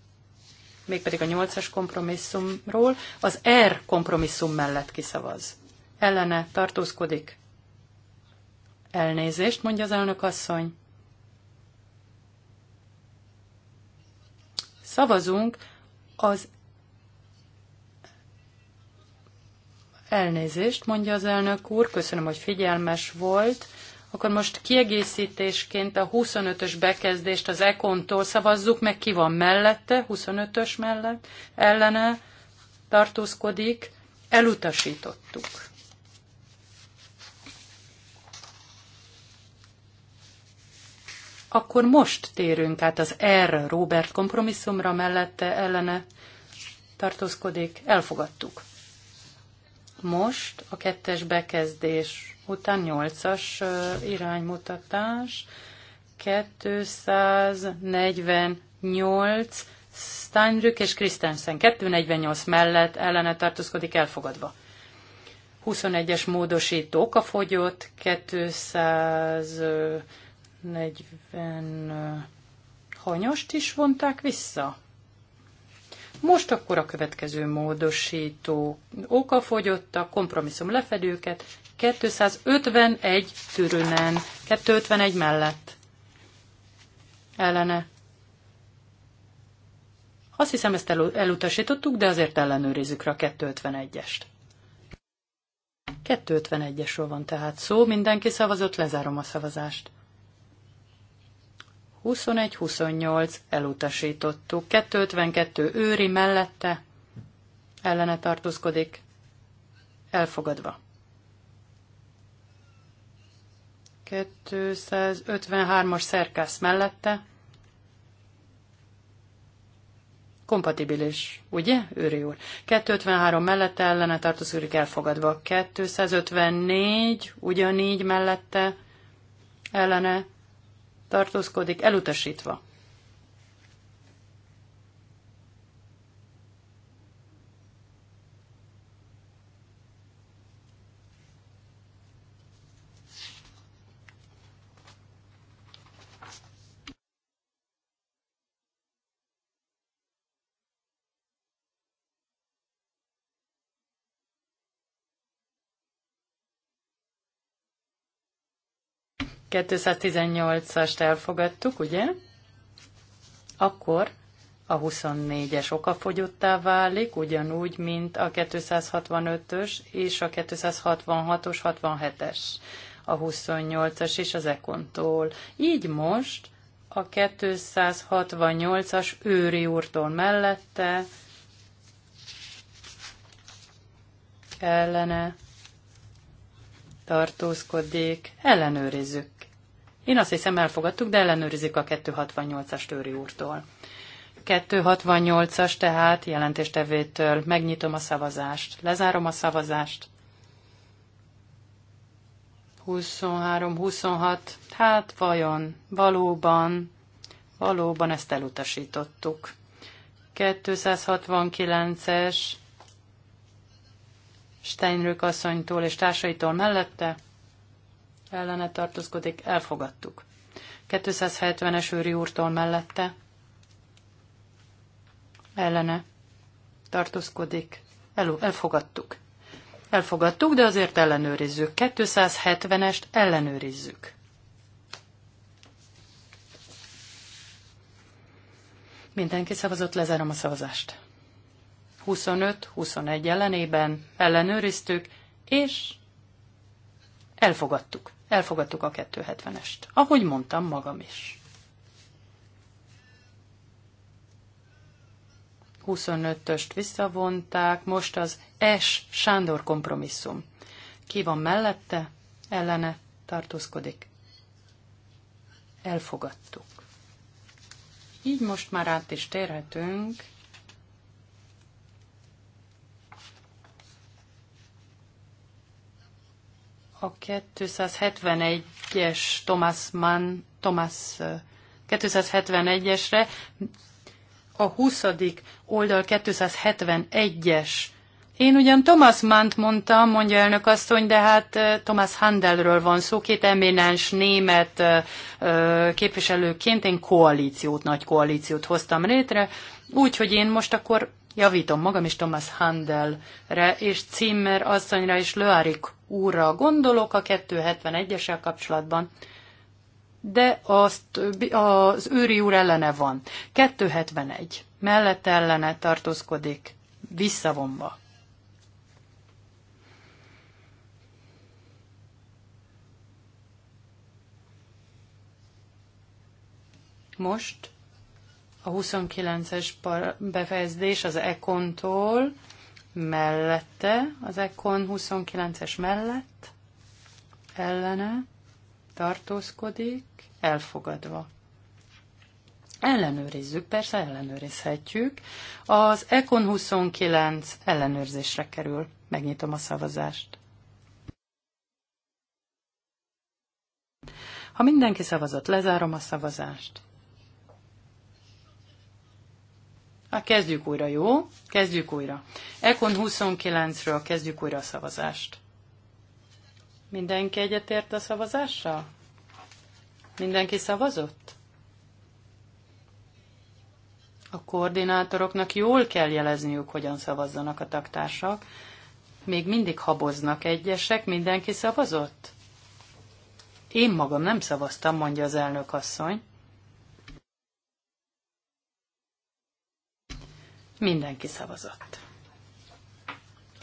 mégpedig a nyolcas kompromisszumról, az R kompromisszum mellett kiszavaz. Ellene tartózkodik. Elnézést, mondja az elnök asszony. Szavazunk az elnézést, mondja az elnök úr, köszönöm, hogy figyelmes volt akkor most kiegészítésként a 25-ös bekezdést az Ekontól szavazzuk, meg ki van mellette, 25-ös mellett, ellene tartózkodik, elutasítottuk. Akkor most térünk át az R Robert kompromisszumra mellette ellene tartózkodik, elfogadtuk. Most a kettes bekezdés után 8-as iránymutatás 248 Steinrück és Christensen 248 mellett ellene tartózkodik elfogadva. 21-es módosítók a fogyott 240 hanyost is vonták vissza. Most akkor a következő módosító okafogyott a kompromisszum lefedőket 251 Türünen, 251 mellett. Ellene. Azt hiszem, ezt elutasítottuk, de azért ellenőrizzük rá a 251-est. 251-esről van tehát szó, mindenki szavazott, lezárom a szavazást. 21-28 elutasítottuk. 252 őri mellette ellene tartózkodik. Elfogadva. 253-as szerkász mellette. Kompatibilis, ugye, őri úr? 253 mellette ellene tartózkodik elfogadva. 254 ugyanígy mellette ellene tartózkodik, elutasítva. 218-ast elfogadtuk, ugye? Akkor a 24-es okafogyottá válik, ugyanúgy, mint a 265-ös és a 266-os, 67-es, a 28-as és az Ekontól. Így most a 268-as őri úrtól mellette kellene tartózkodik, ellenőrizzük. Én azt hiszem elfogadtuk, de ellenőrizzük a 268-as Tőri úrtól. 268-as tehát jelentéstevétől megnyitom a szavazást, lezárom a szavazást. 23-26, hát vajon valóban, valóban ezt elutasítottuk. 269-es Steinrück asszonytól és társaitól mellette ellene tartózkodik, elfogadtuk. 270-es őri úrtól mellette ellene tartózkodik, El, elfogadtuk. Elfogadtuk, de azért ellenőrizzük. 270-est ellenőrizzük. Mindenki szavazott, lezárom a szavazást. 25-21 ellenében ellenőriztük, és elfogadtuk. Elfogadtuk a 270-est, ahogy mondtam magam is. 25-öst visszavonták, most az S. Sándor kompromisszum. Ki van mellette, ellene tartózkodik. Elfogadtuk. Így most már át is térhetünk a 271-es Thomas Mann, Thomas 271-esre, eh, a 20. oldal 271-es. Én ugyan Thomas Mann-t mondtam, mondja elnök asszony, de hát eh, Thomas Handelről van szó, két eminens német eh, képviselőként én koalíciót, nagy koalíciót hoztam létre, úgyhogy én most akkor javítom magam is Thomas Handelre, és Zimmer asszonyra és Löárik úrra gondolok a 271-essel kapcsolatban, de azt az őri úr ellene van. 271 mellett ellene tartózkodik, visszavonva. Most a 29-es befejezés az Ekontól mellette, az Ekon 29-es mellett, ellene, tartózkodik, elfogadva. Ellenőrizzük, persze ellenőrizhetjük. Az Ekon 29 ellenőrzésre kerül. Megnyitom a szavazást. Ha mindenki szavazott, lezárom a szavazást. Na, kezdjük újra, jó? Kezdjük újra. Ekon 29-ről kezdjük újra a szavazást. Mindenki egyetért a szavazással? Mindenki szavazott? A koordinátoroknak jól kell jelezniük, hogyan szavazzanak a taktársak. Még mindig haboznak egyesek, mindenki szavazott? Én magam nem szavaztam, mondja az elnök asszony. Mindenki szavazott.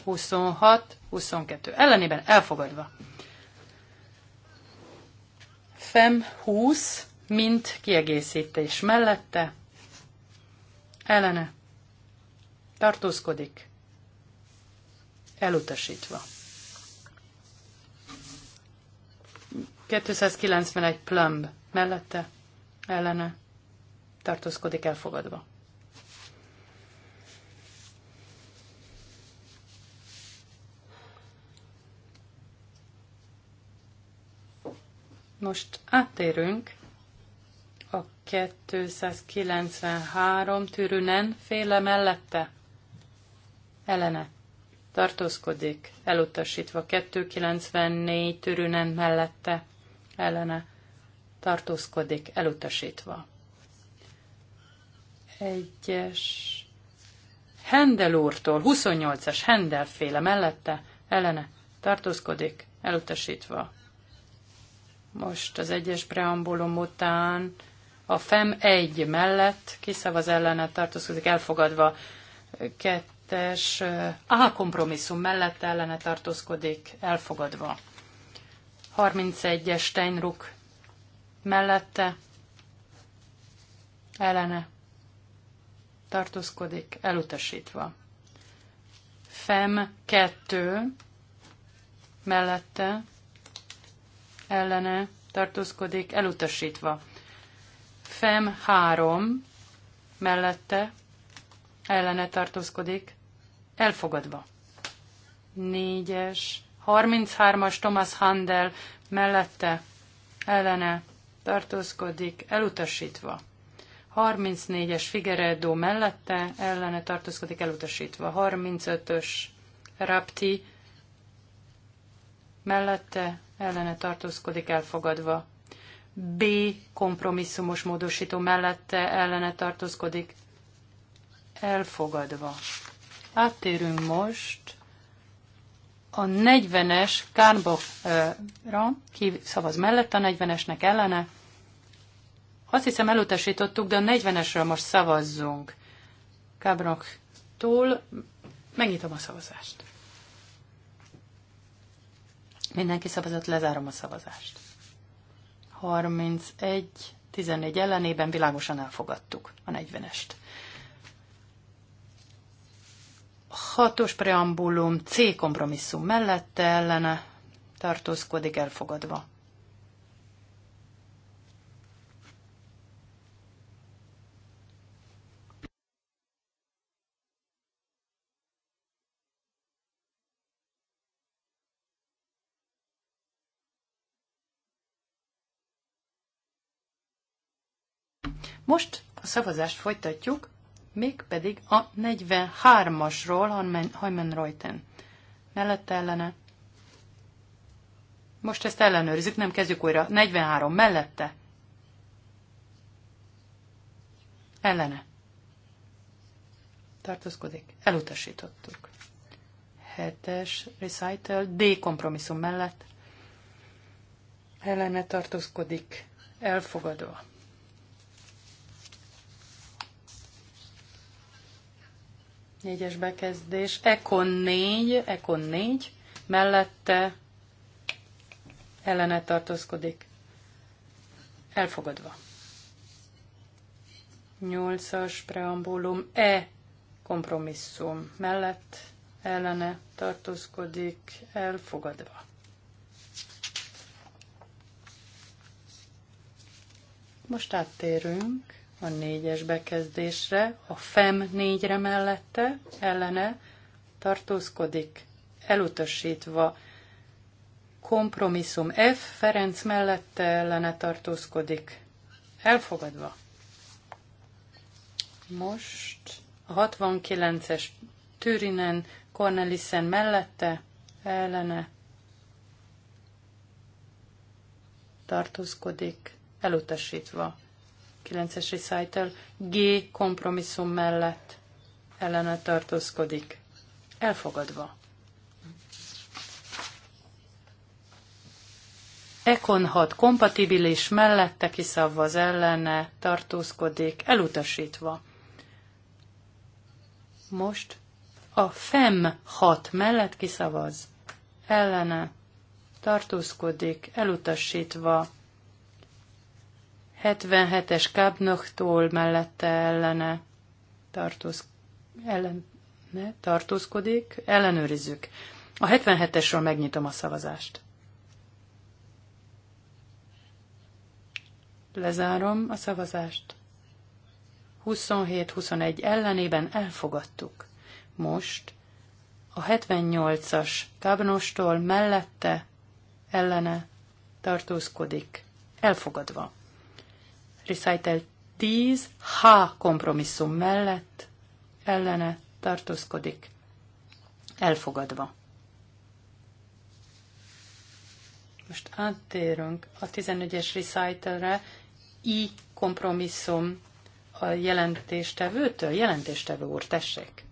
26-22 ellenében elfogadva. FEM 20, mint kiegészítés mellette, ellene, tartózkodik, elutasítva. 291 plumb mellette, ellene, tartózkodik elfogadva. Most áttérünk a 293 tűrűnen féle mellette. Elene Tartózkodik, elutasítva 294 tűrűnen mellette. Elene Tartózkodik, elutasítva. Egyes. Hendel úrtól, 28-as Hendel féle mellette, Elene tartózkodik, elutasítva. Most az egyes preambulum után a FEM 1 mellett kiszavaz ellene tartózkodik elfogadva, kettes eh, A kompromisszum mellett ellene tartózkodik elfogadva. 31-es Steinruck mellette ellene tartózkodik elutasítva. FEM 2 mellette ellene tartózkodik, elutasítva. FEM 3 mellette ellene tartózkodik, elfogadva. 4-es, 33-as Thomas Handel mellette ellene tartózkodik, elutasítva. 34-es Figueredo mellette ellene tartózkodik, elutasítva. 35-ös Rapti mellette ellene tartózkodik elfogadva. B. Kompromisszumos módosító mellette ellene tartózkodik elfogadva. Áttérünk most a 40-es Kárnbachra, ki szavaz mellette a 40-esnek ellene. Azt hiszem elutasítottuk, de a 40-esről most szavazzunk. Kábrok túl. Megnyitom a szavazást. Mindenki szavazott, lezárom a szavazást. 31, 14 ellenében világosan elfogadtuk a 40-est. Hatos preambulum C kompromisszum mellette ellene tartózkodik elfogadva. Most a szavazást folytatjuk, mégpedig a 43-asról Hajmen Reuten. Mellette ellene. Most ezt ellenőrizzük, nem kezdjük újra. 43 mellette. Ellene. Tartózkodik. Elutasítottuk. 7-es recital D kompromisszum mellett. Ellene tartózkodik. Elfogadva. Négyes bekezdés. Ekon 4, Ekon 4, mellette ellene tartózkodik. Elfogadva. Nyolcas preambulum E kompromisszum mellett ellene tartózkodik, elfogadva. Most áttérünk a négyes bekezdésre, a FEM négyre mellette, ellene tartózkodik, elutasítva. Kompromisszum F, Ferenc mellette ellene tartózkodik, elfogadva. Most a 69-es Türinen, Cornelissen mellette, ellene tartózkodik, elutasítva. 9-es recital G kompromisszum mellett ellene tartózkodik. Elfogadva. Ekon 6 kompatibilis mellette az ellene tartózkodik, elutasítva. Most a FEM 6 mellett kiszavaz ellene tartózkodik, elutasítva 77-es Kábnoktól mellette ellene tartóz, ellene tartózkodik, ellenőrizzük. A 77-esről megnyitom a szavazást. Lezárom a szavazást. 27-21 ellenében elfogadtuk. Most a 78-as Kábnostól mellette ellene tartózkodik, elfogadva. Recital 10 H kompromisszum mellett ellene tartózkodik. Elfogadva. Most áttérünk a 11-es recitalre, I kompromisszum a jelentéstevőtől. Jelentéstevő úr, tessék!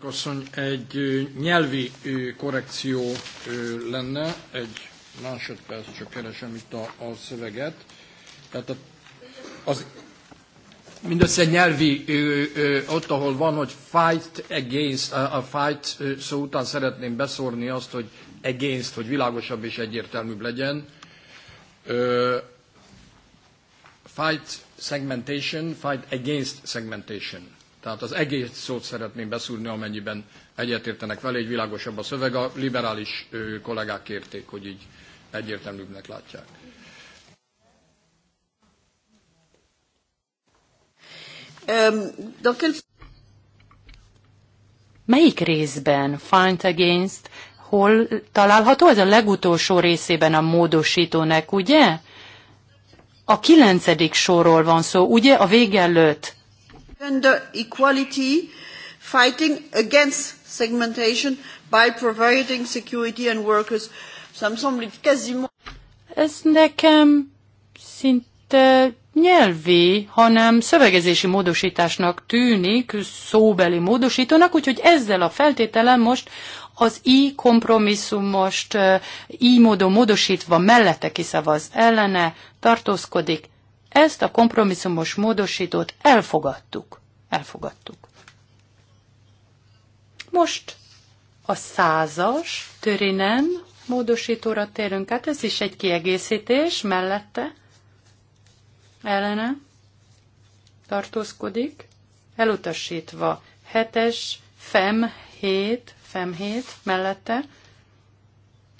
Köszönj, egy nyelvi korrekció lenne, egy másodperc, csak keresem itt a, a szöveget. Tehát a az mindössze nyelvi, ö, ö, ott, ahol van, hogy fight against, a, a fight szó után szeretném beszórni azt, hogy against, hogy világosabb és egyértelműbb legyen. Ö, fight segmentation, fight against segmentation. Tehát az egész szót szeretném beszúrni, amennyiben egyetértenek vele, egy világosabb a szöveg. A liberális kollégák kérték, hogy így egyértelműbbnek látják. Melyik részben find against, hol található? Ez a legutolsó részében a módosítónek, ugye? A kilencedik sorról van szó, ugye? A végelőtt. előtt. Gender equality fighting against segmentation by providing security and workers. Ez nekem szint Hát, nyelvi, hanem szövegezési módosításnak tűnik, szóbeli módosítónak, úgyhogy ezzel a feltételen most az i kompromisszum most i módon módosítva mellette kiszavaz ellene, tartózkodik. Ezt a kompromisszumos módosítót elfogadtuk. Elfogadtuk. Most a százas törinen módosítóra térünk át, ez is egy kiegészítés mellette, ellene tartózkodik, elutasítva hetes fem hét, fem hét mellette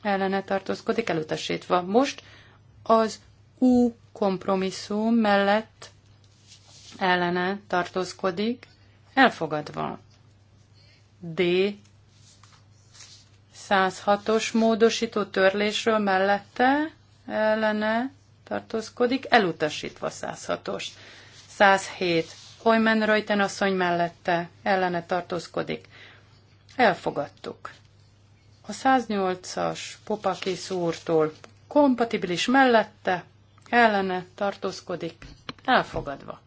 ellene tartózkodik, elutasítva. Most az U kompromisszum mellett ellene tartózkodik, elfogadva. D. 106-os módosító törlésről mellette ellene tartózkodik, elutasítva 106-os. 107. Hojmen Röjten asszony mellette ellene tartózkodik. Elfogadtuk. A 108-as Popaki szúrtól kompatibilis mellette ellene tartózkodik. Elfogadva.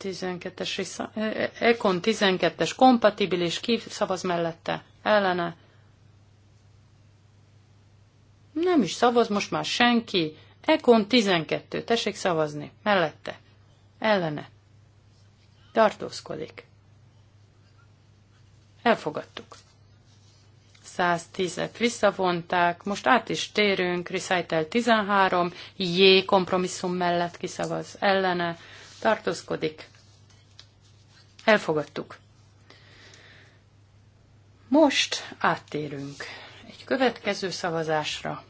12-es, Ekon 12-es kompatibilis, kiszavaz mellette, ellene, nem is szavaz most már senki. Ekon 12. Tessék szavazni. Mellette. Ellene. Tartózkodik. Elfogadtuk. 110-et visszavonták, most át is térünk, Recital 13, J kompromisszum mellett kiszavaz ellene, tartózkodik. Elfogadtuk. Most áttérünk egy következő szavazásra.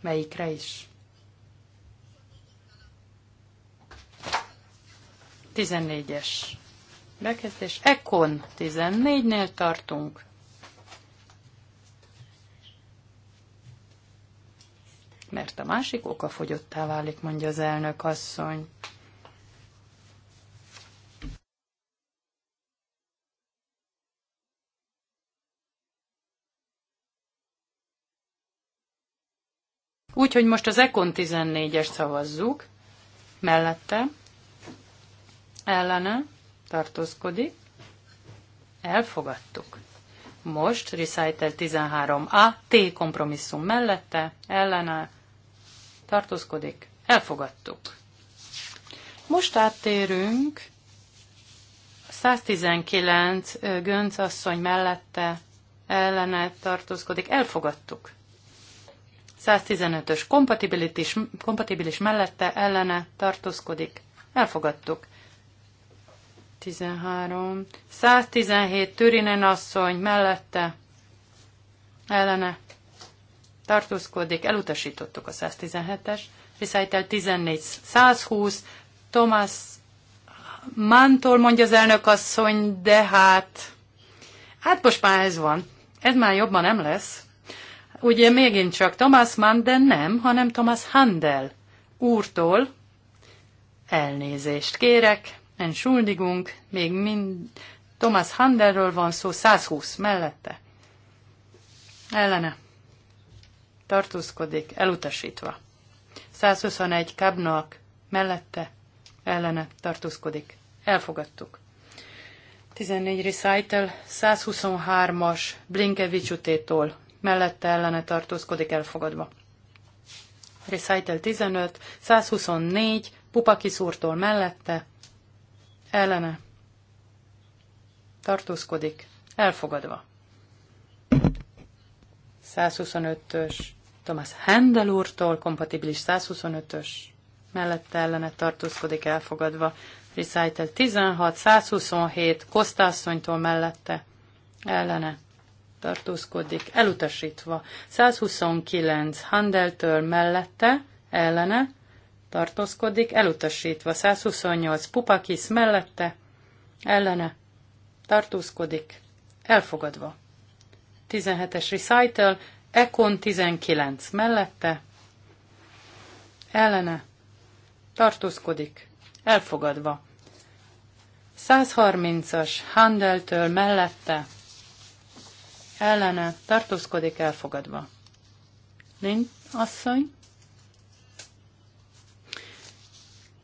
Melyikre is? 14-es bekezdés. Ekon 14-nél tartunk. Mert a másik oka fogyottá válik, mondja az elnök asszony. Úgyhogy most az Econ 14-est szavazzuk, mellette, ellene, tartózkodik, elfogadtuk. Most Recital 13a, T kompromisszum mellette, ellene, tartózkodik, elfogadtuk. Most áttérünk 119 Gönc asszony mellette, ellene tartózkodik, elfogadtuk. 115-ös kompatibilis, kompatibilis mellette ellene tartózkodik. Elfogadtuk. 13. 117 Türinen asszony mellette ellene tartózkodik. Elutasítottuk a 117-es. Viszájtel 14. 120 Thomas Mántól mondja az elnök asszony, de hát... Hát most már ez van. Ez már jobban nem lesz. Ugye mégint csak Thomas Mann, de nem, hanem Thomas Handel úrtól elnézést kérek, entschuldigunk, még mind Thomas Handelről van szó, 120 mellette. Ellene. Tartózkodik, elutasítva. 121 Kabnak mellette, ellene tartózkodik. Elfogadtuk. 14 Recital 123-as Blinkevics utétól mellette ellene tartózkodik elfogadva. Recital 15, 124, Pupakis úrtól mellette, ellene tartózkodik elfogadva. 125-ös Thomas Handel úrtól, kompatibilis 125-ös, mellette ellene tartózkodik elfogadva. Recital 16, 127, Kosztászonytól mellette, ellene tartózkodik, elutasítva. 129 Handeltől mellette, ellene, tartózkodik, elutasítva. 128 Pupakis mellette, ellene, tartózkodik, elfogadva. 17-es recital, Econ 19 mellette, ellene, tartózkodik, elfogadva. 130-as Handeltől mellette, ellene tartózkodik elfogadva. Nincs asszony.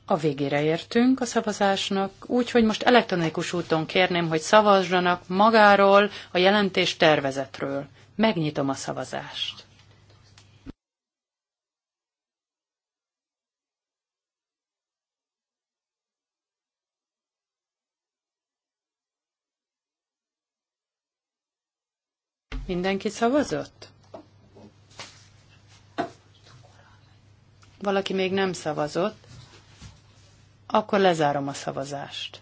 A végére értünk a szavazásnak, úgyhogy most elektronikus úton kérném, hogy szavazzanak magáról a jelentés tervezetről. Megnyitom a szavazást. Mindenki szavazott? Valaki még nem szavazott, akkor lezárom a szavazást.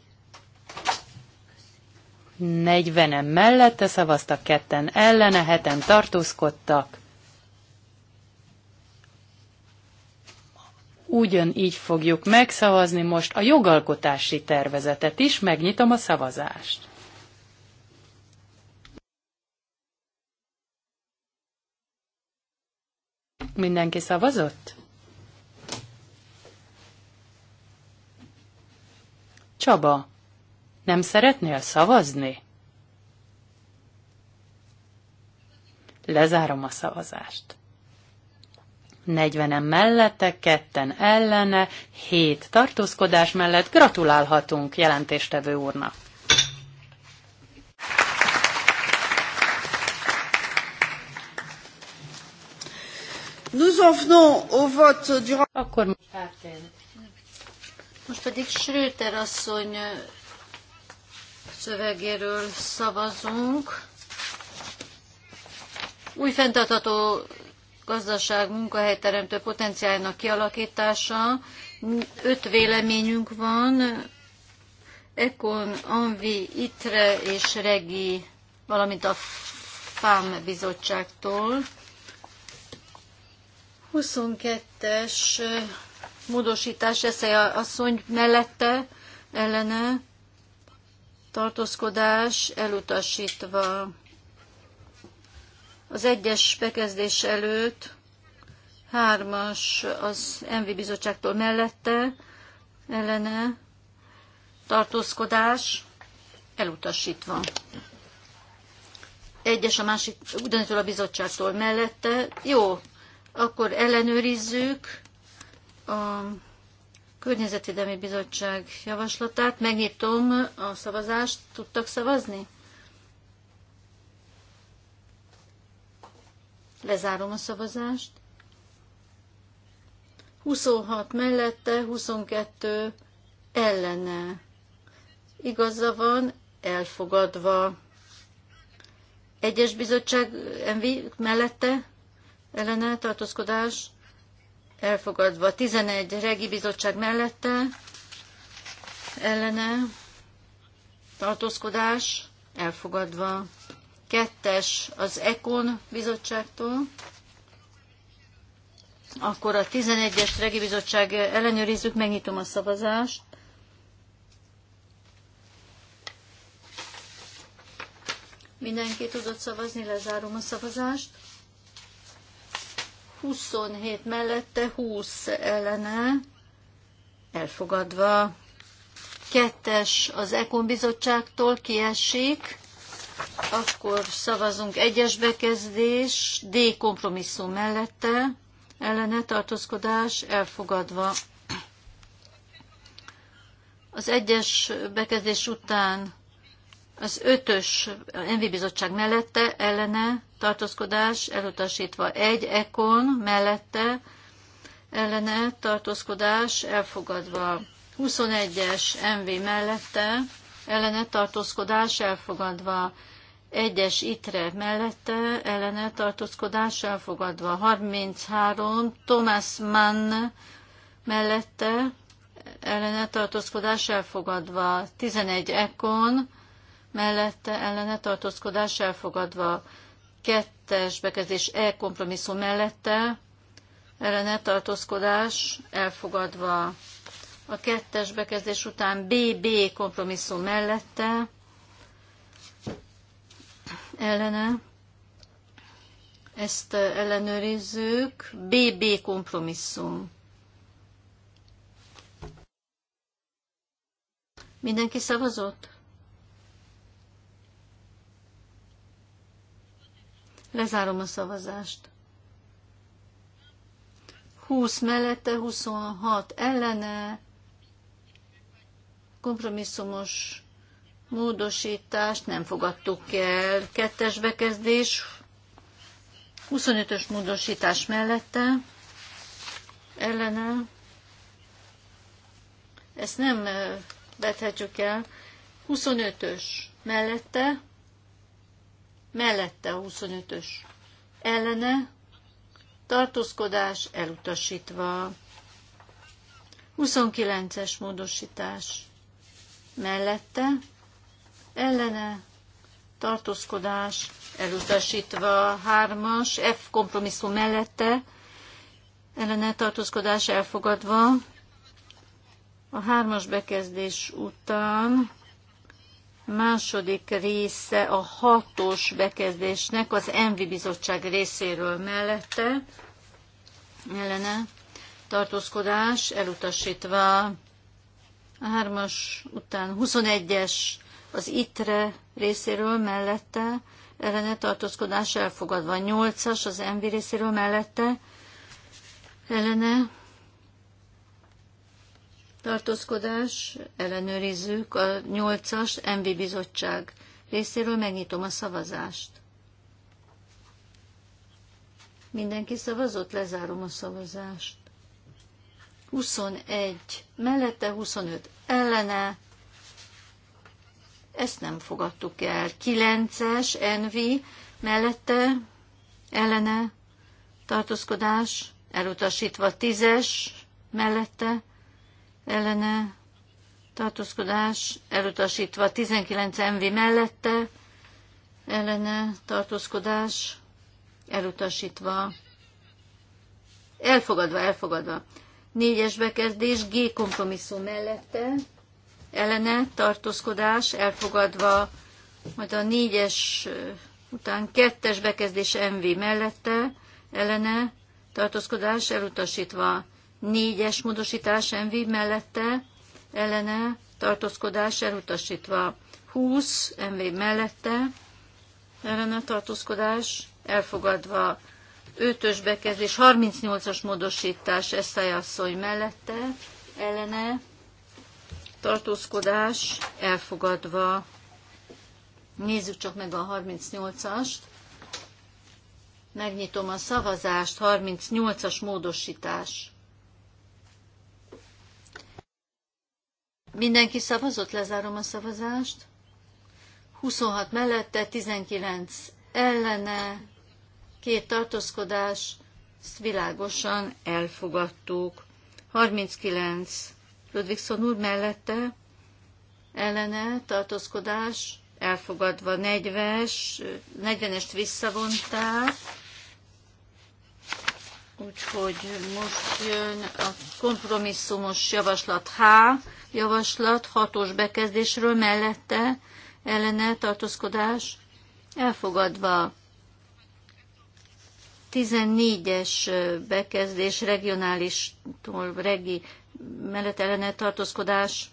40-en mellette szavaztak, ketten ellene, heten tartózkodtak. Ugyanígy fogjuk megszavazni most a jogalkotási tervezetet is, megnyitom a szavazást. Mindenki szavazott? Csaba, nem szeretnél szavazni? Lezárom a szavazást. Negyvenem mellette, ketten ellene, hét tartózkodás mellett gratulálhatunk jelentéstevő úrnak. Nous en venons au vote du... Akkor most áttérünk. Most pedig Schröter asszony szövegéről szavazunk. Új fenntartható gazdaság munkahelyteremtő potenciálnak kialakítása. Öt véleményünk van. Ekon, Anvi, Itre és Regi, valamint a FAM bizottságtól. 22-es módosítás eszely asszony mellette ellene tartózkodás elutasítva. Az egyes bekezdés előtt hármas az MV bizottságtól mellette ellene tartózkodás elutasítva. Egyes a másik ugyanitől a bizottságtól mellette. Jó, akkor ellenőrizzük a Környezetvédelmi Bizottság javaslatát. Megnyitom a szavazást. Tudtak szavazni? Lezárom a szavazást. 26 mellette, 22 ellene. Igaza van, elfogadva. Egyes bizottság mellette, ellene tartózkodás elfogadva. 11 regi bizottság mellette ellene tartózkodás elfogadva. Kettes az ECON bizottságtól. Akkor a 11-es regi bizottság ellenőrizzük, megnyitom a szavazást. Mindenki tudott szavazni, lezárom a szavazást. 27 mellette 20 ellene elfogadva. Kettes az Ekon bizottságtól kiesik, akkor szavazunk egyes bekezdés, D kompromisszum mellette, ellene tartózkodás elfogadva. Az egyes bekezdés után az ötös NV bizottság mellette, ellene tartózkodás elutasítva. Egy ekon mellette ellene tartózkodás elfogadva. 21-es MV mellette ellene tartózkodás elfogadva. 1-es ITRE mellette ellene tartózkodás elfogadva. 33 Thomas Mann mellette ellene tartózkodás elfogadva. 11 Ekon mellette ellene tartózkodás elfogadva kettes bekezdés E kompromisszum mellette ellene tartózkodás elfogadva. A kettes bekezdés után BB kompromisszum mellette ellene. Ezt ellenőrizzük. BB kompromisszum. Mindenki szavazott? Lezárom a szavazást. 20 mellette, 26 ellene, kompromisszumos módosítást nem fogadtuk el. Kettes bekezdés, 25-ös módosítás mellette, ellene, ezt nem eh, vethetjük el, 25-ös mellette, mellette a 25-ös ellene, tartózkodás elutasítva. 29-es módosítás mellette, ellene, tartózkodás elutasítva. 3-as F kompromisszum mellette, ellene tartózkodás elfogadva. A hármas bekezdés után második része a hatos bekezdésnek az Envi Bizottság részéről mellette ellene tartózkodás elutasítva a hármas után 21-es az ITRE részéről mellette ellene tartózkodás elfogadva. 8-as az ENVI részéről mellette ellene tartózkodás, ellenőrizzük a 8-as MV bizottság részéről, megnyitom a szavazást. Mindenki szavazott, lezárom a szavazást. 21, mellette 25, ellene, ezt nem fogadtuk el. 9-es NV, mellette, ellene, tartózkodás, elutasítva 10-es, mellette, ellene tartózkodás elutasítva 19 MV mellette ellene tartózkodás elutasítva elfogadva, elfogadva négyes bekezdés G kompromisszum mellette ellene tartózkodás elfogadva majd a négyes után kettes bekezdés MV mellette ellene tartózkodás elutasítva Négyes módosítás MV mellette ellene tartózkodás elutasítva. 20 MV mellette ellene tartózkodás elfogadva. 5-ös bekezdés, 38-as módosítás Eszály asszony mellette ellene tartózkodás elfogadva. Nézzük csak meg a 38-ast. Megnyitom a szavazást, 38-as módosítás. Mindenki szavazott, lezárom a szavazást. 26 mellette, 19 ellene, két tartózkodás, ezt világosan elfogadtuk. 39 Ludvigson úr mellette, ellene, tartózkodás, elfogadva 40-es, 40-est visszavonták, úgyhogy most jön a kompromisszumos javaslat H, javaslat hatos bekezdésről mellette ellene tartózkodás elfogadva. 14-es bekezdés regionális regi mellett ellene tartózkodás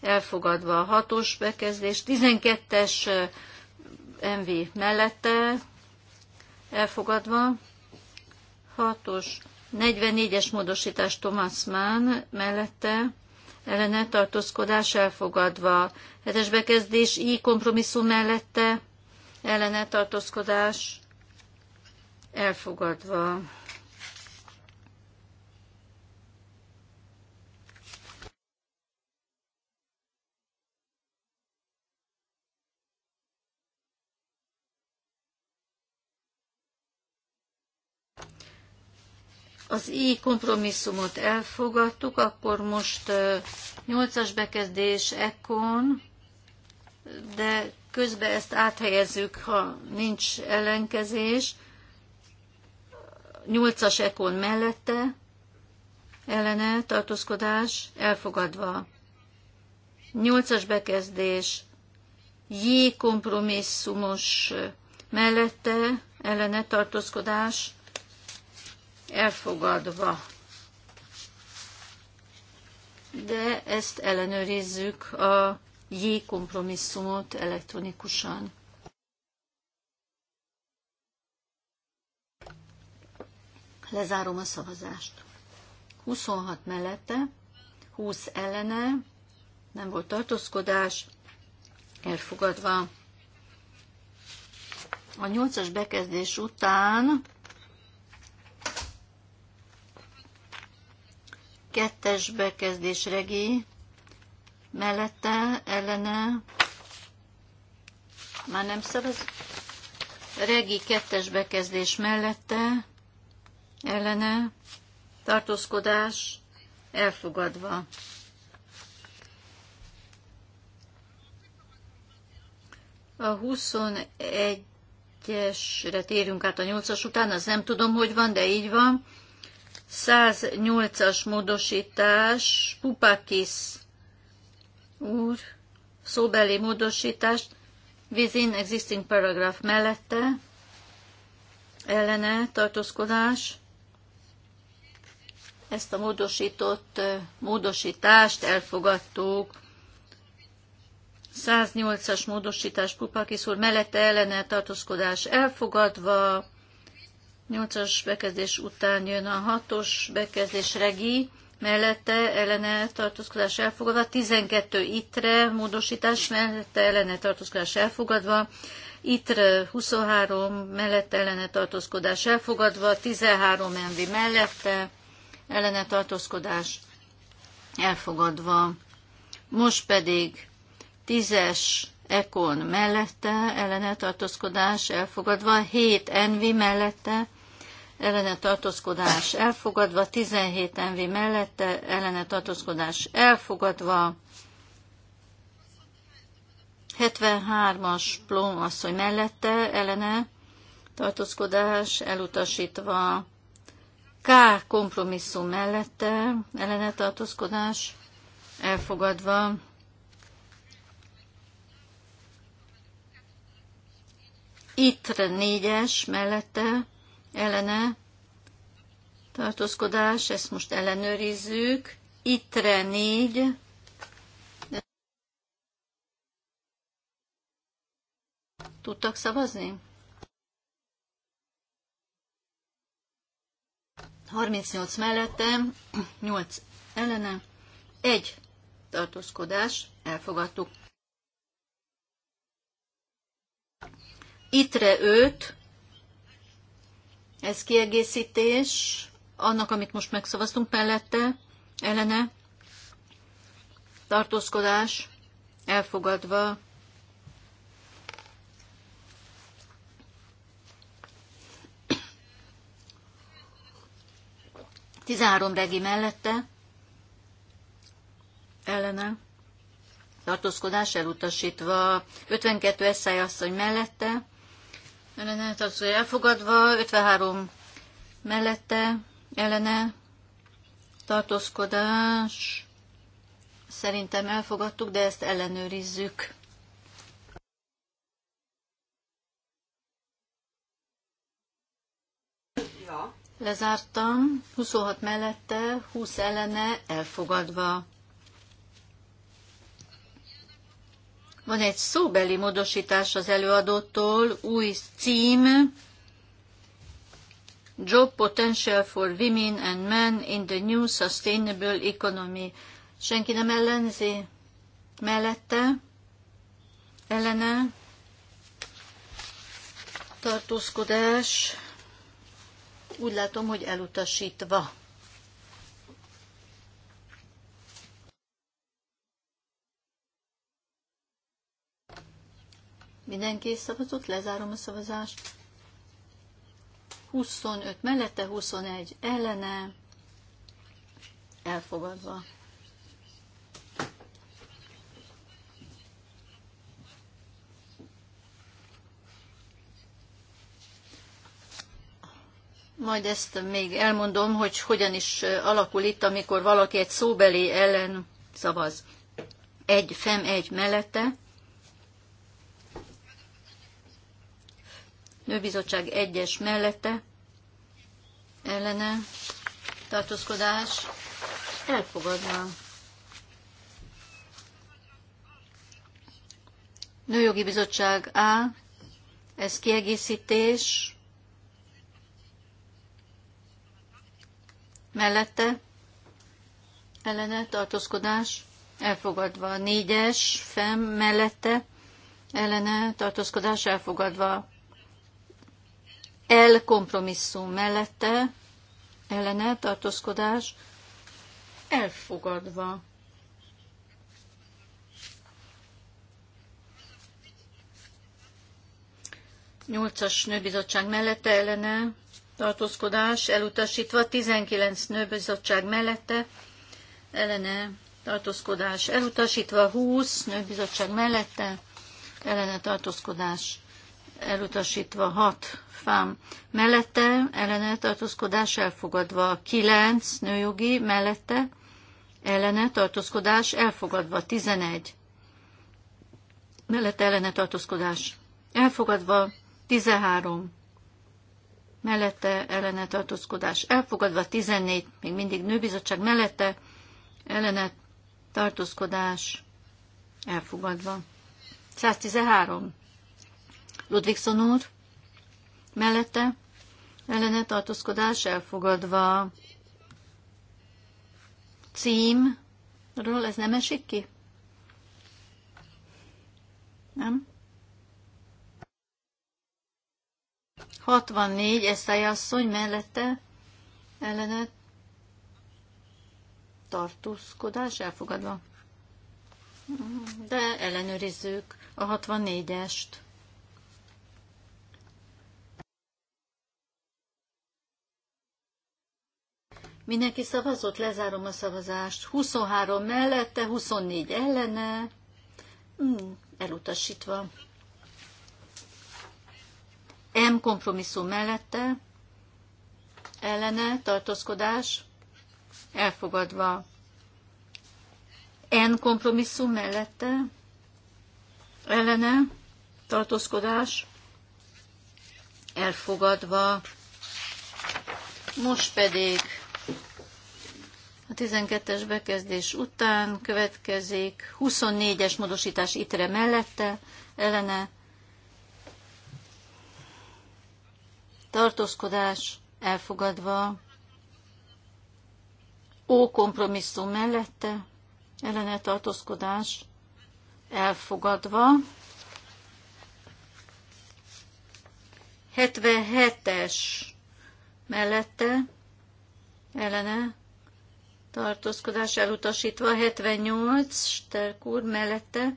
elfogadva a hatós bekezdés, 12-es MV mellette elfogadva, 6-os 44-es módosítás Thomas Mann mellette ellene tartózkodás elfogadva. 7-es bekezdés I kompromisszum mellette ellene tartózkodás elfogadva. Az I kompromisszumot elfogadtuk, akkor most 8-as bekezdés Ekon, de közben ezt áthelyezzük, ha nincs ellenkezés. 8-as Ekon mellette ellene tartózkodás elfogadva. 8-as bekezdés J kompromisszumos mellette ellene tartózkodás elfogadva. De ezt ellenőrizzük a J kompromisszumot elektronikusan. Lezárom a szavazást. 26 mellette, 20 ellene, nem volt tartózkodás, elfogadva. A nyolcas bekezdés után Kettes bekezdés regi, mellette, ellene, már nem szavaz. Regi kettes bekezdés mellette, ellene, tartózkodás, elfogadva. A 21-esre térünk át a 8-as után, az nem tudom, hogy van, de így van. 108-as módosítás, Pupakis úr, szóbeli módosítást, within existing paragraph mellette, ellene tartózkodás, ezt a módosított módosítást elfogadtuk. 108-as módosítás Pupakis úr mellette ellene tartózkodás elfogadva, Nyolcas bekezdés után jön a hatos bekezdés regi, mellette ellene tartózkodás elfogadva, 12 itre módosítás mellette ellene tartózkodás elfogadva, itre 23 mellette ellene tartózkodás elfogadva, 13 MV mellette ellene tartózkodás elfogadva. Most pedig 10-es Ekon mellette ellene tartózkodás elfogadva, 7 Envi mellette ellene tartózkodás elfogadva, 17 MV mellette ellene tartózkodás elfogadva, 73-as Plum asszony mellette ellene tartózkodás elutasítva, K kompromisszum mellette ellene tartózkodás elfogadva, Ittre négyes mellette ellene tartózkodás, ezt most ellenőrizzük. Ittre négy, Tudtak szavazni? 38 mellettem, 8 ellene, 1 tartózkodás, elfogadtuk. Itre 5, ez kiegészítés annak, amit most megszavaztunk mellette, ellene, tartózkodás, elfogadva, Tizenhárom regi mellette, ellene, tartózkodás elutasítva, 52 eszály asszony mellette, ellene tartózkodik elfogadva, 53 mellette ellene tartózkodás. Szerintem elfogadtuk, de ezt ellenőrizzük. Lezártam, 26 mellette, 20 ellene, elfogadva. Van egy szóbeli módosítás az előadótól, új cím, Job Potential for Women and Men in the New Sustainable Economy. Senki nem ellenzi? Mellette? Ellene? Tartózkodás? Úgy látom, hogy elutasítva. Mindenki szavazott, lezárom a szavazást. 25 mellette, 21 ellene, elfogadva. Majd ezt még elmondom, hogy hogyan is alakul itt, amikor valaki egy szóbeli ellen szavaz. Egy fem egy mellette, nőbizottság egyes mellette ellene tartózkodás elfogadva. Nőjogi Bizottság A, ez kiegészítés, mellette ellene tartózkodás, elfogadva. Négyes, fem, mellette ellene tartózkodás, elfogadva el kompromisszum mellette ellene tartózkodás elfogadva. Nyolcas nőbizottság mellette ellene tartózkodás elutasítva, 19 nőbizottság mellette ellene tartózkodás elutasítva, 20 nőbizottság mellette ellene tartózkodás elutasítva 6 fám mellette, ellene tartózkodás elfogadva 9 nőjogi mellette, ellene tartózkodás elfogadva 11 mellette ellene tartózkodás elfogadva 13 mellette ellene tartózkodás elfogadva 14 még mindig nőbizottság mellette ellene tartózkodás elfogadva 113 Ludvigson úr mellette ellene tartózkodás elfogadva címről ez nem esik ki? Nem? 64 Eszai asszony mellette ellene tartózkodás elfogadva. De ellenőrizzük a 64-est. Mindenki szavazott, lezárom a szavazást. 23 mellette, 24 ellene. Hmm, elutasítva. M kompromisszum mellette, ellene, tartózkodás, elfogadva. N kompromisszum mellette, ellene, tartózkodás, elfogadva. Most pedig 12-es bekezdés után következik 24-es módosítás itre mellette, ellene tartózkodás elfogadva, ó kompromisszum mellette, ellene tartózkodás elfogadva, 77-es mellette, ellene tartózkodás elutasítva, 78 Sterk úr mellette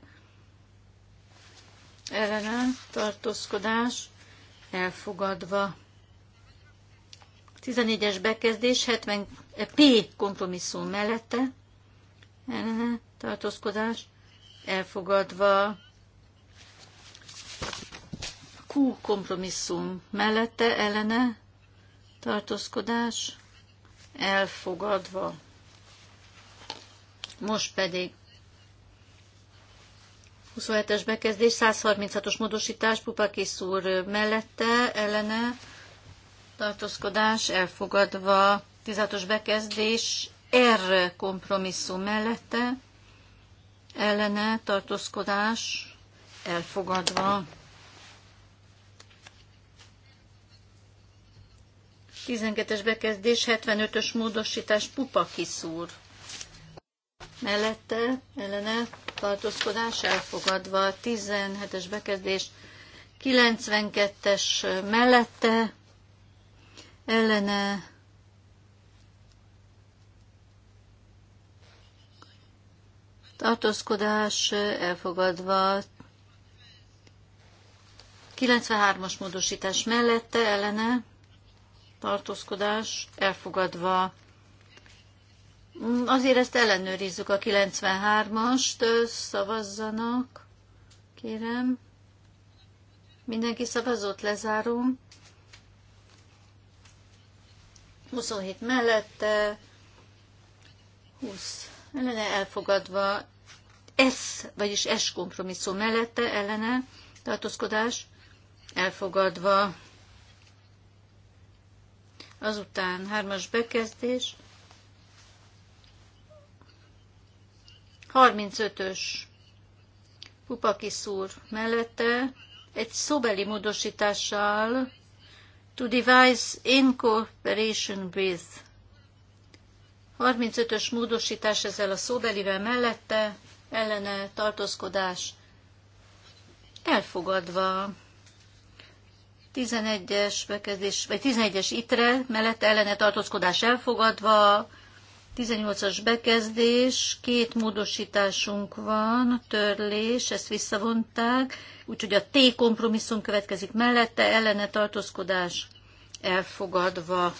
ellene tartózkodás elfogadva. 14-es bekezdés, 70 eh, P kompromisszum mellette ellene tartózkodás elfogadva. Q kompromisszum mellette ellene tartózkodás elfogadva. Most pedig 27-es bekezdés, 136-os módosítás, Pupakis úr mellette, ellene, tartózkodás elfogadva, 16-os bekezdés, R kompromisszum mellette, ellene, tartózkodás elfogadva. 12-es bekezdés, 75-ös módosítás, Pupakis úr mellette ellene tartózkodás elfogadva, 17-es bekezdés 92-es mellette ellene tartózkodás elfogadva, 93-as módosítás mellette ellene tartózkodás elfogadva. Azért ezt ellenőrizzük a 93-ast, szavazzanak, kérem. Mindenki szavazott, lezárom. 27 mellette, 20 ellene elfogadva, S, vagyis S kompromisszum mellette ellene tartózkodás elfogadva. Azután hármas bekezdés, 35-ös Pupakis mellette egy szóbeli módosítással to devise in cooperation with. 35-ös módosítás ezzel a szóbelivel mellette ellene tartózkodás elfogadva. 11-es bekezdés, vagy 11-es itre mellette ellene tartózkodás elfogadva, 18-as bekezdés, két módosításunk van, törlés, ezt visszavonták, úgyhogy a T kompromisszum következik mellette, ellene tartózkodás elfogadva.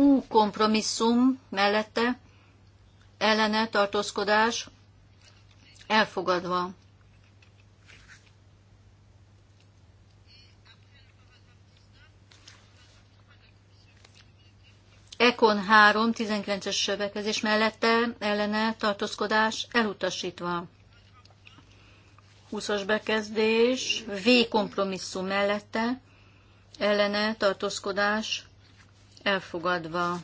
Q kompromisszum mellette ellene tartózkodás elfogadva. Ekon 3, 19-es sövekezés mellette ellene tartózkodás elutasítva. 20-as bekezdés, V kompromisszum mellette ellene tartózkodás elfogadva.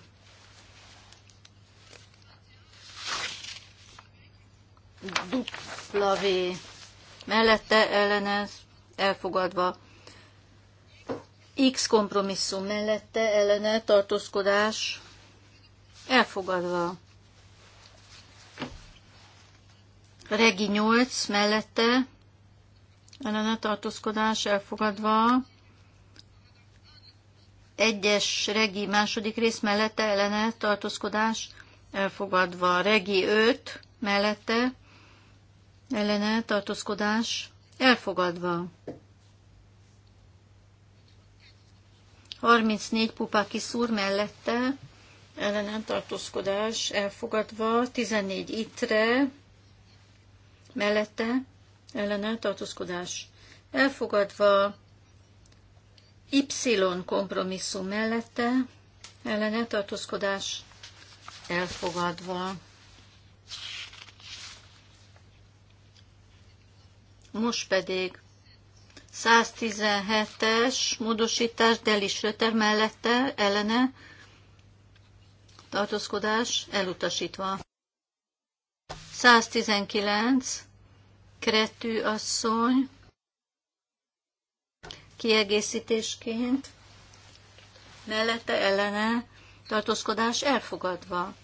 Dupla V mellette ellenez, elfogadva. X kompromisszum mellette ellene tartózkodás, elfogadva. Regi 8 mellette ellene tartózkodás elfogadva, egyes regi második rész mellette ellene tartózkodás elfogadva. Regi 5 mellette ellene tartózkodás elfogadva. 34 pupáki szúr mellette ellene tartózkodás elfogadva, 14 itre mellette ellene tartózkodás elfogadva, Y kompromisszum mellette ellene tartózkodás elfogadva. Most pedig 117-es módosítás Deli Söter mellette ellene tartózkodás elutasítva. 119 Kretű asszony kiegészítésként, mellette ellene tartózkodás elfogadva.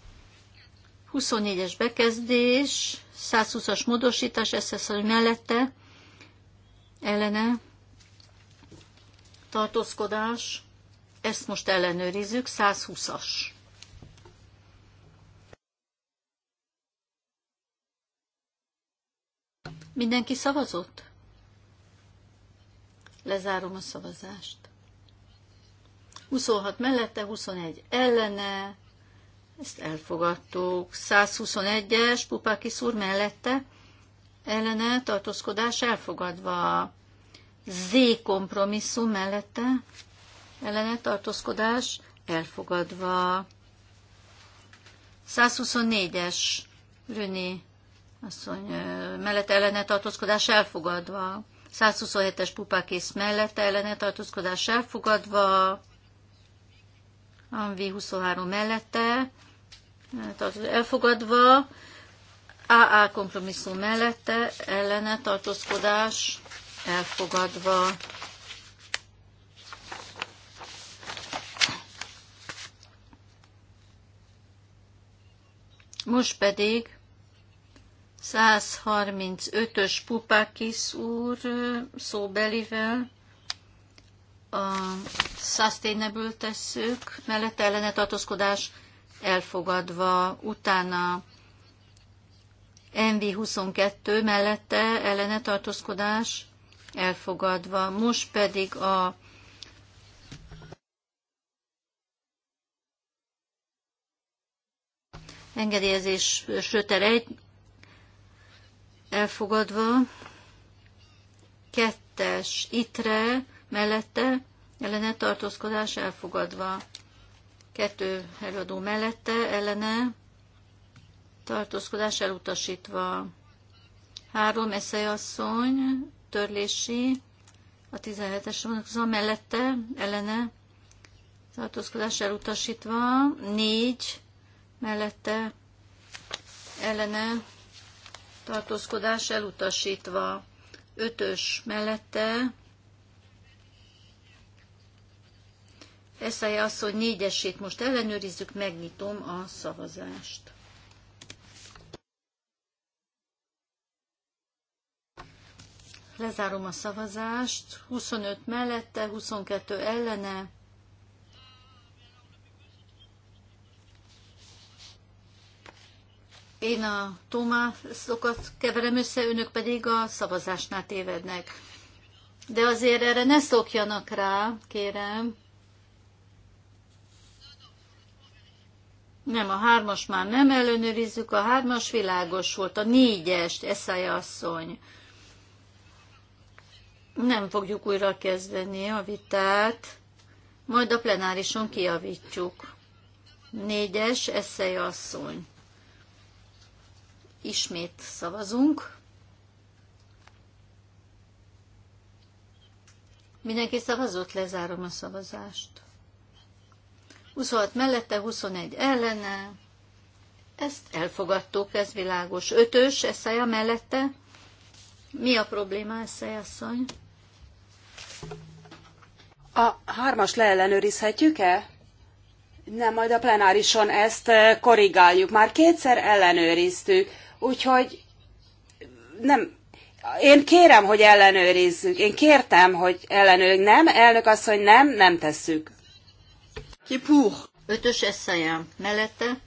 24-es bekezdés, 120-as módosítás, ez hogy mellette ellene tartózkodás, ezt most ellenőrizzük, 120-as. Mindenki szavazott? Lezárom a szavazást. 26 mellette, 21 ellene, ezt elfogadtuk. 121-es Pupáki szúr mellette, ellene tartózkodás elfogadva. Z kompromisszum mellette, ellene tartózkodás elfogadva. 124-es Rüni asszony mellette ellene tartózkodás elfogadva. 127-es pupákész mellette ellene tartózkodás elfogadva, AMV 23 mellette elfogadva, AA kompromisszum mellette ellene tartózkodás elfogadva. Most pedig 135-ös Pupakis úr szóbelivel a sustainable tesszük, mellett ellene tartózkodás elfogadva, utána NV22 mellette ellene tartózkodás elfogadva. Most pedig a engedélyezés sőt, elfogadva, kettes itre mellette, ellene tartózkodás elfogadva, kettő előadó mellette, ellene tartózkodás elutasítva, három eszejasszony, törlési, a 17-es vonatkozó mellette, ellene tartózkodás elutasítva, négy mellette, ellene tartózkodás elutasítva. Ötös mellette az, hogy négyesét most ellenőrizzük, megnyitom a szavazást. Lezárom a szavazást. 25 mellette, 22 ellene. Én a Tomászokat keverem össze, önök pedig a szavazásnál tévednek. De azért erre ne szokjanak rá, kérem. Nem, a hármas már nem ellenőrizzük, a hármas világos volt, a négyest, Eszája asszony. Nem fogjuk újra kezdeni a vitát, majd a plenárison kiavítjuk. Négyes, Eszája asszony. Ismét szavazunk. Mindenki szavazott, lezárom a szavazást. 26 mellette, 21 ellene. Ezt elfogadtuk, ez világos. Ötös, eszeja mellette. Mi a probléma, eszeja asszony? A hármas leellenőrizhetjük-e? Nem, majd a plenárison ezt eh, korrigáljuk. Már kétszer ellenőriztük. Úgyhogy nem, én kérem, hogy ellenőrizzük. Én kértem, hogy ellenőrizzük. Nem, elnök azt, hogy nem, nem tesszük. Ki puh. Ötös eszajám. Mellette?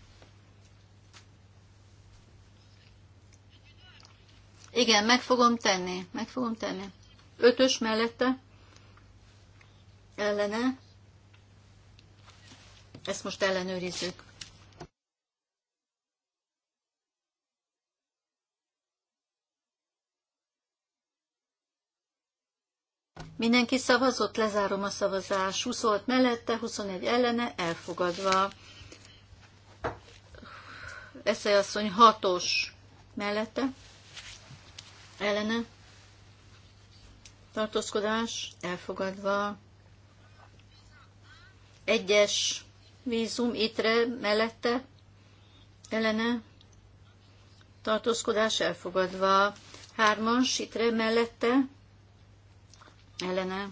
Igen, meg fogom tenni. Meg fogom tenni. Ötös mellette? Ellene? Ezt most ellenőrizzük. Mindenki szavazott, lezárom a szavazás. 20 mellette, 21 ellene, elfogadva. Eszei asszony 6-os mellette, ellene, tartózkodás, elfogadva. Egyes vízum itre mellette, ellene, tartózkodás elfogadva. Hármas itre mellette, ellene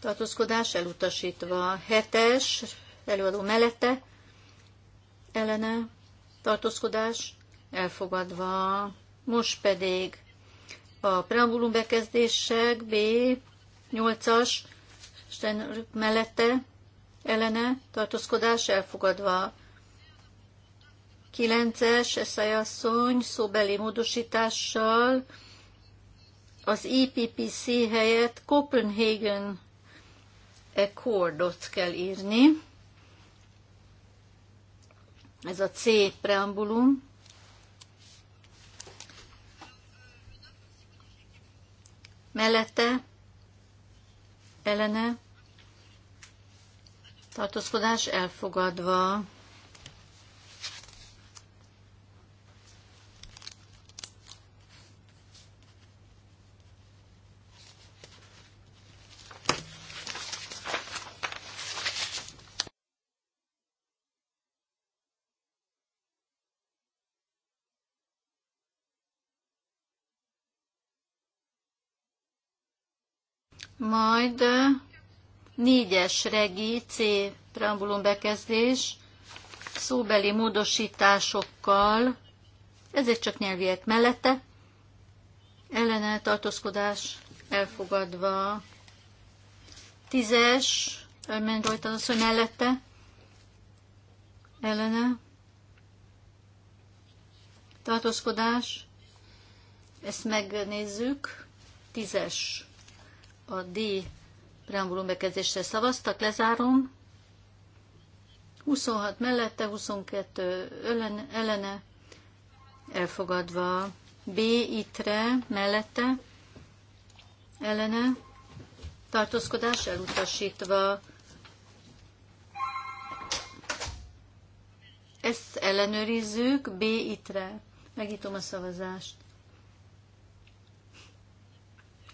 tartózkodás elutasítva. Hetes előadó mellette ellene tartózkodás elfogadva. Most pedig a preambulum bekezdések B 8-as mellette ellene tartózkodás elfogadva. 9-es eszajasszony szóbeli módosítással az IPPC e helyett Copenhagen Accordot kell írni. Ez a C preambulum. Mellette, ellene, tartózkodás elfogadva. majd négyes regi C preambulum bekezdés szóbeli módosításokkal, ezért csak nyelviek mellette, ellene tartózkodás elfogadva, tízes, menj rajta az, hogy mellette, ellene, tartózkodás, ezt megnézzük, tízes a D preambulum bekezdésre szavaztak, lezárom. 26 mellette, 22 ellen, ellene, elfogadva. B itre mellette, ellene, tartózkodás elutasítva. Ezt ellenőrizzük, B itre. Megítom a szavazást.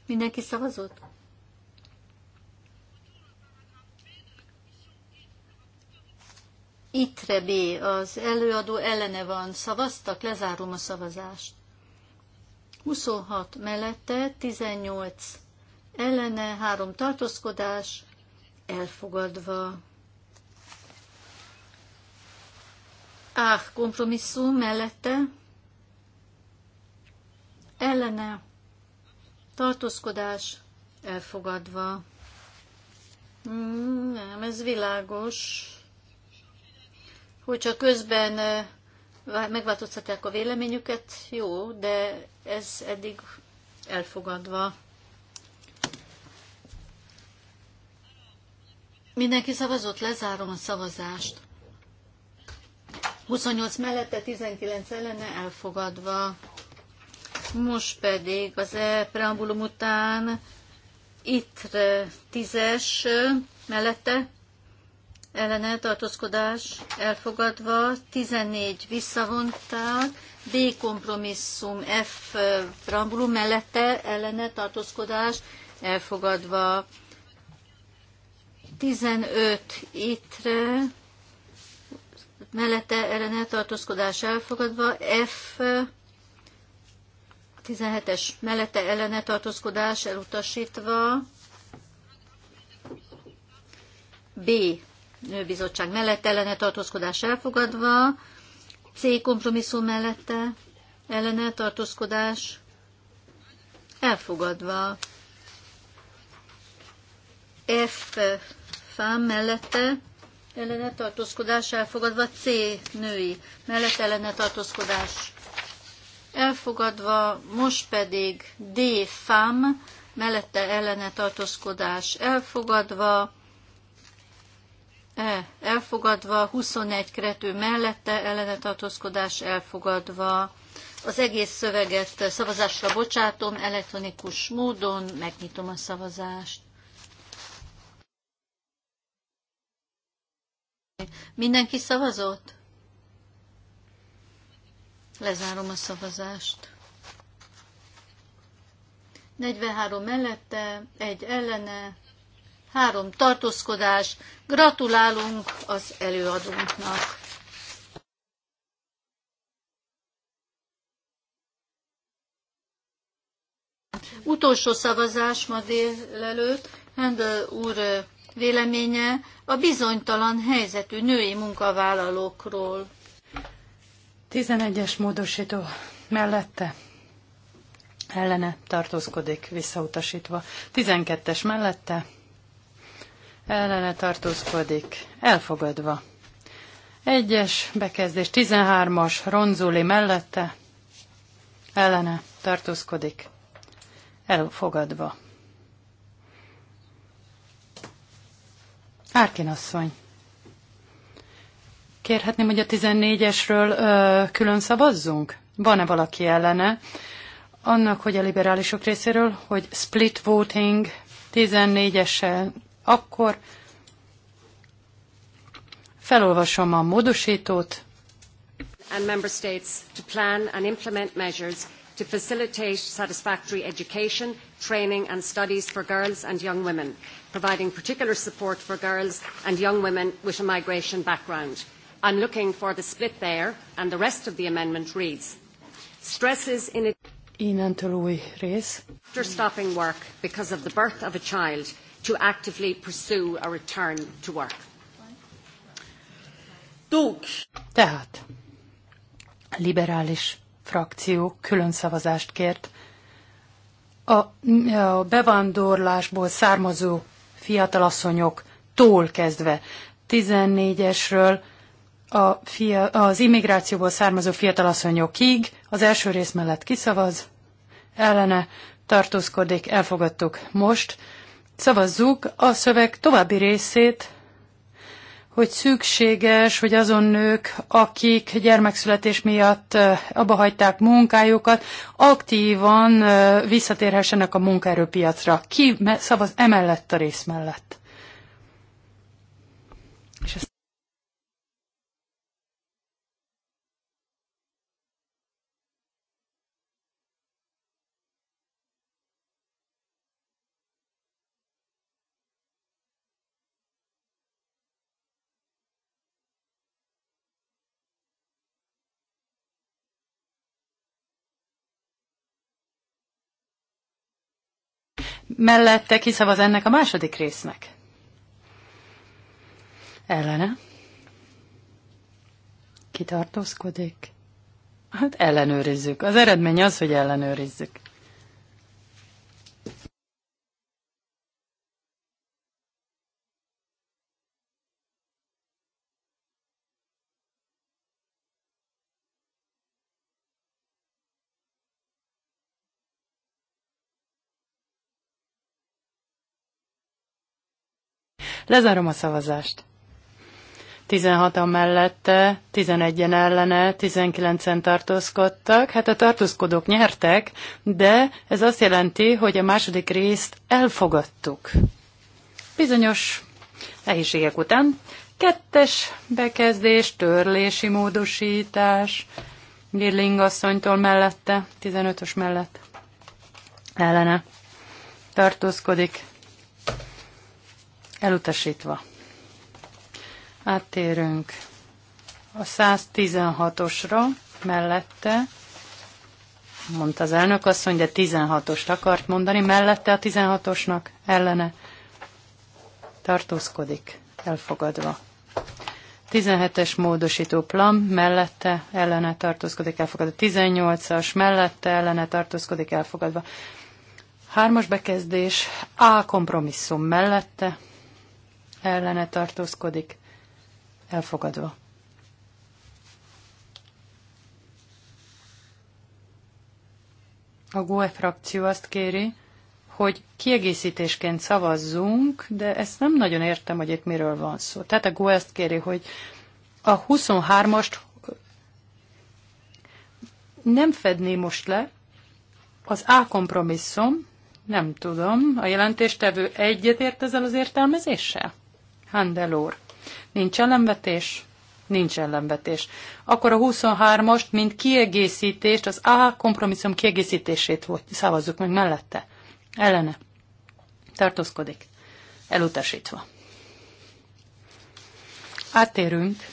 Mindenki szavazott? Itre B. Az előadó ellene van. Szavaztak? Lezárom a szavazást. 26 mellette, 18 ellene, 3 tartózkodás, elfogadva. Ah kompromisszum mellette, ellene, tartózkodás, elfogadva. Mm, nem, ez világos. Hogyha közben megváltoztatják a véleményüket, jó, de ez eddig elfogadva. Mindenki szavazott, lezárom a szavazást. 28 mellette, 19 ellene elfogadva. Most pedig az e preambulum után itt tízes mellette ellen eltartózkodás elfogadva, 14 visszavonták, B kompromisszum, F rambulum mellette ellene tartózkodás elfogadva, 15 ittre mellette ellene tartózkodás elfogadva, F 17-es mellette ellene tartózkodás elutasítva, B bizottság mellett ellene tartózkodás elfogadva, C kompromisszum mellette ellene tartózkodás elfogadva, F fám mellette ellene tartózkodás elfogadva, C női mellett ellene tartózkodás elfogadva, most pedig D fám mellette ellene tartózkodás elfogadva, E. Elfogadva, 21 krető mellette ellene tartózkodás elfogadva. Az egész szöveget szavazásra bocsátom, elektronikus módon megnyitom a szavazást. Mindenki szavazott? Lezárom a szavazást. 43 mellette, egy ellene, három tartózkodás. Gratulálunk az előadónknak! Utolsó szavazás ma délelőtt, Hendel úr véleménye a bizonytalan helyzetű női munkavállalókról. 11-es módosító mellette ellene tartózkodik, visszautasítva. 12-es mellette ellene tartózkodik, elfogadva. Egyes bekezdés 13-as Ronzuli mellette ellene tartózkodik, elfogadva. Árkin asszony. Kérhetném, hogy a 14-esről ö, külön szavazzunk? Van-e valaki ellene? Annak, hogy a liberálisok részéről, hogy split voting 14-essel akkor felolvasom a módosítót. And member states to plan and implement measures to facilitate satisfactory education, training and studies for girls and young women, providing particular support for girls and young women with a migration background. I'm looking for the split there, and the rest of the amendment reads, stresses in a... Innentől új rész. After stopping work because of the birth of a child, to actively pursue a return to work. Tehát a liberális frakció külön szavazást kért a, a bevándorlásból származó fiatalasszonyok tól kezdve 14-esről a fia, az immigrációból származó fiatalasszonyokig az első rész mellett kiszavaz, ellene tartózkodik, elfogadtuk most szavazzuk a szöveg további részét, hogy szükséges, hogy azon nők, akik gyermekszületés miatt abbahagyták munkájukat, aktívan visszatérhessenek a munkaerőpiacra. Ki szavaz emellett a rész mellett? mellette kiszavaz ennek a második résznek. Ellene. Kitartózkodik. Hát ellenőrizzük. Az eredmény az, hogy ellenőrizzük. Lezárom a szavazást. 16-an mellette, 11-en ellene, 19-en tartózkodtak. Hát a tartózkodók nyertek, de ez azt jelenti, hogy a második részt elfogadtuk. Bizonyos nehézségek után kettes bekezdés, törlési módosítás, Girling asszonytól mellette, 15-ös mellett ellene tartózkodik, Elutasítva. Áttérünk a 116-osra mellette, mondta az elnök asszony, de 16-ost akart mondani, mellette a 16-osnak ellene tartózkodik, elfogadva. 17-es módosító plan mellette ellene tartózkodik elfogadva. 18-as mellette ellene tartózkodik elfogadva. Hármas bekezdés A kompromisszum mellette ellene tartózkodik, elfogadva. A GUE frakció azt kéri, hogy kiegészítésként szavazzunk, de ezt nem nagyon értem, hogy itt miről van szó. Tehát a GUE azt kéri, hogy a 23-ast nem fedné most le, az A kompromisszum, nem tudom, a jelentéstevő egyetért ezzel az értelmezéssel? Handel úr. Nincs ellenvetés? Nincs ellenvetés. Akkor a 23-ast, mint kiegészítést, az A kompromisszum kiegészítését szavazzuk meg mellette. Ellene. Tartózkodik. Elutasítva. Átérünk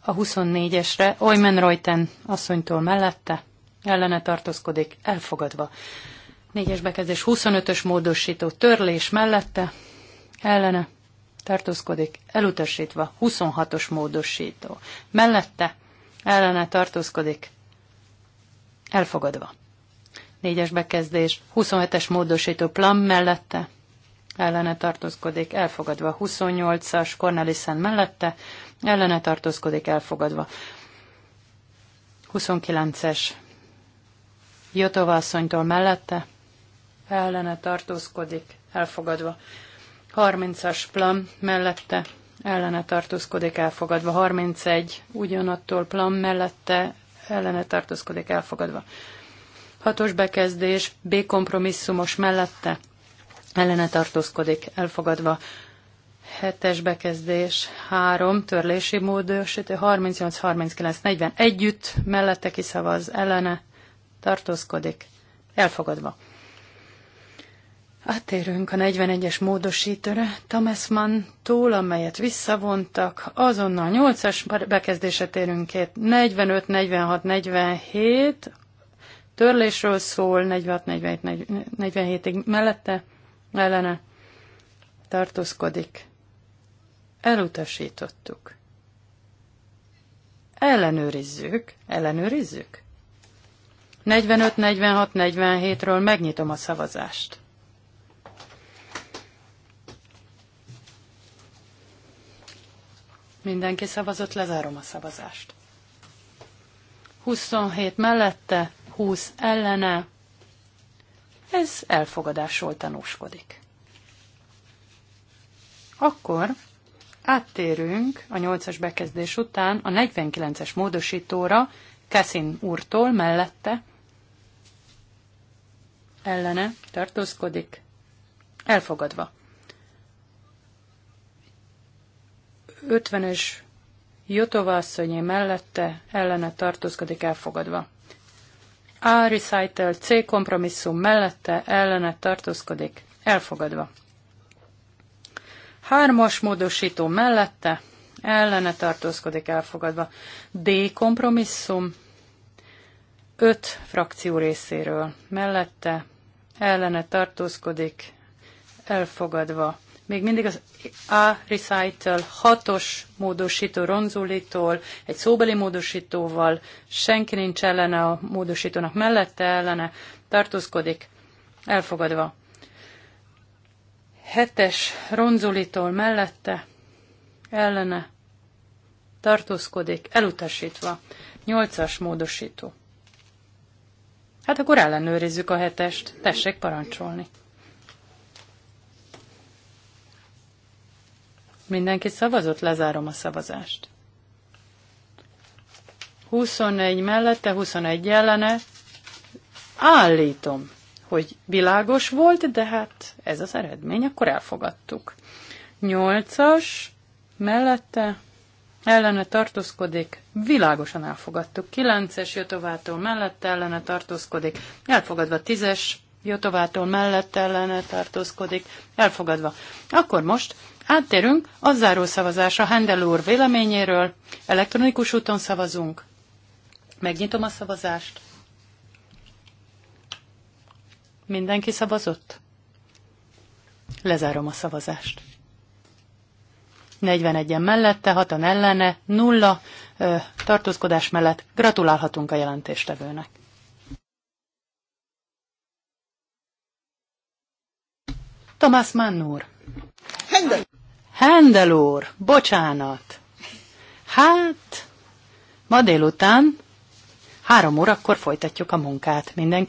a 24-esre. Oymen Reuten asszonytól mellette. Ellene tartózkodik. Elfogadva. 4-es bekezdés 25-ös módosító törlés mellette. Ellene tartózkodik, elutasítva 26-os módosító. Mellette ellene tartózkodik, elfogadva. Négyes bekezdés, 27-es módosító plan mellette, ellene tartózkodik, elfogadva. 28-as Cornelissen mellette, ellene tartózkodik, elfogadva. 29-es Jotova asszonytól mellette, ellene tartózkodik, elfogadva. 30-as plan mellette ellene tartózkodik elfogadva. 31 ugyanattól plan mellette ellene tartózkodik elfogadva. Hatos bekezdés B kompromisszumos mellette ellene tartózkodik elfogadva. Hetes bekezdés 3 törlési módosítő 38-39-40 együtt mellette kiszavaz ellene tartózkodik elfogadva. Áttérünk a 41-es módosítőre, Thomas Mann túl, amelyet visszavontak, azonnal 8-as bekezdése térünk 45, 46, 47, törlésről szól, 46, 47, 47-ig mellette, ellene tartózkodik. Elutasítottuk. Ellenőrizzük, ellenőrizzük. 45, 46, 47-ről megnyitom a szavazást. Mindenki szavazott, lezárom a szavazást. 27 mellette, 20 ellene. Ez elfogadásról tanúskodik. Akkor áttérünk a 8-as bekezdés után a 49-es módosítóra, Kessin úrtól mellette, ellene tartózkodik, elfogadva. 50 Jotova asszonyé mellette ellene tartózkodik elfogadva. A recital C kompromisszum mellette ellene tartózkodik elfogadva. Hármas módosító mellette ellene tartózkodik elfogadva. D kompromisszum öt frakció részéről mellette ellene tartózkodik elfogadva még mindig az A Recital hatos módosító Ronzulitól, egy szóbeli módosítóval, senki nincs ellene a módosítónak mellette ellene, tartózkodik, elfogadva. Hetes Ronzulitól mellette ellene, tartózkodik, elutasítva. nyolcas módosító. Hát akkor ellenőrizzük a hetest. Tessék parancsolni. Mindenki szavazott? Lezárom a szavazást. 21 mellette, 21 ellene. Állítom, hogy világos volt, de hát ez az eredmény, akkor elfogadtuk. 8-as mellette, ellene tartózkodik, világosan elfogadtuk. 9-es Jotovától mellette ellene tartózkodik, elfogadva 10-es Jotovától mellette ellene tartózkodik, elfogadva. Akkor most Áttérünk a záró a Handel úr véleményéről. Elektronikus úton szavazunk. Megnyitom a szavazást. Mindenki szavazott? Lezárom a szavazást. 41-en mellette, 6-an ellene, 0 ö, tartózkodás mellett gratulálhatunk a jelentéstevőnek. Tomás Mann úr. Hendel. Hendel úr, bocsánat. Hát, ma délután három órakor folytatjuk a munkát. mindenki.